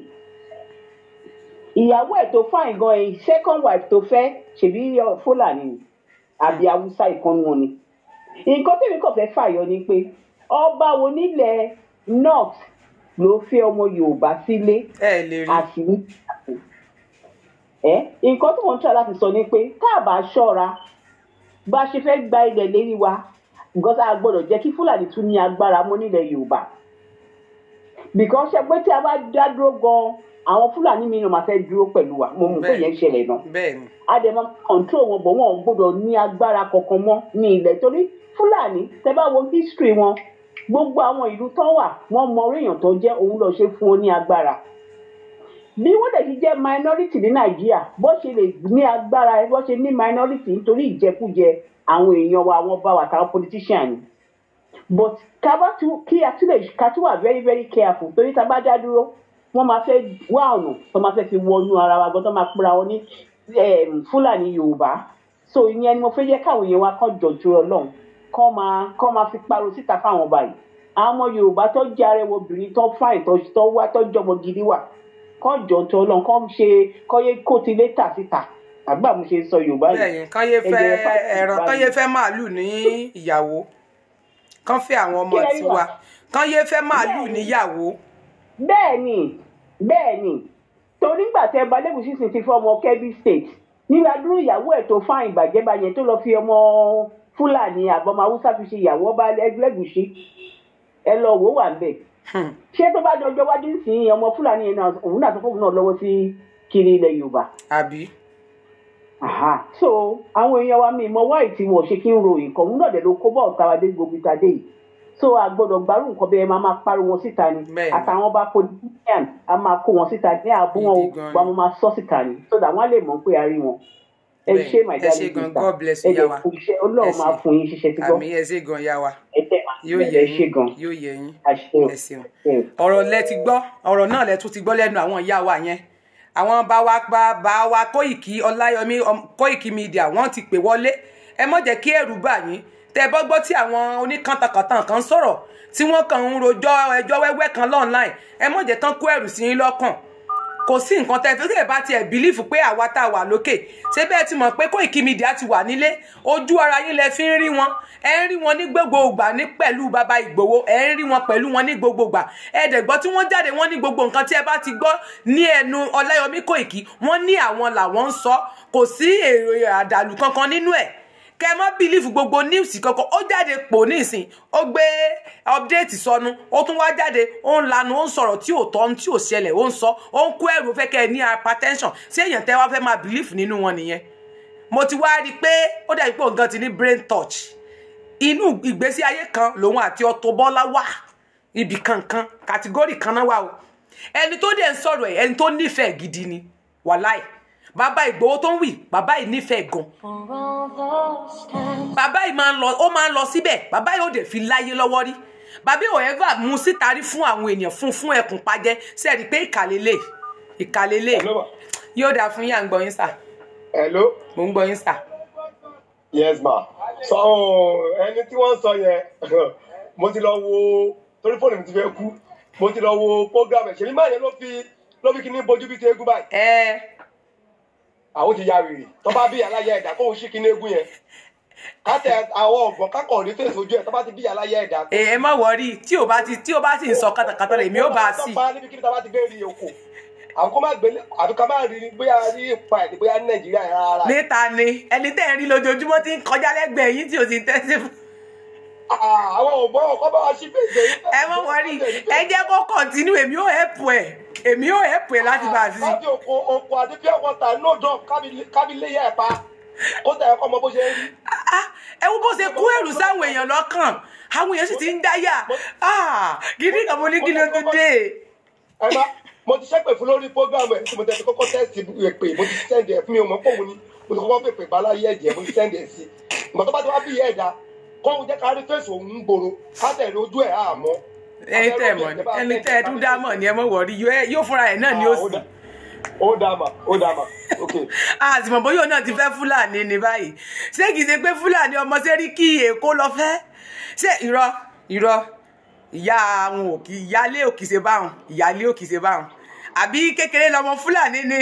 ìyàwó ẹ̀ tó fáìn gan ẹ̀ second wife tó fẹ́ ṣèbí fúlàní ni àbí haúsá ìkànnì wọn ni nǹkan tèmi kàn fẹ́ fàyọ ni pé ọba wo nílẹ̀ north ló fẹ́ ọmọ yorùbá sílé àti nǹkan tí ń tọ́ láti sọ ni pé tá a bá ṣọ́ra bá a ṣe fẹ́ gba ilẹ̀ lérí wa because a gbọ́dọ̀ jẹ́ kí fúlàní tún ní agbára mọ́ nílẹ̀ yorùbá because ṣe pé tí a bá dá dúró gan-an àwọn fúlàní mìíràn máa fẹ́ dúró pẹ̀lú wa mo mọ̀ pé yẹn ṣẹlẹ̀ náà a dẹ̀ máa wọn bọ̀ wọn ò gbọ́dọ̀ ní agbára kankan mọ́ ní ilẹ̀ torí fúlàní tẹ bá wo history wọn gbogbo àwọn ìlú tó wà wọn mọ orí tó jẹ́ òun lọ ṣe fún ọ ní agbára bí wọ́n dẹ̀ ti jẹ́ minority ní nàìjíríà bó ṣe lè ní agbára bó ṣe ní minority nítorí ìjẹkújẹ àwọn èèyàn wa àwọn bá wa táwọn politician ni but ká bá tún kí a tún ká tún wà very very careful torí tá a bá dá dúró wọ́n máa fẹ́ wá ọ̀nà tó máa fẹ́ fi wọnú ara wa gan tó máa pera wọn ní ehm, fúlàní yorùbá so ìyẹn ni mo fẹ́ jẹ́ káwọn èèyàn wa kàn jọ̀jú ọlọ́run kọ́ máa kọ́ máa fi pariwo síta fáwọn ọba yìí àwọn ọmọ yorùbá tó jẹ́ arẹwọ obìnrin tó fáìn tó wá tó jọmọ gidi wà kọ́ jọ tó lọ kọ́ ṣe kọ́yé kó ti létà síta àgbà mo ṣe sọ yorùbá yìí. bẹ́ẹ̀ni kọ́yé fẹ́ ẹran kọ́yé fẹ́ màálù ní ìyàwó kán fẹ́ àwọn ọmọ tiwa kọ́yé fẹ́ màálù níyàwó. bẹ́ẹ̀ni bẹ́ẹ̀ni torí ìgbà tẹ balẹ̀kùn sì ti fi ọmọ Kebbi state nígbà dúró ìyàwó ẹ̀ tó fáìn bàjẹ́ bàjẹ́ tó lọ fi ọmọ fúlàní àbọ̀mọ haúsá fi ṣe ìyàwó ọba ẹgbẹ́gùsí ẹ lọ wò wà ń bẹ̀ ṣé tó bá dọjọ́ wájú sí ọmọ fúlàní yẹn náà òun náà tó fóun náà lọ́wọ́ sí kiri ilẹ̀ yorùbá. àbí. so àwọn èèyàn wa mi mọ wáì tí wọn ṣe kí n ro ìkọ òun náà dẹ̀ ló kó bọ́ọ̀ tàwa dé gbogbo ìtàdé yìí so a gbọ́dọ̀ gbárù nǹkan bẹ́ẹ̀ máa máa pariwo síta ni àtàwọn bá politician a máa kó wọn síta ní ààbò wọn o wa mo máa sọ síta ni so that wọn lè mọ̀ pé a rí wọn ẹ ṣe my darling sister ẹ jẹ kó iṣẹ́ Ọlọ́run máa fún yín ṣiṣẹ́ tí gbọ ẹ ṣe gan ya wa ẹ tẹ yóò yẹ yín yóò yẹ yín ẹ ṣeun ọ̀rọ̀ lẹ ti gbọ́ ọ̀rọ̀ náà lẹ tún ti gbọ́ lẹ́nu àwọn ìyá wa yẹn àwọn bá wa bá wa Kóìkí Ọláyọmí Kóìkí media wọ́n ti pè wọlé ẹ mọ̀ jẹ́ kí ẹ̀rù bà yín tẹ bọ́ gbọ́ tí àwọn oníkàntàkàntàn kan sọ̀rọ̀ tí wọ́n kàn ń rojọ́ ẹjọ́ wẹ́wẹ́ kan lọ́nláìn ẹ mọ̀ jẹ́ kán kó ẹ̀rù sí yín lọ́kàn kò sí nǹkan tẹ́ tó tẹ́ bá tiẹ̀ bílífù pé àwa tá a wà lókè ṣé bẹ́ẹ̀ ti mọ̀ pé Koiki Media ti wà nílé ojú ara yín lẹ fi ń rí wọn ẹ ń rí wọn ní gbogbo ìgbà ní pẹ̀lú bàbá Ìgbòho ẹ ń rí wọn pẹ̀lú wọn ní gbogbo ìgbà ẹ dẹ̀ gbọ́ tí wọ́n jáde wọ́n ní gbogbo nǹkan tí ẹ bá ti gbọ́ ní ẹnu Ọláyọmí Koiki wọ́n ní àwọn làwọn ń sọ kò sí èrò àdàlù kankan nínú ẹ̀ kẹ mọ́ bílífù gbogbo news kankan ó jáde pò nísìn ó gbé update sọnù ó tún wá jáde ó ń lanu ó ń sọ̀rọ̀ tí ò tọ́ tí ò ṣẹlẹ̀ ó ń sọ ó ń kó ẹ̀rù fẹ́ kẹ́ ẹ ní hypertension ṣé èèyàn tẹ́ wá fẹ́ máa bílífù nínú wọn nìyẹn mo ti wá rí i pé ó dàbí pé òun ti ní brain touch inú ìgbésí ayé kan lòun àti Auto Bola wà ibì kankan kàtígórì kan náà wà o ẹni tó dẹ̀ ń sọ̀rọ̀ ẹ̀ ẹni tó nífẹ̀ẹ́ gidi ni wàláì bàbá Ìgbòho tó ń wì bàbá yìí nífẹ̀ẹ́ gan bàbá yìí máa ń lọ ó máa ń lọ síbẹ̀ bàbá yìí ò dẹ̀ fi láyé lọ́wọ́ rí bàbá yìí ò ẹ́fà mú síta rí fún àwọn èèyàn fún fún ẹkùn pajẹ sẹ́ẹ̀rí pé ìkàlélẹ̀ ìkàlélẹ̀ yóò dáa fún yín à sà. hello. mo ń gbọ́ sà. yes ma so ẹni tí wọ́n ń sọ yẹn mo ti lọ wo torí fóònù mi ti fẹ́ kú mo ti lọ wo program ẹ̀ ṣèlú máa yẹn ló fi ló fi kí ní bojú bí ti àwọn ti ya wèrè tó bá bí aláya ẹ̀dá kó o ṣí kí ní egun yẹn kátẹ àwọn ọgbọ́n kákọọ ní fèsì ojú ẹ tó bá ti bí aláya ẹ̀dá. ẹ ẹ má wọrí tí o bá ti tí o bá ti ń sọ katakata rẹ mi ò bá a sí. tọ́pá níbi kíbi tá a bá ti gbé rí oko àbí kó má gbélé àbí ká má rí bóyá rí ipa ẹ̀ bóyá ní nàìjíríà rárá. níta ni ẹni tẹ́ ẹ rí lójoojúmọ́ ti ń kọjá lẹ́gbẹ̀ẹ́ yín tí o sì ń tẹ́sí fún àwọn ò bọ́ ọkọ bá wa ṣí fèsì. ẹ má wọrí ẹ èmi ò yẹ pè láti bá a sí. láti òkò òkò àti pure water no drop ẹ̀ pa ó tẹ̀ ọmọ bó ṣe rí. Ah, ah, ẹ bó ṣe kó ẹrù sáwọn èèyàn lọ́kàn àwọn èèyàn sì ti ń dáyà ah, gidi kan mo ní kí ló tún dé. mo ti ṣépè fún lórí program ẹ̀ mo tẹ̀sí kọ́kọ́ tẹ́sì pè mo ti sẹ́ndì fún mi ò mọ̀ pọ̀ wọ́n ni mo ti kọ́kọ́ pèpè bala ẹ̀jẹ̀ mo ti sẹ́ndì sí ìgbà tó bá ti wá bí ẹ̀dá kọ́ jẹ́ ká fèsì òun gbòòrò ká tẹ̀lé ojú ẹ̀ àmọ́ ẹni tẹ́ ẹ mọ̀ ni ẹni tẹ́ ẹ tún dá mọ̀ ni ẹ mọ̀ wọ̀rí yóò fúnra ẹ̀ náà ni ó ah, sì. ó dà mà ó dà mà ok. àtìmọ̀ bóyá náà ti fẹ́ fúlàní ni báyìí ṣé kìí ṣe pé fúlàní ọmọ Sẹ́ríkì Èkó lọ fẹ́ ṣé irọ́ irọ́ ìyá àwọn òkì ìyálé òkì ṣe báwọn ìyálé òkì ṣe báwọn àbí kékeré lọmọ fúlàní ni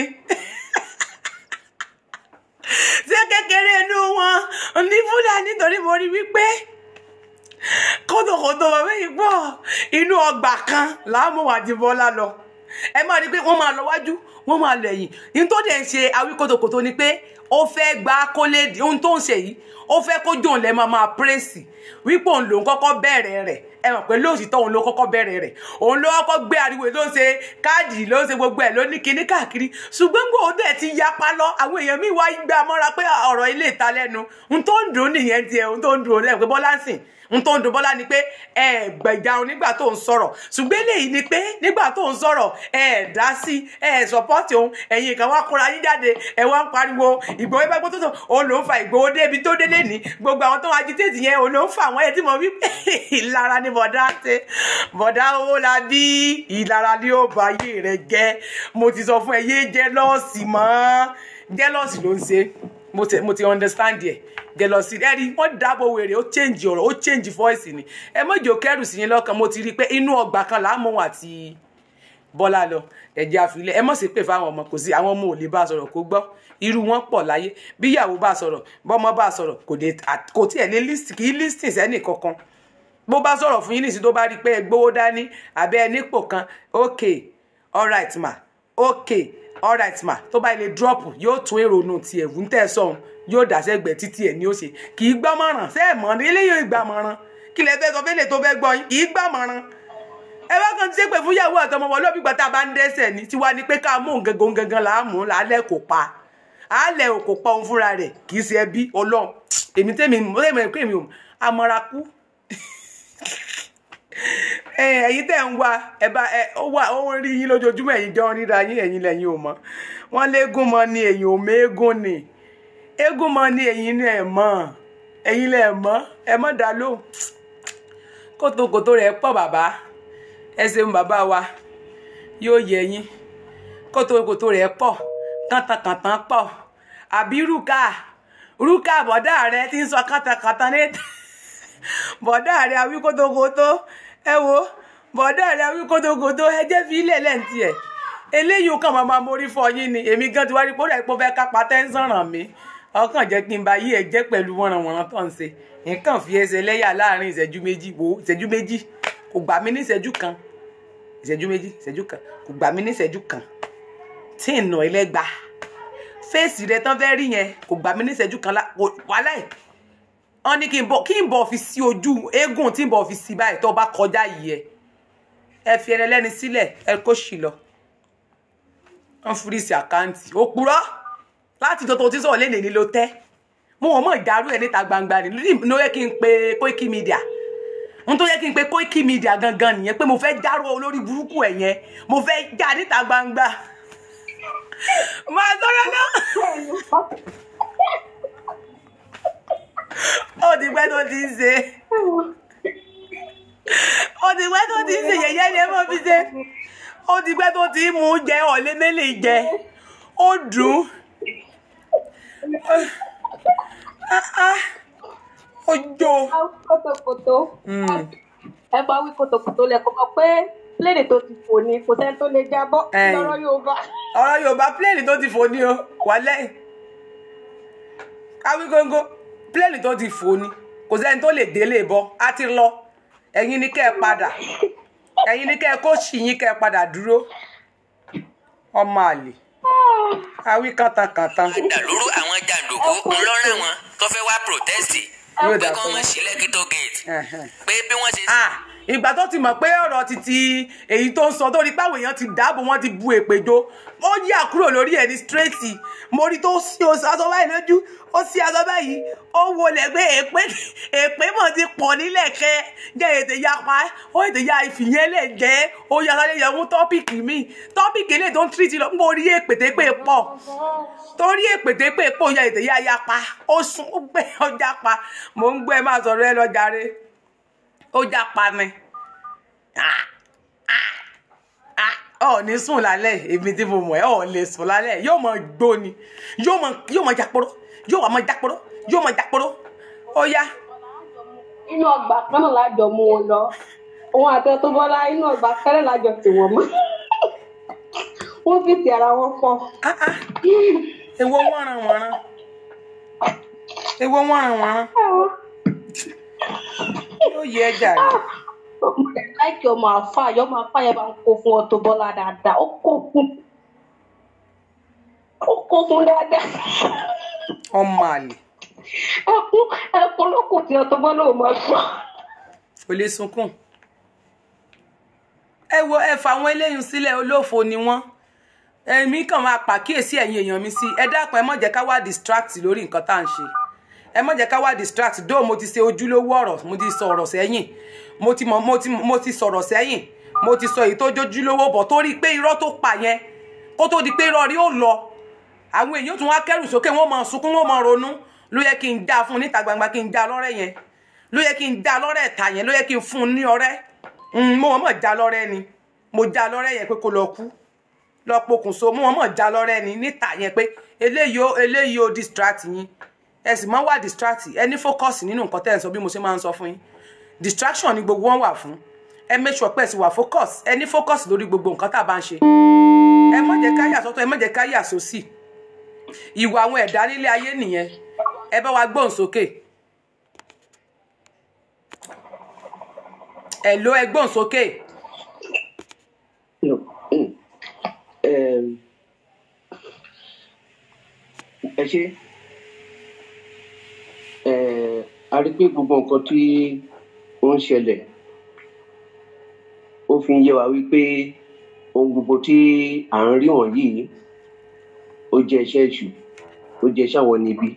ṣé kékeré inú wọn ní fúlàní torí mo rí wípé kótókótó bàbá yìí pọ̀ inú ọgbà kan làwọn àti bọ́lá lọ ẹ máa rí i pé wọ́n máa lọ wájú wọ́n máa lẹ̀yìn ní tó dẹ̀ ń ṣe awí kótókótó ni pé ó fẹ́ gba kólé ohun tó ń ṣe yìí ó fẹ́ kó jòun lẹ́ máa máa pírẹ́sì wípé òun lòun kọ́kọ́ bẹ̀rẹ̀ rẹ̀ ẹ mọ̀ pé lóòtítọ́ òun ló kọ́kọ́ bẹ̀rẹ̀ rẹ̀ òun ló kọ́kọ́ gbé ariwo ló ń ṣe káàdì ló ń ṣe gbogbo ẹ̀ ló ní kinní káàkiri ṣùgbọ́n gbò ó dẹ̀ ti yapa lọ àwọn èèyàn míì wá gbé amọ́ra pé ọ̀rọ̀ ilé ìta lẹ́nu ohun tó ń dùn nìyẹn tiẹ̀ ohun tó ń dùn ó pé bọ́lá sìn n tó ń dùn bọ́lá ni pé ẹ gbẹ̀jáun nígbà tó ń sọ̀rọ̀ ṣùgbọ́n eléyìí ni pé nígbà tó ń sọ̀rọ̀ ẹ dá sí ẹ sọ̀pọ́tì òun ẹ̀yin kan wá kóra yín jáde ẹ wá ń pariwo ìgbòho bá gbó tó tó òun ló ń fa ìgbòho débi tó délé ní gbogbo àwọn tó ń agitate yẹn òun ló ń fa àwọn ẹ̀ tí mo wí pé ìlara ni bọ̀dá ṣe bọ̀dá owó la bí ìlara ni ó bá ayé rẹ̀ jẹ́ mo ti sọ fún ẹ yé jẹ́lọ́ọ̀sì mọ́ jẹ́lọ́ọ̀sì ló ń ṣe mo ti mo ti understand yẹ jealousy ẹ rí wọn dáàbò wèrè ó change ọ̀rọ̀ ó change voice ni ẹ mọ ìjò kẹrù sí yín lọ́kàn mo ti rí i pé inú ọgbà kan là á mọ àti Bọ́lá lọ ẹjẹ àfilẹ ẹ mọ sí pé fáwọn ọmọ kò sí àwọn ọmọ ò lè bá a sọ̀rọ̀ kó gbọ́ irú wọn pọ̀ láyé bíyàwó bá a sọ̀rọ̀ bọ́mọ bá a sọ̀rọ̀ kò dé kò tiẹ̀ lè list kì í listing sẹ́nì kankan bó bá sọ̀rọ̀ fún yín nìsí tó bá rí pé ẹ gbowó dání àbẹ ẹ nípò kan okay all right ma okay alright ma tó bá ilé drop yóò tún èrònú tiẹ̀ wù ń tẹ̀ sọ̀hún yóò dàṣẹ́gbẹ̀ títí ẹ̀ ní ó ṣe kì í gbọ́mọ̀ràn ṣé ẹ̀ mọ̀ ní eléyìí ò gbàmọ̀ràn kí lẹ fẹ́ sọ fẹ́lẹ̀ tó fẹ́ gbọ́ yín kì í gbàmọ̀ràn ẹ wá kan ti ṣe pé fúnyàwó àtọmọ wọn lóbi gbàtà bá ń dẹ́sẹ̀ ni tiwa ni pé ká mú gangan gangan là á mú lálẹ́ kò pa àálẹ̀ kò pa òun fúnra rẹ̀ kì í ṣe ẹbí ọlọ́run èmi tẹ́mi mo tẹ́mi pé mi ò amọ̀rakú Eh, ẹ̀yin eyi ń wá ẹ̀bá ẹ̀ ó wà ó ń rí yín lójoojúmọ́ ẹ̀yin jọ ń ríra yín ò léegun ni eyi ò méegun ni eégún ni ẹ̀yin ẹ̀ mọ, ẹ̀yin lẹ́ mọ́ ẹ mọ́ dá ló Baba! bàbá ẹ bàbá wa yóò yẹ yín kótókótó rẹ̀ pọ, kàntàkàntàn pọ̀ àbí rúkà rẹ ti ń sọ ní rẹ àwí ẹ wo bọ̀dá rẹ wí kótókótó ẹ jẹ́ fi ilẹ̀ lẹ́ǹtì ẹ̀ eléyìí kan máa máa mórí fọ yín ni èmi gan ti wá rí pé ó rẹ̀ pé ó fẹ́ kápá tẹ́ńsán ràn mí ọkàn jẹ́ kí n ba yí ẹ jẹ́ pẹ̀lú wọ́nranwọ̀nran tó ń ṣe nǹkan fi ẹsẹ̀ lẹ́yà láàrin ìṣẹ́jú méjì wò ìṣẹ́jú méjì kò gbà mí ní ìṣẹ́jú kan ìṣẹ́jú méjì ìṣẹ́jú kan kò gbà mí ní ìṣẹ́jú kan tí ì nà ẹlẹ́gbàá fèsì rẹ tán fẹ́ rí yẹn kò gbà mí ní ìṣẹ́jú kan wàhálà ẹ̀ wọ́n ní kí n bọ̀ kí n bọ̀ fi sí ojú eégún tí n bọ̀ fi sí báyìí tó bá kọjá yìí ẹ ẹ fi ẹni ẹlẹ́ni sílẹ̀ ẹ kó sì lọ wọ́n fúrísì àkáǹtì òpùrọ́ láti tó tó ti sọ̀rọ̀ lẹ́nìí ni ló tẹ́ mo wọ́n mọ̀ ìdárú ẹ̀ níta gbangba ni ló yẹ kí n pe Koiki Media n tó yẹ kí n pe Koiki Media gangan nìyẹn pé mo fẹ́ dárú olórí burúkú ẹ̀ yẹn mo fẹ́ já níta gbangba máa sọ̀rọ̀ náà ó di pẹ́ tó ti ń ṣe ó di pẹ́ tó ti ń ṣe yẹ̀yẹ́ ni ẹ mọ̀ fi ṣe ó ti pẹ́ tó ti ń mú jẹ ọ̀lẹ́ mélèé jẹ ó dùn ó jó. kótókótó hmm. ẹ bá wí kótókótó lẹ́kọ̀ọ́ mọ̀ pé pléènì tó ti fò ní kò sẹ́ni tó lè jábọ́ lọ́rọ̀ Yorùbá. ọ̀rọ̀ Yorùbá pléènì tó ti fò ní o wà lẹ́yìn káwí góńgó pléènì tó ti fò ni kò sẹ́ni tó lè délé bọ́ á ti lọ ẹ̀yin ni kẹ́ ẹ padà ẹ̀yin ni kẹ́ ẹ kó sì yín kẹ́ ẹ padà dúró ọmọ àlè awí kàtàkàtà. àdàlúrú àwọn jàǹdùkú ńlọrọ wọn tó fẹ́ wá protest pé kí wọ́n sílẹ̀ kí gate pé bí wọ́n ṣe. Ah! ìgbà tó ti mọ̀ pé ọ̀rọ̀ títí èyí tó ń sọ tó rí páwọn èèyàn ti dáàbò wọn ti bu èpèjọ ó yà kúrò lórí ẹni straighti mo rí tó sí aṣọ báyìí lójú ó sí aṣọ báyìí ó wọlé pé èpè èpè mọ̀ ti pọ̀ nílẹ̀ kẹ́ jẹ́ ètè ya pa ó ètè ya ìfìyẹn lè jẹ́ ó yà sáré yẹ fún tọ́pìkì mi tọ́pìkì lè tó ń tírìtì lọ mo rí èpètépè pọ̀ torí èpètépè pọ̀ yà ètè ya ya pa ó sún ó gbẹ ọjà pa mò ń gbẹ máa sọ̀rọ̀ ẹ lọ jàre ó já pa ni ọ̀ ah, ah, ah. ní sùn lálẹ́ èmi tí mo mọ̀ ẹ́ ọ̀ lè sùn lálẹ́ yóò mọ gbó ni yóò mọ yóò mọ jàporó yóò wà mọ jàporó yóò mọ jàporó ó yá. inú ọgbà kan náà lájọ mú wọn lọ òun àti ẹtọ bọlá inú ọgbà kẹrẹ lájọ tì wọn mọ wọn fi ti ara wọn pọ. èwo wọ́nranwọ̀nran èwo wọ́nranwọ̀nran. ó yẹ jàre. láìkí ọmọ àfa yọ ọmọ àfa yẹn bá ń kó fún Auto Bola dáadáa ó kó fún ó kó fún dáadáa. ọmọ àlè. ẹkún ẹkún ló tí ò máa wo ẹ àwọn eléyìí sílẹ̀ olófo ni wọ́n èmi kan máa pàkíyèsí ẹ̀yin èèyàn mi sí ẹ dápẹ́ ká wá distract lórí nǹkan tá à ń ẹ má jẹ́ ká wá distract dóò mo ti ṣe ojúlówó ọ̀rọ̀ mo ti sọ̀rọ̀ sẹ́yìn mo ti mọ̀ mo ti mo ti sọ̀rọ̀ sẹ́yìn mo ti sọ èyí tó jójúlówó bọ̀ torí pé irọ́ tó pa yẹn kó tó di pé irọ́ rí ó lọ àwọn èèyàn tún wá kẹ́rù sókè wọ́n máa sunkún wọ́n máa ronú ló yẹ kí n dá fún níta gbangba kí n dá lọ́rẹ́ yẹn ló yẹ kí n dá lọ́rẹ́ ẹ̀ta yẹn ló yẹ kí n fún un ní ọ̀rẹ́ hmm, mo wọ́n mọ̀ dá lọ́rẹ́ ni mo dá lọ́rẹ́ yẹn pé kó lọ kú lọ pokùnso mo wọ́n mọ̀ dá lọ́rẹ́ ni níta yẹn pé eléyìí ó eléyìí ó distract yín ẹ sì máa ń wà distract ẹ ní focus nínú nǹkan tẹ́ ẹ̀ ń sọ bí mo ṣe máa ń sọ fún yín distraction ni gbogbo wọn wà fún ẹ make sure pé ẹ sì wà focus ẹ focus lórí gbogbo nǹkan tá a bá ń ṣe ẹ má jẹ́ ká yà sọ́tọ̀ ẹ má jẹ́ ká yà sósì ìwà àwọn ẹ̀dá nílé ayé nìyẹn ẹ bá wa gbóhùn sókè ẹ ló ẹ gbóhùn sókè. Mm, um, ẹ ṣe a rí pé gbogbo nǹkan tí ó ń ṣẹlẹ̀ ó fi ń yé wa wípé ohun gbogbo tí à ń rí wọ̀nyí ó jẹ́ iṣẹ́ èṣù ó jẹ́ iṣẹ́ àwọn níbi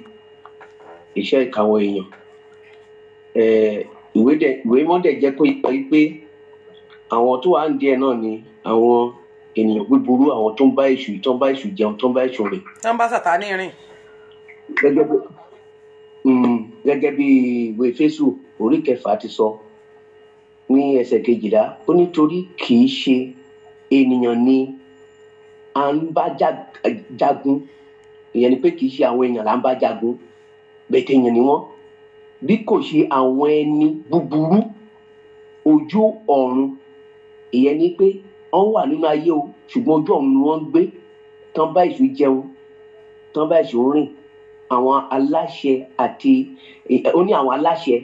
iṣẹ́ ìkàwọ̀ èèyàn ìwé mọ́dẹ̀ jẹ́ kó yẹ wípé àwọn tó wà ń díẹ̀ náà ni àwọn ènìyàn búburú àwọn tó ń bá èṣù tó ń bá èṣù jẹun tó ń bá èṣù rìn. tó ń bá sàtánì rìn. Hmm, gẹ́gẹ́ bí ìwé fésù orí kẹfà ti sọ ní ẹsẹ̀ kejìlá ó nítorí kì í ṣe ènìyàn ni à ń bá jagun ìyẹn ni pé kì í ṣe àwọn èèyàn là ń bá jagun bẹ̀tẹ̀ èèyàn ni wọ́n bí kò ṣe àwọn ẹni búburú ojú ọ̀run ìyẹn ni pé wọ́n wà nínú ayé o ṣùgbọ́n ojú ọ̀run ni wọ́n ń gbé tán bá èṣù jẹun tán bá èṣù rìn àwọn aláṣẹ àti ó ní àwọn aláṣẹ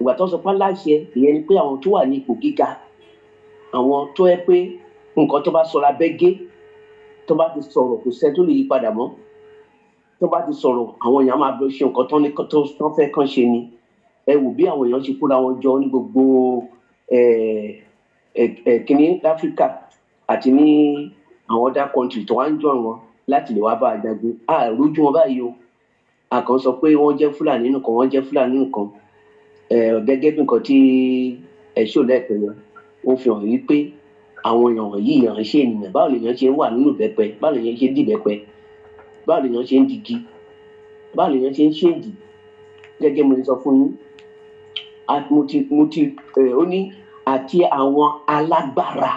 ìgbà tó ń sọ pé aláṣẹ ìyẹn ni pé àwọn tó wà ní ipò gíga àwọn tó yẹ pé nǹkan tó bá sọra bẹ́ gé tó bá ti sọ̀rọ̀ kò sẹ́ tó lè yí padà mọ́ tó bá ti sọ̀rọ̀ àwọn èèyàn máa lọ ṣe nǹkan tó ní tó fẹ́ kàn ṣe ni ẹ wò bí àwọn èèyàn ṣe kóra wọn jọ ní gbogbo kìnní áfíríkà àti ní àwọn other country tó wá ń jọ wọn láti lè wá bá a jagun àìrójú wọn báyìí o àkàn sọ pé wọ́n jẹ́ fúlàní nìkan wọ́n jẹ́ fúlàní nìkan gẹ́gẹ́ bí nǹkan tí ẹ̀ṣọ́ lẹ́pẹ́ yẹn ó fi hàn wípé àwọn èèyàn wọ̀nyí èèyàn ṣe ènìyàn báwo lèèyàn ṣe ń wà nínú ìbẹ́pẹ báwo lèèyàn ṣe ń dìbẹ́pẹ báwo lèèyàn ṣe ń digi báwo lèèyàn ṣe ń ṣèǹdì gẹ́gẹ́ mo ti sọ fún yín mo ó ní àti àwọn alágbára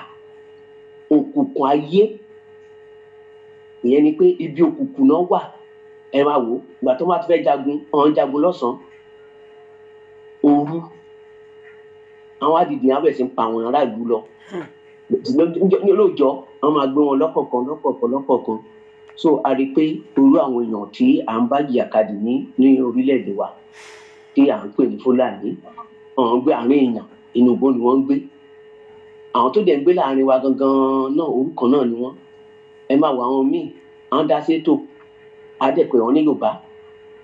òkùnkùn ayé ìyẹn ni pé ibi òkùnkùn náà wà ẹ máa wò ìgbà tó bá ti fẹ́ jagun ọ̀hún jagun lọ́sàn-án òru àwọn adìdì yẹn abẹ̀ sí ń pa àwọn ará ìlú lọ lóòjọ́ wọ́n máa gbé wọn lọ́kọ̀ọ̀kan lọ́kọ̀ọ̀kan lọ́kọ̀ọ̀kan so a rí i pé irú àwọn èèyàn tí à ń bá jìyàkadì ní ní orílẹ̀-èdè wa tí à ń pè ní fúlàní ọ̀hún gbé àárín èèyàn inú igbó ni wọ́n ń gbé àwọn tó dẹ̀ ń gbé láàrin wa gangan náà orúkọ náà ni wọ́n ẹ máa wọ àwọn míì àwọn dá sétò adẹ́pẹ́ wọn ní yorùbá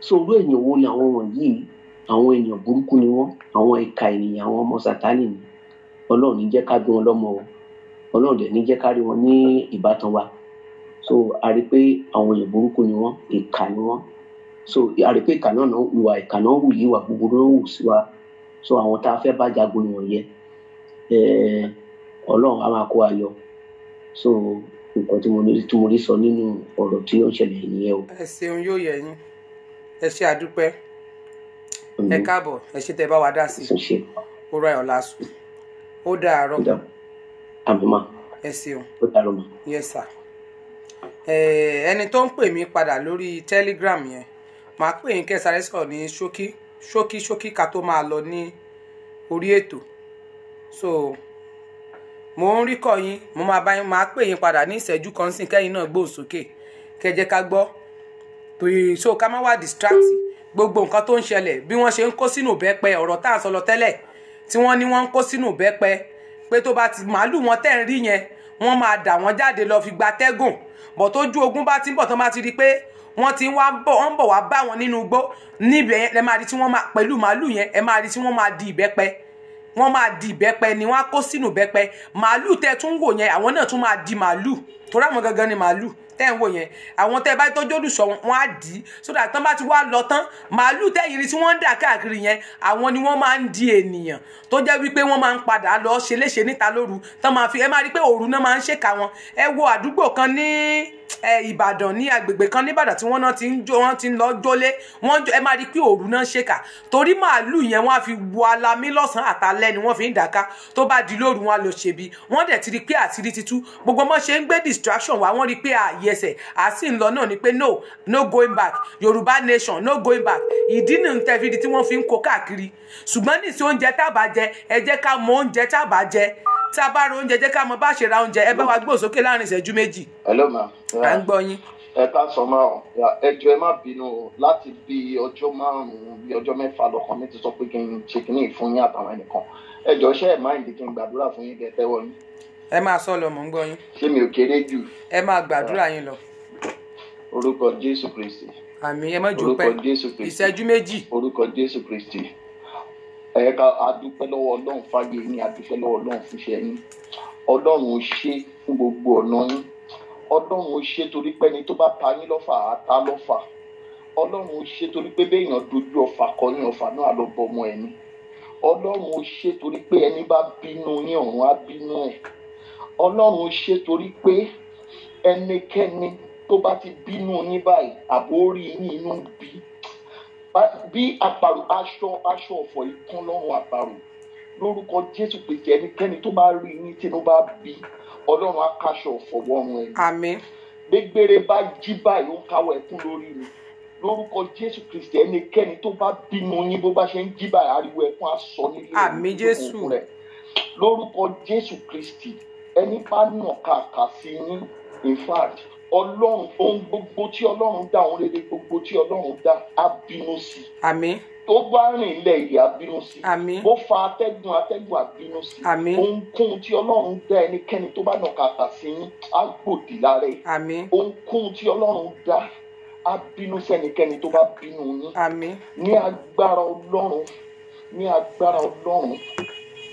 so orú èèyàn wo làwọn wọ̀nyí àwọn èèyàn burúkú ni wọ́n àwọn ìka ènìyàn àwọn ọmọ sátánì ni ọlọ́run ní jẹ́ ká bí wọn lọ́mọ o ọlọ́run dẹ̀ ní jẹ́ ká rí wọn ní ìbátan wa so a rí pé àwọn èèyàn burúkú ni wọ́n ìka ni wọ́n so a rí pé ìka náà náà ìwà ìka náà wù yìí wà gbogbo náà wù sí wa so àwọn tá a fẹ́ bá jagun ni wọ̀nyẹn ọlọ́run á máa kó ayọ̀ so nǹkan tí mo ní tí mo rí sọ nínú ọ̀rọ̀ tí yóò ṣẹlẹ̀ nìyẹn o. ẹ ṣeun yóò yẹ yín ẹ ṣe àdúpẹ́ ẹ káàbọ̀ ẹ ṣe tẹ bá wa dá sí i ó ra ẹ̀ ọ̀la sùn ó dàárọ̀ àmìmá ẹ ṣeun ó dàárọ̀ ẹni tó ń pè mí padà lórí telegram yẹn màá pè yín kẹsàrẹ́ sọ̀rọ̀ ní ṣókí ṣókí ṣókí ká tó máa lọ ní orí ètò so mo ń rí kọ yín mo máa bá yín máa pè yín padà ní ìṣẹ́jú kan sí kẹ́yìn náà gbóhùn sókè kẹjẹ́ ká gbọ́ so ká má wà distract gbogbo nǹkan tó ń ṣẹlẹ̀ bí wọ́n ṣe ń kó sínú bẹ́pẹ ọ̀rọ̀ tá à sọ lọ tẹ́lẹ̀ tí wọ́n ní wọ́n ń kó sínú bẹ́pẹ pé tó bá ti màálù wọn tẹ̀ ń rí yẹn wọ́n máa dà wọ́n jáde lọ fi gba tẹ́gùn bọ̀ tójú ogun bá ti ń bọ̀ tán bá ti rí i pé wọ́n ti wá bọ̀ wọ́n bọ̀ wá bá wọn nínú igbó níbẹ̀ yẹn lẹ́ máa rí tí wọ́n máa pẹ̀lú màálù yẹn ẹ máa rí tí wọ́n máa di ìbẹ́pẹ wọ́n máa di ìbẹ́pẹ ni wọ́n á kó sínú ìbẹ́pẹ màálù tẹ́ tún wò yẹn àwọn náà tún máa di màálù torí àwọn gangan ni màálù tẹ́ ń wò yẹn àwọn tẹ́ bá tọ́jú olùṣọ́ wọn á dì í sódà tán bá ti wá lọ tán màálù tẹ́yìn rí tí wọ́n ń dà káàkiri yẹn àwọn ni wọ́n máa ń di ènìyàn tó jẹ́ wípé wọ́n máa ń padà lọ ṣe léṣe níta lóru tán máa fi ẹ máa rí pé òru náà máa ń ṣèkà wọn ẹ wo àdúgbò kan ní ìbàdàn ní agbègbè kan nìbàdàn tí wọ́n náà ti ń jó wọ́n ti ń lọ jólé wọ́n ẹ máa rí pé òru náà ṣèkà torí màálù yẹn wọ́n á fi wo alamí lọ́sàn-án ni wọ́n fi ń dàka tó bá di lóru wọn á lọ ṣèbí wọ́n dẹ̀ ti rí pé àṣírí titú gbogbo ọmọ ṣe ń gbé distraction wá wọ́n rí pé ààyè ẹsẹ̀ a sì ń lọ náà ni pé no no going back yorùbá nation no going back ìdí nì ń tẹ́fìdí tí wọ́n fi ń kó káàkiri ṣùgbọ́n nìsí oúnjẹ tábà jẹ ẹ jẹ́ ká mọ oúnjẹ tábà jẹ tá a bá ro oúnjẹ jẹ́ ká mọ bá ṣe ra oúnjẹ ẹ bá wa gbọ́ sókè láàrin ìṣẹ́jú méjì. hello ma. à ń gbọ́ yín. ẹ ká sọ ma ọ ẹjọ ẹ má bínú láti bí ọjọ́ márùnún bí ọjọ́ mẹ́fà lọkàn mi ti sọ pé kí n ṣe kínní ìfún yín àtàwọn ẹnìkan ẹjọ ṣe ẹ má ìdí gbàdúrà fún yín kẹ tẹ́wọ́ ẹ máa sọ lọ mọ̀ ń gbọ́ yín. ṣé mi ò kéré jù. ẹ máa gbàdúrà yín lọ. orúkọ jésù kristi. àmì ẹ má jò pẹ́ ìṣẹ́jú méjì. orúkọ jésù kristi. ẹ ká adúpẹ́ lọ́wọ́ ọlọ́run fáyé ní adúpẹ́ lọ́wọ́ ọlọ́run fúnṣẹ́ yín ọlọ́run ó ṣe fún gbogbo ọ̀nà yín ọlọ́run ó ṣe torí pé ẹni tó bá pa yín lọ́fà á ta lọ́fà ọlọ́run ó ṣe torí pé béèyàn dojú ọfà kọ ní ọfà náà lọ ọmọ ẹni ọlọ́run ṣe torí pé ẹni bá bínú ní ọ̀run á bínú ẹ̀ ọlọ́run ṣe torí pé ẹnikẹ́ni tó bá ti bínú yín báyìí àbò yín inú bí bí àparò aṣọ aṣọ ọ̀fọ̀ ikán lọ́rùn àparò lórúkọ jésù pèsè ẹnikẹ́ni tó bá rí yín tí ló bá bí ọlọ́run á ọ̀fọ̀ wọ́run ẹ̀. gbégbére bá jí báyìí ó ń káwọ́ ẹkún lórí mi lórúkọ jésù kristi ẹnikẹ́ni tó bá bínú yín bó bá ṣe ń jí báyìí ariwo ẹkún á nílé ìlú òkun rẹ lórúkọ jésù kristi ẹni bá nà kàkà sí yín in fact ọlọ́run ohun gbogbo tí ọlọ́run dá ohun rere gbogbo tí ọlọ́run dá á bínú sí. àmín tó bá rìn ilẹ̀ yìí àbínú sí. àmín bó fa atẹ́gùn atẹ́gùn àbínú sí. àmín ohunkóhun tí ọlọ́run dá ẹnikẹ́ni tó bá nà kàkà sí yín á gbòdì lára ẹ̀. ohunkóhun tí ọlọ́run dá á bínú sẹ́nikẹ́ni tó bá bínú yín. ní agbára ọlọ́run ní agbára ọlọ́run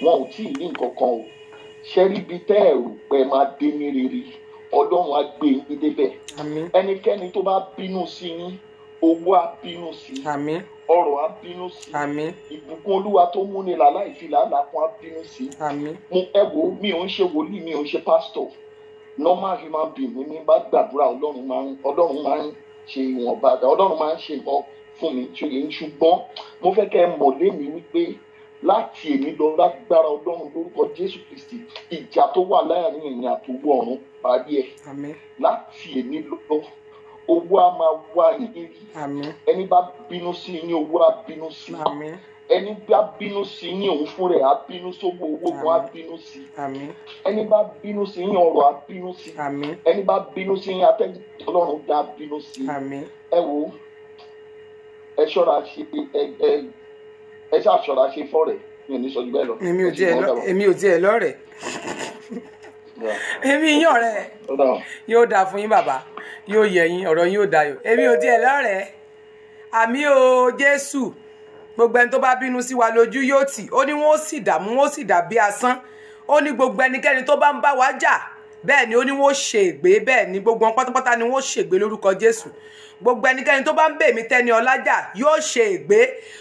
wọn ò tí ì ní nǹkan kan o ṣẹ́ríbi tẹ́ ẹ̀rù pẹ́ máa dé ní rere ọlọ́run á gbé yín débẹ̀ ẹnikẹ́ni tó bá bínú sí yín owó á bínú sí ọrọ̀ á bínú sí ìbùkún olúwa tó múni làlá ìfilà làkún á bínú sí mo ẹ mi ò ń ṣe wòlíì mi ò ń ṣe pásítọ̀ normal human being ni mi bá gbàdúrà ọlọ́run máa ń ọlọ́run máa ń ṣe ìwọ̀nba ọlọ́run máa ń ṣe nǹkan fún mi ṣùgbọ́n mo fẹ́ kẹ́ ẹ mọ̀ lémi wípé láti èmi lọ lágbára ọlọ́run lórúkọ jésù kristi ìjà tó wà láàrin ẹ̀yin àtòwọ́ ọ̀run parí ẹ̀ láti èmi lọ owó a máa wá yín rí ẹni bá bínú sí yín owó á bínú sí yín ẹni bá bínú sí yín òun fún rẹ̀ á bínú sówó owó kan á bínú sí i ẹni bá bínú sí yín ọrọ̀ á bínú sí i ẹni bá bínú sí yín atẹ́jú ọlọ́run dá bínú sí i ẹ wo ẹ ṣọ́ra ṣe ẹ ẹ ẹ ṣàṣọra ṣe fọ́rẹ̀ mi ò ní sọjú bẹ́ẹ̀ lọ. èmi ò tiẹ̀ lọ́rẹ̀ èmi yàn rẹ̀ yóò dáa fún yín bàbá yóò yẹ yín ọ̀rọ̀ yín yóò dayọ̀ èmi ò tiẹ̀ lọ́rẹ̀ àmì o Jésù gbogbo ẹni tó bá bínú sí wa lójú yóò tì ó ní wọn ó sì dààmú wọn ó sì dà bí asán ó ní gbogbo ẹnikẹ́ni tó bá ń bá wa jà bẹ́ẹ̀ ni ó ní wọ́n ṣe ègbé bẹ́ẹ̀ ni gbogbo wọn pátápátá ni wọ́n ṣègbé lórúkọ Jésù gbogbo ẹnikẹ́ni tó bá ń bèmí tẹ́ni ọlájà yóò ṣe ègbé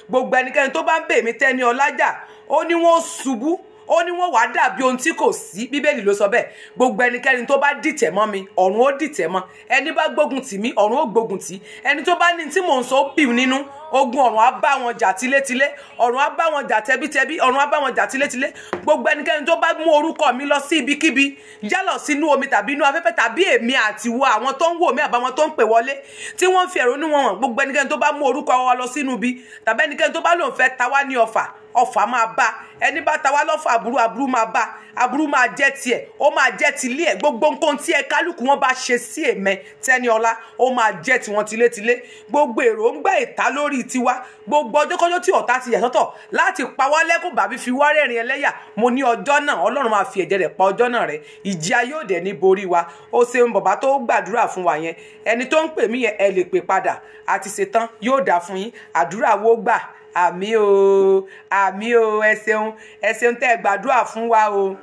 gbogbo ẹnikẹ́ni tó bá ń bèmí tẹ́ni ọlájà ó ní wọ́n ṣubú ó ní wọ́n wàá dàbí ohun tí kò sí bíbélì ló sọ bẹ́ẹ̀ gbogbo ẹnikẹ́ni tó bá dìtẹ̀ mọ́ mi ọ̀run ó dìtẹ̀ mọ́ ẹni bá gbógun tì mí ọ̀run ó gbógun tì ẹni tó bá ní tí mò ń sọ ó bì nínú ogun ọ̀run á bá wọn jà tilétilé ọ̀run á bá wọn jà tẹbítẹbí ọ̀run á bá wọn jà tilétilé gbogbo ẹnikẹ́ni tó bá mú orúkọ mi lọ sí ibikíbi yálọ̀ sínú omi tàbí inú afẹ́fẹ́ tàbí èmi àti wo àwọn tó ń wò mí àbáwọn tó ń pè wọlé tí wọ́n ń fi ẹ̀rọ níwọ̀n hàn gbogbo ẹnikẹ́ni tó bá mú orúkọ wa lọ sínú ibi tàbí ẹnikẹ́ni tó bá lòun fẹ́ ta wá ní ọ̀fà ọ̀fà máa bá ẹni bá ta wá lọ́fà aburú máa bá aburú máa jẹ́ tiẹ̀ ó máa jẹ́ tilé ẹ̀ gbogbo nǹkan tí ẹ kálukú wọn bá ṣe sí èmẹ tẹ́niọlá ó máa jẹ́ tiwọn tilétilé gbogbo èròǹgbà ìta lórí ti tiwa gbogbo ọjọ́kọ́jọ́ tí ọ̀tá ti yà sọ́tọ̀ láti pa wá lẹ́kùn bàbí fi wá rẹ́rìn ẹlẹ́yà mo ní ọjọ́ náà ọlọ́run máa fi ẹ̀jẹ̀ rẹ̀ pa ọjọ́ náà rẹ̀ ìjì ayé òde ní borí wa ó ṣeun bàbá tó gbàdúrà fún wa yẹn ẹni tó ń pè mí yẹn ẹ lè pè padà àti ṣetán yóò dà fún yín àdúrà wo gbà àmì o àmì o ẹ ṣeun ẹ ṣeun tẹ́ ẹ gbàdúrà fún wa o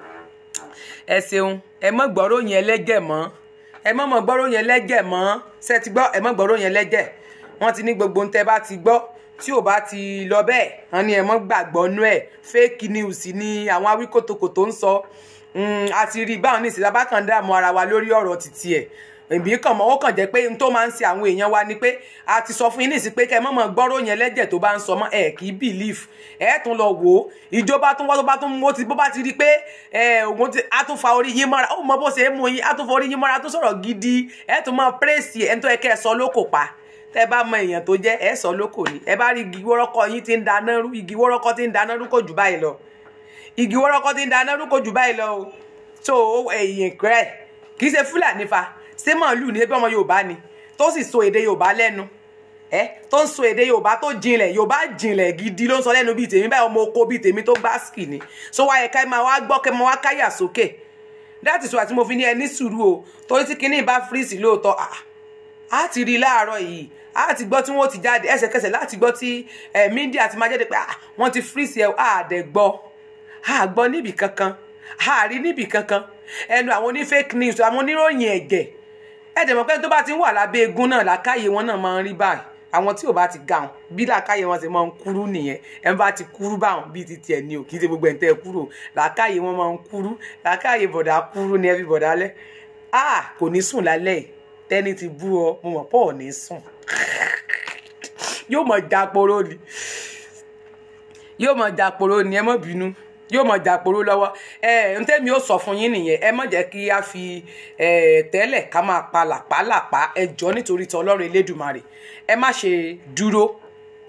ẹ ṣeun ẹ mọ̀ gbọ́ròyìn ẹlẹ́gẹ̀ mọ́ ẹ mọ̀ mọ̀ gbọ́ròyìn ẹlẹ́gẹ̀ mọ́ ṣe ti gbọ́ ẹ mọ̀ gbọ́ròyìn ẹlẹ́gẹ̀ wọ́n ti ní gbogbo ntẹ́ bá ti gbọ́ tí ò bá ti lọ bẹ́ẹ̀ wọ́n ní ẹ mọ́ gbàgbọ́ nú ẹ̀ fake news ni àwọn awíkòtòkòtò ń sọ àti hmm, rí báwọn ní ìsìlá bá kàn dààmú ara wa lórí ọ̀rọ̀ títí ẹ̀ ìbí kàn mọ́ ó kàn jẹ́ pé n tó máa ń ṣe àwọn èèyàn wa ni pé a ti sọ fún yín nísìsiyìí pé kẹ́ ẹ mọ̀mọ́ gbọ́rọ̀ yẹn lẹ́jẹ̀ tó bá ń sọ mọ́ ẹ̀ kì í believe ẹ̀ tún lọ wò ó ìjọba tún wá tó bá tún mo ti bó bá ti rí i pé ẹ̀ òun ti a tún fa orí yín mọ́ra ó mọ bó ṣe é mú yín a tún fa orí yín mọ́ra a tún sọ̀rọ̀ gidi ẹ̀ tún máa praise ẹ̀ ń tó ẹ kẹ́ ẹ sọ lóko pa tẹ bá mọ èèyàn tó jẹ́ ẹ sọ lóko ni ẹ bá rí igi wọ́rọ́kọ yín ti ń dáná rú igi wọ́rọ́kọ ti ń dáná rú kò jù báyìí lọ igi wọ́rọ́kọ ti ń dáná rú kò jù báyìí lọ o tó èèyàn rẹ kì í ṣe fúlàní fa ṣé màálù ní ẹbí ọmọ yorùbá ni tó sì sọ èdè yorùbá lẹ́nu ẹ tó ń sọ èdè yorùbá tó jinlẹ̀ yorùbá jinlẹ̀ gidi ló ń sọ lẹ́nu bíi tèmi báyìí ọmọ oko bíi tèmi tó gbá skì ni so wáyé ká máa wá gbọ́ kẹ́ máa wá káyà sókè láti sọ àti mo fi ní ẹni sùúrù o torí tí kinní bá fírìsì lóòótọ́ àá ti rí i láàárọ̀ yìí a ti gbọ́ tí wọ́n ti jáde ẹsẹ̀kẹsẹ̀ láti gbọ́ tí eh, mídíà ti máa jáde pé ah, wọ́n ti fírìsì ẹ̀ àdẹ̀ gbọ́ àgbọ́ níbì kankan àárí níbì kankan ẹnu àwọn oní fake news àwọn oníròyìn ẹ̀jẹ̀ ẹ̀jẹ̀ mọ̀ pé tó bá ti ń wà lábẹ́ egun náà làákàyè wọn náà máa ń rí báyìí àwọn tí ò bá ti ga wọn bí làákàyè wọn ṣe máa ń kúrú nìyẹn ẹ bá ti kúrú báwọn bíi ti tiẹ̀ ni ò kì í ṣe gbogbo ẹ̀ ń tẹ́ ẹ kúrò làákàyè wọn máa ń kúrú làákàyè bọ̀dà kúrú ni ẹ fi bọ̀dà lẹ́ à ah, kò ní sùn lálẹ́ yìí tẹ́ni ti bú ọ mo mọ̀ pọ̀ ní sùn yóò mọ̀ já poró ni yóò mọ̀ já poro ni ẹ má bínú yóò mọ̀ já poró lọ́wọ́ ẹ n tẹ́mi ó sọ fún yín nìyẹn ẹ má jẹ́ kí a fi ẹ tẹ́lẹ̀ ká máa pa làpálàpá ẹ jọ nítorí ti ọlọ́run elédùmarè ẹ má ṣe dúró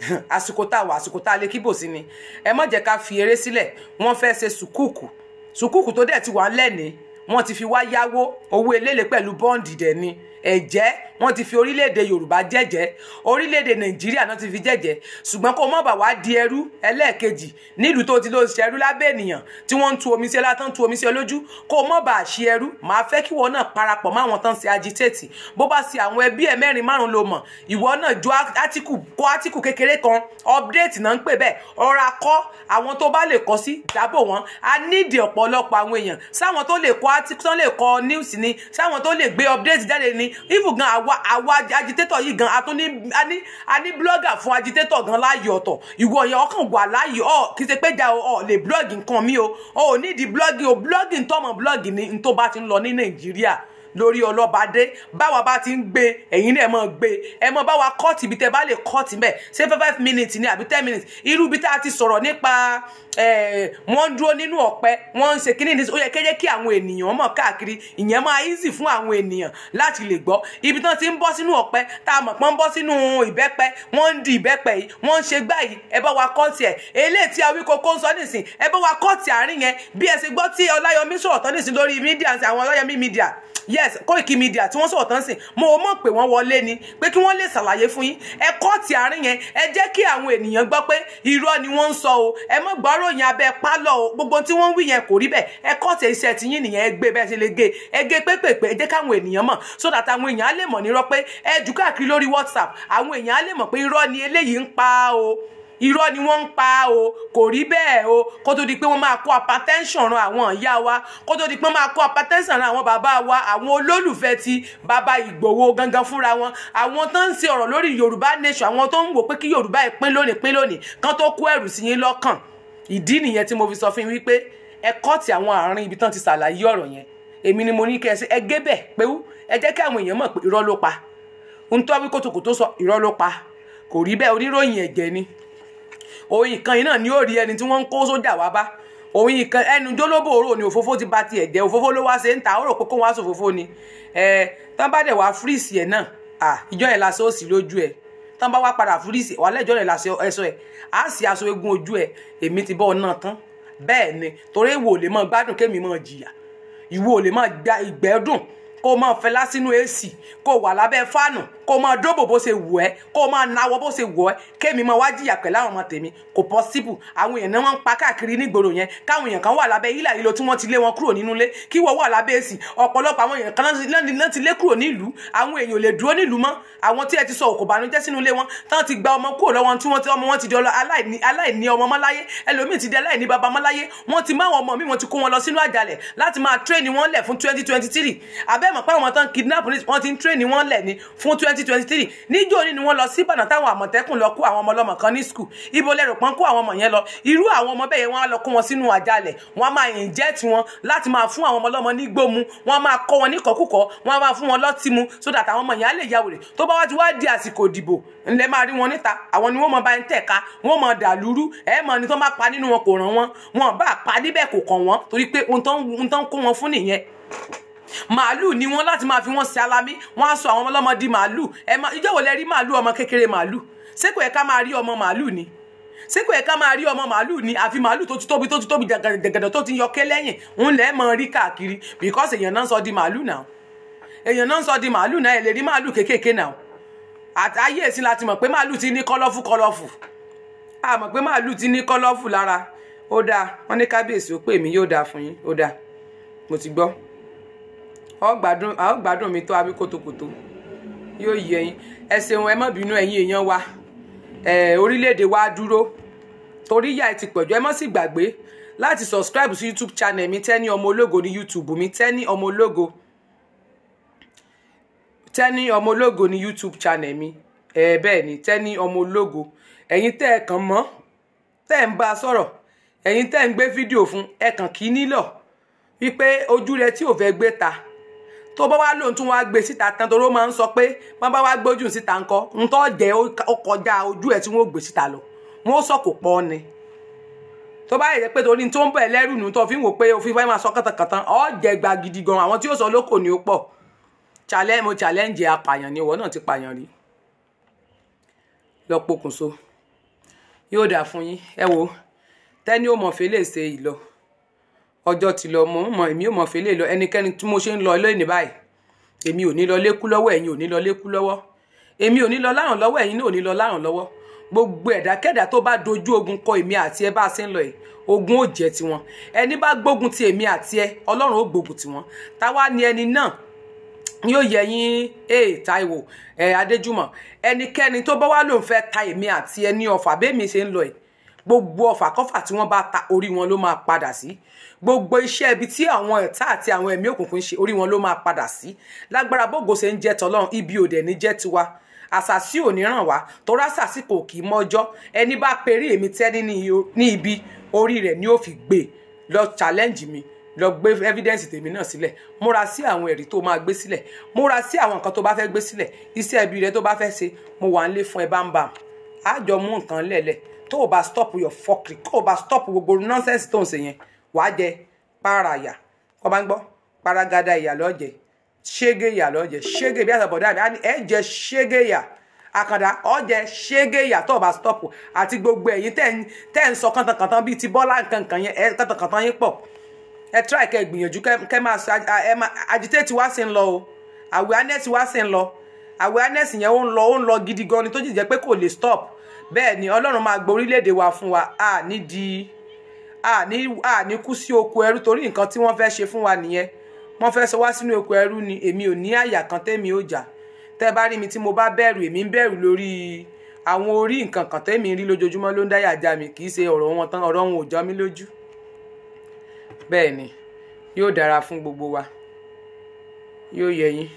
àsìkò tá a wà àsìkò tá a lè kíbò sí ni ẹ má jẹ́ ká fi eré sílẹ̀ wọ́n fẹ́ ṣe sùkúùkù sùkúùkù tó dẹ̀ ti wà lẹ́ni wọ́n ti fi wá yáwó owó eléle pẹ̀lú bọ́ǹdì dẹ̀ ni ẹ̀jẹ́ wọ́n ti fi orílẹ̀-èdè yorùbá jẹ́jẹ́ orílẹ̀-èdè nàìjíríà náà ti fi jẹ́jẹ́ ṣùgbọ́n kó mọ̀ bà wá di ẹrú ẹlẹ́ẹ̀kejì nílùú tó ti lọ ṣe ẹrú lábẹ́ ènìyàn tí wọ́n ń tu omi sí ẹ látàn tu omi sí ẹ lójú kó mọ̀ bà ṣe ẹrú màá fẹ́ kí wọ́n náà parapọ̀ mọ́ àwọn tán ṣe agitate bó bá ṣe àwọn ẹbí ẹ mẹ́rin márùn ló mọ̀ ìwọ náà ju átíkù kó átíkù kékeré kan update náà ń pè bẹ́ẹ̀ ọ̀rọ̀ akọ́ àwọn tó bá lè kọ́ sí dábò wọn a nídìí ọ̀pọ̀lọpọ̀ àwọn èèyàn sáwọn tó lè kọ́ átíkù tán lè kọ́ news ni sáwọn tó lè gbé update jáde ni even gan awa awa agitator yìí gan a ani ani blogger fún agitator gan láàyè ọ̀tọ̀ ìwọ yẹn ọkàn wà láàyè ọ kì í ṣe pé ja ọ lè blog nǹkan mi o ọ ò ní ìdí blog o blog ń tọmọ blog ni ní tó bá ti ń lọ ní nàìjíríà lórí ọlọ́badé báwa bá ti ń gbé ẹ̀yin náà ẹ mọ̀ gbé ẹ mọ̀ báwa kọ́ọ̀tì ibi tẹ́ bá lè kọ́ọ̀tì mẹ́ ṣé five minutes ni àbí ten minutes irú ibi tá a ti sọ̀rọ̀ nípa wọ́n dúró nínú ọ̀pẹ wọ́n ń ṣe kíní ní ó yẹ kéde kí àwọn ènìyàn mọ̀ káàkiri ìyẹn máa easy fún àwọn ènìyàn láti lè gbọ́ ibi tán ti ń bọ́ sínú ọ̀pẹ tá a mọ̀ pé bọ́ sínú ìbẹ́pẹ wọ́n ń di ìbẹ́pẹ yìí wọ́n ń ṣe gbá ẹ bá wa kọ́ọ̀tì ẹ̀ eléyìí tí Awíkókó ń sọ nísìn ẹ bá wa kọ́ọ̀tì àárín yẹn bí ẹ ṣe gbọ́ tí Ọláyọmí sọ̀rọ̀ tán nísìn lórí mídíà àwọn Ọláyọmí yes Koiki Media tí wọ́n sọ̀rọ̀ tán sìn mo mọ̀ pé wọ́n wọlé ni pé kí wọ́n lè ṣàlàyé fún yín ẹ kọ́ọ̀tì àárín yẹn ẹ jẹ́ kí àwọn ènìyàn gbọ́ pé irọ́ ni wọ́n ń sọ o ẹ mọ̀ gbọ́rọ̀ yẹn abẹ́ pálọ̀ o gbogbo tí wọ́n ń wí yẹn kò rí bẹ́ẹ̀ ẹ kọ́ọ̀tì iṣẹ́ ti yín nìyẹn ẹ gbé bẹ́ẹ̀ ṣe lè gé ẹ gé pépèpé ẹ jẹ́ káwọn ènìyàn mọ̀ so that àwọn èèyàn á lè mọ̀ nírọ́ pé ẹ jù káàkiri lórí WhatsApp àwọn èèyàn á lè mọ̀ pé irọ́ ni eléyìí ń pa o irọ́ ni wọ́n ń pa o kò rí bẹ́ẹ̀ o kó tó di pé wọ́n máa kó apatẹ́ńsọ̀n ran àwọn ìyá wa kó tó di pé wọ́n máa kó apatẹ́ńsọ̀n ran àwọn bàbá wa àwọn olólùfẹ́ ti bàbá Ìgbòho gangan fúnra wọn àwọn tó ń ṣe ọ̀rọ̀ lórí Yorùbá nation àwọn tó ń wò pé kí Yorùbá ẹ̀ pín lónìí pín lónìí kán tó kó ẹ̀rù sí yín lọ́kàn ìdí nìyẹn tí mo fi sọ fún yín wípé ẹ kọ́ọ̀tì àwọn àárín ibi tán ti ṣàlàyé ọ̀rọ̀ yẹn èmi ni mo ní kẹ́ ẹ ṣe ẹ gé bẹ̀ pẹ́wú ẹ jẹ́ kí àwọn èèyàn mọ̀ pé irọ́ ló pa ntọ́wí kòtòkòtò sọ irọ́ ló pa kò rí bẹ́ẹ̀ oníròyìn ẹ̀jẹ̀ ni òun nǹkan yìí náà ni yóò rí ẹni tí wọ́n ń kó sójà wá bá òun nǹkan ẹnu jólóbò rò ní òfófó ti ba tiẹ̀ jẹ́ òfófó ló wá ṣe ń ta ó rò pé kó wá sòfófó ni ẹ tán bá dẹ̀ wá fírìsì ẹ̀ náà ìjọ ẹ̀ lásán ó sì lójú ẹ̀ tán bá wá padà fírìsì wà lẹ́jọ́ ẹ̀ lásán ẹ̀sọ́ ẹ̀ á sì aṣọ egun ojú ẹ̀ èmi ti bọ́ ọ náà tán bẹ́ẹ̀ ni torí ìwọ ò lè máa gbádùn kémi máa jìyà ìwọ ò lè máa gba ìgbẹ́dùn kó máa fẹlá sínú èsì kó wà lábẹ́ fáànù kó máa dóbò bó ṣe wù ẹ́ kó máa nawọ́ bó ṣe wù ẹ́ kémi máa wá jìyà pẹ̀lú àwọn ọmọ tèmi kò possible àwọn èèyàn náà wọ́n ń pa káàkiri nígboro yẹn káwọn èèyàn kan wà lábẹ́ ilà ìlò tí wọ́n ti lé wọn kúrò nínú ilé kí wọ́n wà lábẹ́ èsì ọ̀pọ̀lọpọ̀ àwọn èèyàn kan náà ti lé kúrò nílùú àwọn èèyàn ò lè dúró nílùú mọ́ àwọn tí ẹ ti sọ òkò bànújẹ́ sínú ilé wọn táwọn ti gba ọmọ kúrò lọ́wọ́ tí wọ́n ti ọmọ wọn ti di aláìní ọmọ mọ́láyé ẹlòmíì ti di aláìní baba mọ́láyé wọ́n ti máwọn ọmọ mi wọ́n ti kó wọn lọ sínú àjàlẹ̀ láti máa tírẹ́ni wọn lẹ̀ fún twenty twenty three àbẹ́mọ̀ pé àwọn tán kidnap wọ́n ti ń tírẹ́ni wọn lẹ̀ ni fún twenty twenty twenty three níjó ni ni wọ́n lọ sí ìbàdàn táwọn àmọ̀tẹ́kùn lọ kó àwọn ọmọ ọlọ́mọ kan ní skul ibo lẹ́rù pọ́n kó àwọn ọmọ yẹn lọ irú àwọn ọmọ bẹ́ẹ̀ yẹn wọ́n á lọ kó wọn sínú àjálẹ̀ wọ́n á máa yìn jẹ́ tiwọn láti máa fún àwọn ọmọ ọlọ́mọ ní gbómu wọ́n á máa kọ́ wọn ní kọ́kúkọ́ wọ́n á máa fún wọn lọ́tí mu so that àwọn ọmọ yẹn á lè ya wèrè tó bá wá ti wá di àsìkò ìdìbò ńlẹ máa rí wọn níta àwọn ni wọ́n mọ bá ń tẹ̀ka wọ́n mọ dàlúrú ẹ mọ ni tó máa pa nínú wọn kò ràn wọn wọn bá pa níbẹ̀ kò kàn wọn torí pé ohun tó ń kó wọn fún nìyẹn màálù ni wọn láti máa fi wọn ṣe alamí wọn á sọ àwọn ọmọlọmọ di màálù ẹ má ìjọ wo lẹ rí màálù ọmọ kékeré màálù ṣé kò máa rí ọmọ màálù ni ṣé kò yẹ ká máa rí ọmọ màálù ni àfi màálù tó ti tóbi tó ti tóbi jàgàdàgàdà tó ti yọ ké lẹ́yìn ń lẹ mọ rí káàkiri because èèyàn náà sọ di màálù náà èèyàn náà sọ di màálù náà ẹ lè rí màálù kékèké náà àtàyè èsì láti mọ̀ pé màálù ti ní kọ́lọ́fù kọ́lọ́fù a mọ̀ pé màálù ti ní kọ́lọ́fù lára ó dáa wọ́n ní kábíyèsí ó pè mí yóò dáa fún yín ó dáa mo ti gbọ́ a ó gbádùn mi tó abí kótókótó yóò yẹ yín ẹ ṣeun ẹ má bínú ẹ̀yin èèyàn wa orílẹ̀-èdè wa dúró torí ìyà ẹ ti pọ̀jù ẹ má sì gbàgbé láti subscribe sí youtube channel mi Tenny ọmọ ológo ní youtube mi Tenny ọmọ ológo Tenny ọmọ ológo ní youtube channel mi bẹ́ẹ̀ ni Tenny ọmọ ológo ẹ̀yin tẹ́ ẹ kàn mọ́ tẹ́ ẹ ń bá a sọ̀rọ̀ ẹ̀yin tẹ́ ẹ ń gbé fídíò fún ẹ kàn kí nílọ̀ wípé ojú rẹ tí ò fẹ́ gbé ta tó bá wá lóun tún wá gbé síta tán toró máa ń sọ pé wọn bá wá gbójú síta ńkọ ńtọ́ jẹ́ ó kọjá ojú ẹ̀ tí wọ́n gbé síta lọ wọ́n sọ kò pọ̀ ni tó bá yẹ pé torí tó ń bẹ̀ lẹ́rù nù tó fi ń wò pé òfin fẹ́ máa sọ kàtàkàtàn ọ́ jẹ́ gba gidi gan àwọn tí ó sọ lóko ni ó pọ̀ challenge mo challenge apààyàn ni ìwọ náà ti pààyàn rí lọ pokùnso yóò dà fún yín ẹ wo tẹ́ni ó mọ̀ fẹ́ ṣe ìlọ ọjọ́ ti lọ mọ́ mọ́ èmi ò mọ̀ fẹ́lẹ́ lọ ẹnikẹ́ni tí mo ṣe ń lọ lónìí báyìí èmi ò ní lọ lékú lọ́wọ́ ẹ̀yin ò ní lọ lékú lọ́wọ́ èmi ò ní lọ láràn lọ́wọ́ ẹ̀yin náà ò ní lọ láràn lọ́wọ́ gbogbo ẹ̀dákẹ́dà tó bá dojú ogun kọ èmi àti ẹ bá ṣe ń lọ yìí ogun ò jẹ́ tiwọn ẹni bá gbógun ti èmi àti ẹ ọlọ́run ó gbógun tiwọn táwa ni ẹni náà yóò yẹ yín ee Táíwò ẹ Adéjùmọ̀ ẹnikẹ́ni tó bá wá lòun fẹ́ ta èmi àti ẹ ní ọfà bẹ́ẹ̀ mi ṣe ń lọ yìí gbogbo ọfàkọfà tí wọ́n bá ta orí wọn ló máa padà sí gbogbo iṣẹ́ ibi tí àwọn ẹ̀tá àti àwọn ẹ̀mí òkùnkùn ń ṣe orí wọn ló máa padà sí lágbára bógo ṣe ń jẹ́ tọlọ́run ibi òdẹ ní jẹ́ tiwa àṣàsí ò ní ràn wá torí àṣàsí kò kì í mọ́jọ́ ẹni bá perí èmi tẹ́ni ní ibi orí rẹ̀ ni ó fi gbé lọ challenge mi lọ gbé evidence tèmi náà sílẹ̀ múra sí àwọn ẹ̀rí tó máa gbé sílẹ̀ múra sí àwọn nǹkan tó bá fẹ́ gbé sílẹ̀ iṣẹ́ ibi rẹ tó bá fẹ́ ṣe mo wà ń lé fún ẹ bá ń bà á jọ mú nǹkan lẹ̀lẹ̀ tó o bá stop your fokiri tó o bá stop gbogbo nonsense tó ń ṣe yẹn wàá jẹ párayà kọ́ bá ń gbọ́ paragada ìyà lọ́jẹ̀ ṣégeya lọ́jẹ̀ ṣége bí àtàbọ̀dá mi ẹ jẹ ṣégeya àkàndá ọjẹ ṣégeya tó o bá stop àti gbogbo ẹ̀yin tẹ́ ń sọ kàntàkàntàn bíi ti bọ́lá nkankan yẹn ẹ kàntàkàntàn yẹn pọ̀ ẹ try kẹ gbìyànjú kẹ máa agitate wá sí ń lọ o awareness wá sí ń lọ awareness yẹn ó ń lọ ó ń lọ gidi gan ni tó jì jẹ́ pé kò lè stop bẹ́ẹ̀ ni ọlọ́run máa gba orílẹ̀-èdè wa fún wa a ní di a ní a ní kú sí oko ẹrú torí nǹkan tí wọ́n fẹ́ ṣe fún wa nìyẹn wọ́n fẹ́ sọ wá sínú oko ẹrú ni èmi ò ní àyà kan tẹ́mi ò jà tẹ́ bá rí mi tí mo bá bẹ̀rù èmi ń bẹ̀rù lórí àwọn orí nǹkan kan tẹ́mi rí lójoojúmọ́ ló ń dáyà já mi kì í ṣe ọ̀rọ̀ wọn tán ọ̀rọ̀ wọn ò jọ mí lójú bẹ́ẹ̀ ni yóò dára fún gbogbo wa yóò yẹ yín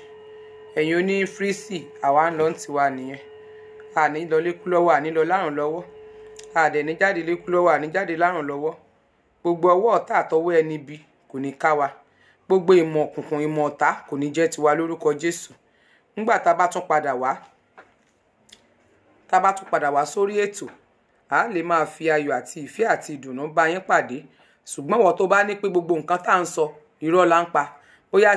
ẹ̀yin oní fírísì àwa ń lọ ń tiwa nìyẹn àní lọ lékú lọ́wọ́ àní lọ lárùn lọ́wọ́ àdẹ̀ ní jáde lékú lọ́wọ́ àní jáde lárùn lọ́wọ́ gbogbo ọwọ́ ọ̀tá àtọwọ́ ẹni bi kò ní ká wa gbogbo ìmọ̀ òkùnkùn ìmọ̀ ọ̀tá kò ní jẹ́ tiwa lórúkọ Jésù nígbà tá a bá tún padà wá tá a bá tún padà wá sórí ètò a lè máa fi ayọ̀ àti ìfẹ́ àti ìdùnnú bá yín pàdé ṣùgbọ́n wọ́n tó bá ní pé gbogbo nǹkan tá à ń sọ irọ́ la ń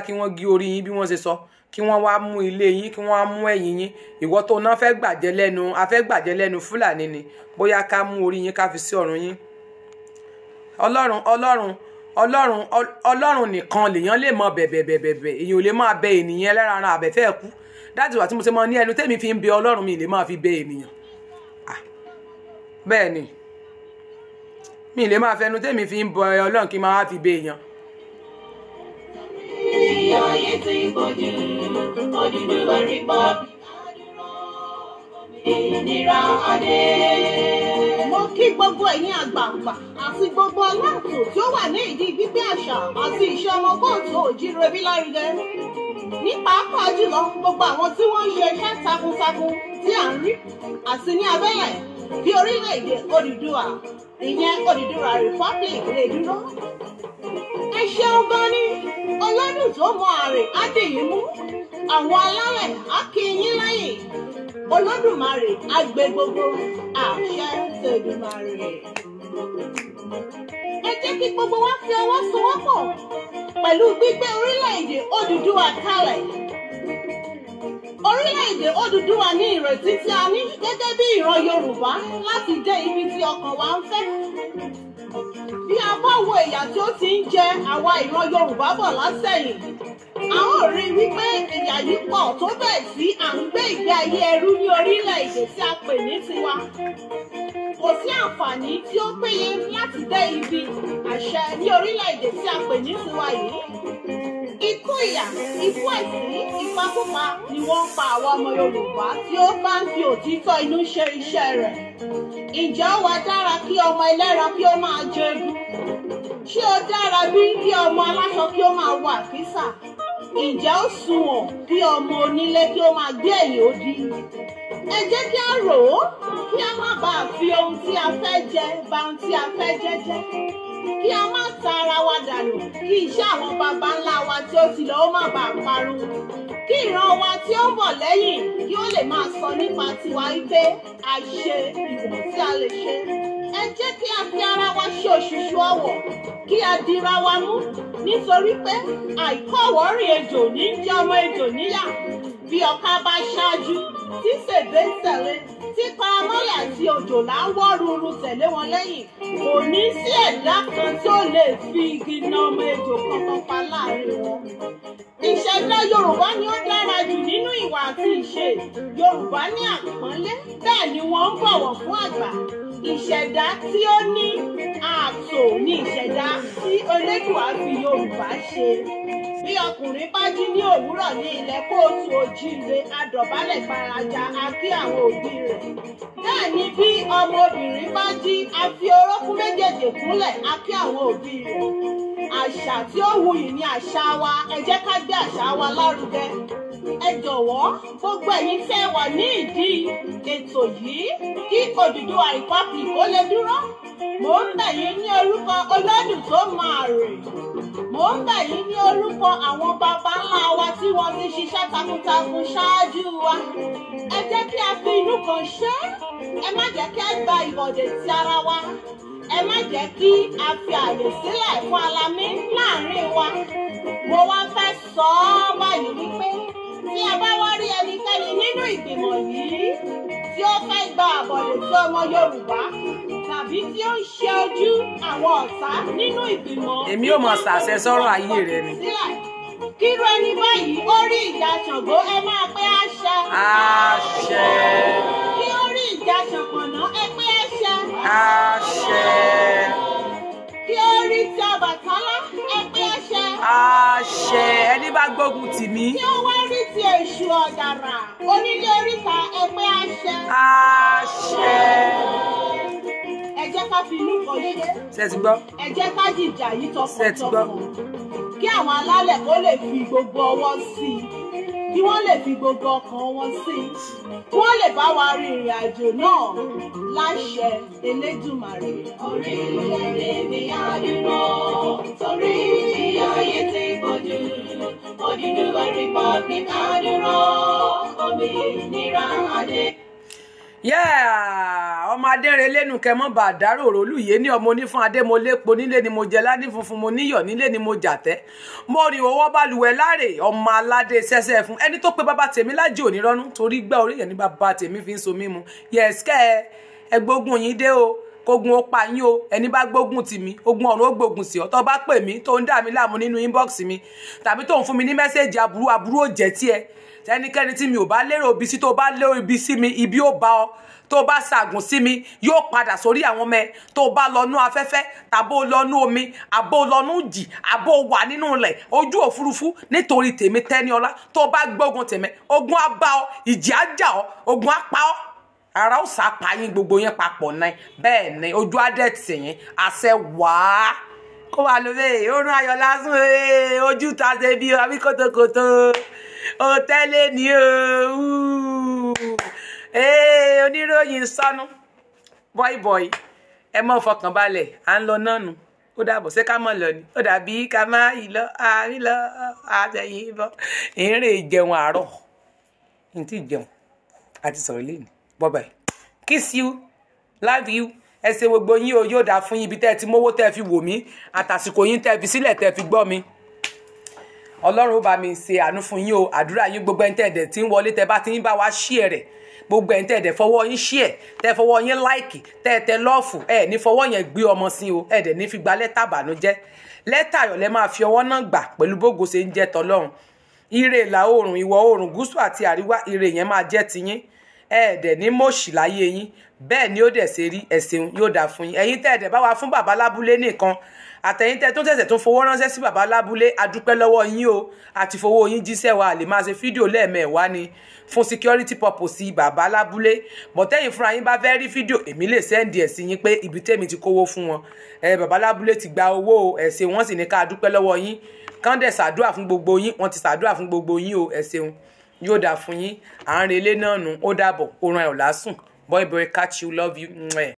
kí wọ́n gé orí yín bí wọ́n ṣe sọ kí wọ́n wá mú ilé yín kí wọ́n wá mú ẹ̀yìn yín ìwọ tó náà fẹ́ gbàjẹ́ lẹ́nu a fẹ́ gbàjẹ́ lẹ́nu fúlàní ni bóyá ká mú orí yín ká fi sí ọ̀run yín ọlọ́run ọlọ́run ọlọ́run ọlọ́run nìkan lèèyàn lè mọ bẹ̀bẹ̀bẹ̀bẹ̀ èèyàn ò lè máa bẹ ènìyàn ẹlẹ́ran ara àbẹ̀fẹ́ ẹ̀kú láti wà tí mo ṣe mọ ní ẹnu tẹ́mi fi ń bẹ ọlọ́run mi lè máa fi bẹ ènìyàn bẹ́ẹ̀ ni mi lè máa fẹnu tẹ́mi fi ń bọ ọlọ́run kí n máa fi bẹ èèyàn ilé ayé ti gbòdì onídùúrí bọ́ ìnira adé. mo kí gbogbo ẹ̀yin àgbààgbà àti gbogbo aláàtò tó wà ní ìdí gbígbé àṣà àti ìṣe ọmọ bóòtù òjìrè bí lárugẹ ní pàápàá jùlọ gbogbo àwọn tí wọ́n ń ṣe iṣẹ́ takuntakun tí à ń rí àti ní abẹ́lẹ̀ bí orílẹ̀-èdè Odùduwà ìyẹn Odùduwà Republic lè dúró ẹ ṣeun gan ni ọlọ́dún tó mọ àrè á dì yín mú àwọn alálẹ̀ á kí olódùmarè á gbogbo àṣẹ tèdùmarè. ẹ jẹ́ kí gbogbo wa fi ọwọ́ sowọ́pọ̀ pẹ̀lú gbígbé orílẹ̀-èdè Odùduwà kalẹ̀ orílẹ̀-èdè Odùduwà ní ìrètí tí a ní gẹ́gẹ́ bí ìran Yorùbá láti dé ibi tí ọkàn wa ń fẹ́ bí a bá wo ìyà tí ó ti ń jẹ àwa ìran Yorùbá bọ̀ látẹ̀yìn a ó rí i wípé ìyà yìí pọ̀ tó bẹ́ẹ̀ sí à ń gbé ìgbé ayé ẹrú ní orílẹ̀-èdè tí a pè ní tiwa kò sí àǹfààní tí ó péye láti dé ibi àṣẹ ní orílẹ̀-èdè tí a pè ní tiwa yìí ikú ìyà ikú àìsí ìpakúpa ni wọ́n ń pa àwọn ọmọ Yorùbá tí ó bá ń fi òtítọ́ inú ṣe iṣẹ́ rẹ̀ ǹjẹ́ ó wá dára kí ọmọ ẹlẹ́ra kí ó máa jẹ egun ṣé ó dára bí kí ọmọ aláṣọ kí ó máa wọ àkísà ǹjẹ́ ó sunwọ̀n kí ọmọ onílé kí ó máa gbé ẹ̀yìn odi ẹ jẹ́ kí a rò ó kí a má bàa fi ohun tí a fẹ́ jẹ bà ohun tí a fẹ́ jẹ jẹ́ kí a má ta ara wa dànù kí iṣẹ́ àwọn baba ńlá wa tí ó ti lọ ó má bàa parun kí ìran wa tí ó ń bọ̀ lẹ́yìn kí ó lè máa sọ nípa tiwa wípé a ṣe ìwọ̀n tí a lè ṣe ẹ jẹ́ kí a fi ara wa ṣe òṣùṣù ọwọ̀ kí a dira wa mú nítorí pé àìkọ́wọ́rì ejò ní jẹ́ ọmọ ejò níyà bí ọ̀ka bá ṣáájú tí sèbé ń tẹ̀lé títa lọ́yà àti òjòlá ń wọ́ ruru tẹ̀lé wọn lẹ́yìn kò ní sí ẹ̀dá kan tí lè fi igi na ọmọ ejò kankan pa láàrin wọn. ìṣẹ̀dá yorùbá ni ó dára jù nínú ìwà àti ìṣe yorùbá ní àpọ́nlé bẹ́ẹ̀ ni wọ́n ń bọ̀wọ̀ fún àgbà ìṣẹ̀dá tí ó ní ààtò ni ìṣẹ̀dá tí Elédùà fi Yorùbá ṣe bí ọkùnrin bá jí ní òwúrọ̀ ní ilẹ̀ kóòtù òjíire adọ̀bálẹ̀ gbaraja a kí àwọn òbí rẹ̀ bẹ́ẹ̀ ni bí ọmọbìnrin bá jí a fi orókún méjèèjì kúnlẹ̀ a àwọn òbí rẹ̀ àṣà tí ó wuyì ni àṣà wa ẹ jẹ́ ká gbé àṣà wa lárugẹ ẹ jọ̀wọ́ gbogbo ẹ̀yin tẹ́ wà ní ìdí ètò yìí kí Odùduwà Republic ó lè dúró mò ń bẹ̀ yín ní orúkọ Olódùmarè mò ń bẹ̀ yín ní orúkọ àwọn baba ńlá wa tí wọ́n ti ṣiṣẹ́ takuntakun ṣáájú wa ẹ jẹ́ kí a fi inú kan ṣe ẹ má jẹ́ kí a gba ìbọ̀dẹ̀ ti ara wa ẹ má jẹ́ kí a fi àyè sílẹ̀ fún alamí láàrin wa mo wá fẹ́ sọ ọ́ báyìí wípé tí a bá wá rí ẹnikẹ́ni nínú ìgbìmọ̀ yìí tí ó fẹ́ gba àbọ̀dè tí ọmọ Yorùbá tàbí tí ó ń ṣe ojú àwọn ọ̀tá nínú ìgbìmọ̀. èmi ò mọ̀ ṣàṣẹ sọ́rọ̀ ayé rẹ ni. kíru ẹni báyìí ó rí ìjà Ṣàngó ẹ máa pé àṣẹ. àṣẹ. kí ó rí ìjà Ṣàngó ẹ pé àṣẹ. àṣẹ. kí ó rí ti Ọbàtálá ẹ àṣẹ ẹni bá gbógun tì mí. tí ó wá rí ti èṣù ọ̀dàrà onílé oríta ẹgbẹ́ àṣẹ. àṣẹ. ẹ jẹ́ ká fi inú kan ṣe. ṣe ti gbọ́. ẹ jẹ́ ká jìjà yìí tọkàntọkàn. ṣe ti gbọ́. kí àwọn alálẹ̀ kó lè fi gbogbo ọwọ́ sí i kí wọ́n lè fi gbogbo ọkàn wọn sí kí wọ́n lè bá wa rin ìrìn àjò náà láṣẹ Elédùmarè. orílẹ̀-èdè mi á dúró torí ìjì ayé ti pọ̀jù Odùduwà republic á dúró òmìnira adé ọmọ adẹ́rẹ́lẹ́ nu kẹ́ mọ́ bá a dárò òrólùyé ní ọmọ onífún adé mo lépo nílé ni mo jẹ ládì funfun mo níyọ̀ nílé ni mo jàtẹ́ mo rìn owó balùwẹ̀ láre ọmọ aládé sẹ́sẹ́ fún ẹni tó pe bàbá tèmi lájì òní rọ́nú torí gbá orí yẹn ní bàbá tèmi fi ń so mímu yẹ̀sìkẹ́ ẹgbógun yín dé o kogun ó pa yín o ẹni bá gbógun tì mí ogun ọ̀run ó gbógun sí ọ tó bá pè mí tó ń dà mí láàmú nínú inbox mi tàbí tó ń fún mi ní mẹ́sẹ̀gì aburú aburú ò jẹ́ tiẹ̀ ẹnikẹ́ni tí mi ò bá lérò ibi sí tó bá lérò ibi sí mi ibi ó bá ọ tó bá ṣàgùn sí mi yóò padà sórí àwọn ọmọ ẹ tó bá lọnú afẹ́fẹ́ tàbó lọnú omi àbó lọnú jì àbó wà nínú ilẹ̀ ojú òfurufú nítorí tèmi Tẹ́níọlá tó bá gbógun tèmi ogun á bá ọ ìjì á jà ọ ogun á pa ọ ara ó sàpá yín gbogbo yẹn papọ̀ náà bẹ́ẹ̀ ni ojú á dẹ̀ tì yín àṣẹ wàá kó wà lóore òórùn ayọ̀ lásán ojú ta ṣe bí abíkótókótó òtẹ́lẹ̀ ni o oníròyìn sánú bọ́ìbọ́ì ẹ mọ́ fọkàn balẹ̀ à ń lọ náà nù ó dàbọ̀ ṣé ká mọ̀ lọ ni ó dàbí ká má ìlọ àrílọ àtẹ̀yìn bọ́ ìrìn ìjẹun àárọ̀ ní ti ìjẹun àti sọ̀rọ̀ lẹ́nu bọ́bẹ̀ kiss you love you ẹ ṣe gbogbo yín o yóò dáa fún yín ibi tẹ́ ẹ ti mówó tẹ́ ẹ fi wò mí àtàsìkò yín tẹ́ ẹ fi sílẹ̀ tẹ́ ẹ fi gbọ́ mi ọlọ́run ó bá mi ṣe àánú fún yín o àdúrà yín gbogbo ẹni tẹ̀dẹ̀ tí ń wọlé tẹ bá ti ń bá wa ṣí ẹ̀ rẹ̀ gbogbo ẹni tẹ̀dẹ̀ fọwọ́ yín ṣí ẹ̀ tẹ fọwọ́ yín láìkì tẹ tẹ lọ́ọ̀fù ẹ̀ ní fọwọ́ yẹn gbé ọmọ sí o ẹ̀ dẹ̀ ní fi gba lẹ́tà àbànújẹ́ lẹ́tà ayọ̀ lẹ́ máa fi ọwọ́ náà gbà pẹ̀lú bógo ṣe ń jẹ́ tọlọ́run ire ìlà oòrùn ìwọ̀ oòrùn gúúsù àti àríwá ire yẹn máa jẹ́ tiyín ẹ̀ẹ́dẹ̀ ní mọ̀ọ́ṣì láyé yín bẹ́ẹ̀ ni ó dẹ̀ ṣe rí ẹ̀sìn yóò dáa fún yín ẹ̀yin tẹ̀ẹ̀dẹ̀ bá wa fún bàbá lábúlé nìkan àtẹ̀yìntẹ́ tó tẹ̀sẹ̀ tó fowó ránṣẹ́ sí bàbá lábúlé adúpẹ́ lọ́wọ́ yín o àti fowó yín jíṣẹ́ wa lè máa ṣe fídíò lẹ́ẹ̀mẹ́wàá ni fún security purpose bàbá lábúlé bọ̀tẹ́yìn fúnra yín bá fẹ́ rí fídíò èmi lè sẹ́ndì ẹ̀ sí yín pé ibi tèmi ti kówó fún wọn ẹ bàbá lábúlé ti gba owó ẹ̀ ṣe wọ́n sì ní ká adúpẹ́ lọ́wọ́ yín kándẹ̀ ṣàdúrà fún gbogbo yín wọ́n ti ṣàdúrà fún gbogbo yín o ẹ̀ ṣeun yóò dáa fún yín à ń relé náà nù ó dàbọ̀ ó ran ẹ̀ lásùn boy boy catch you love you.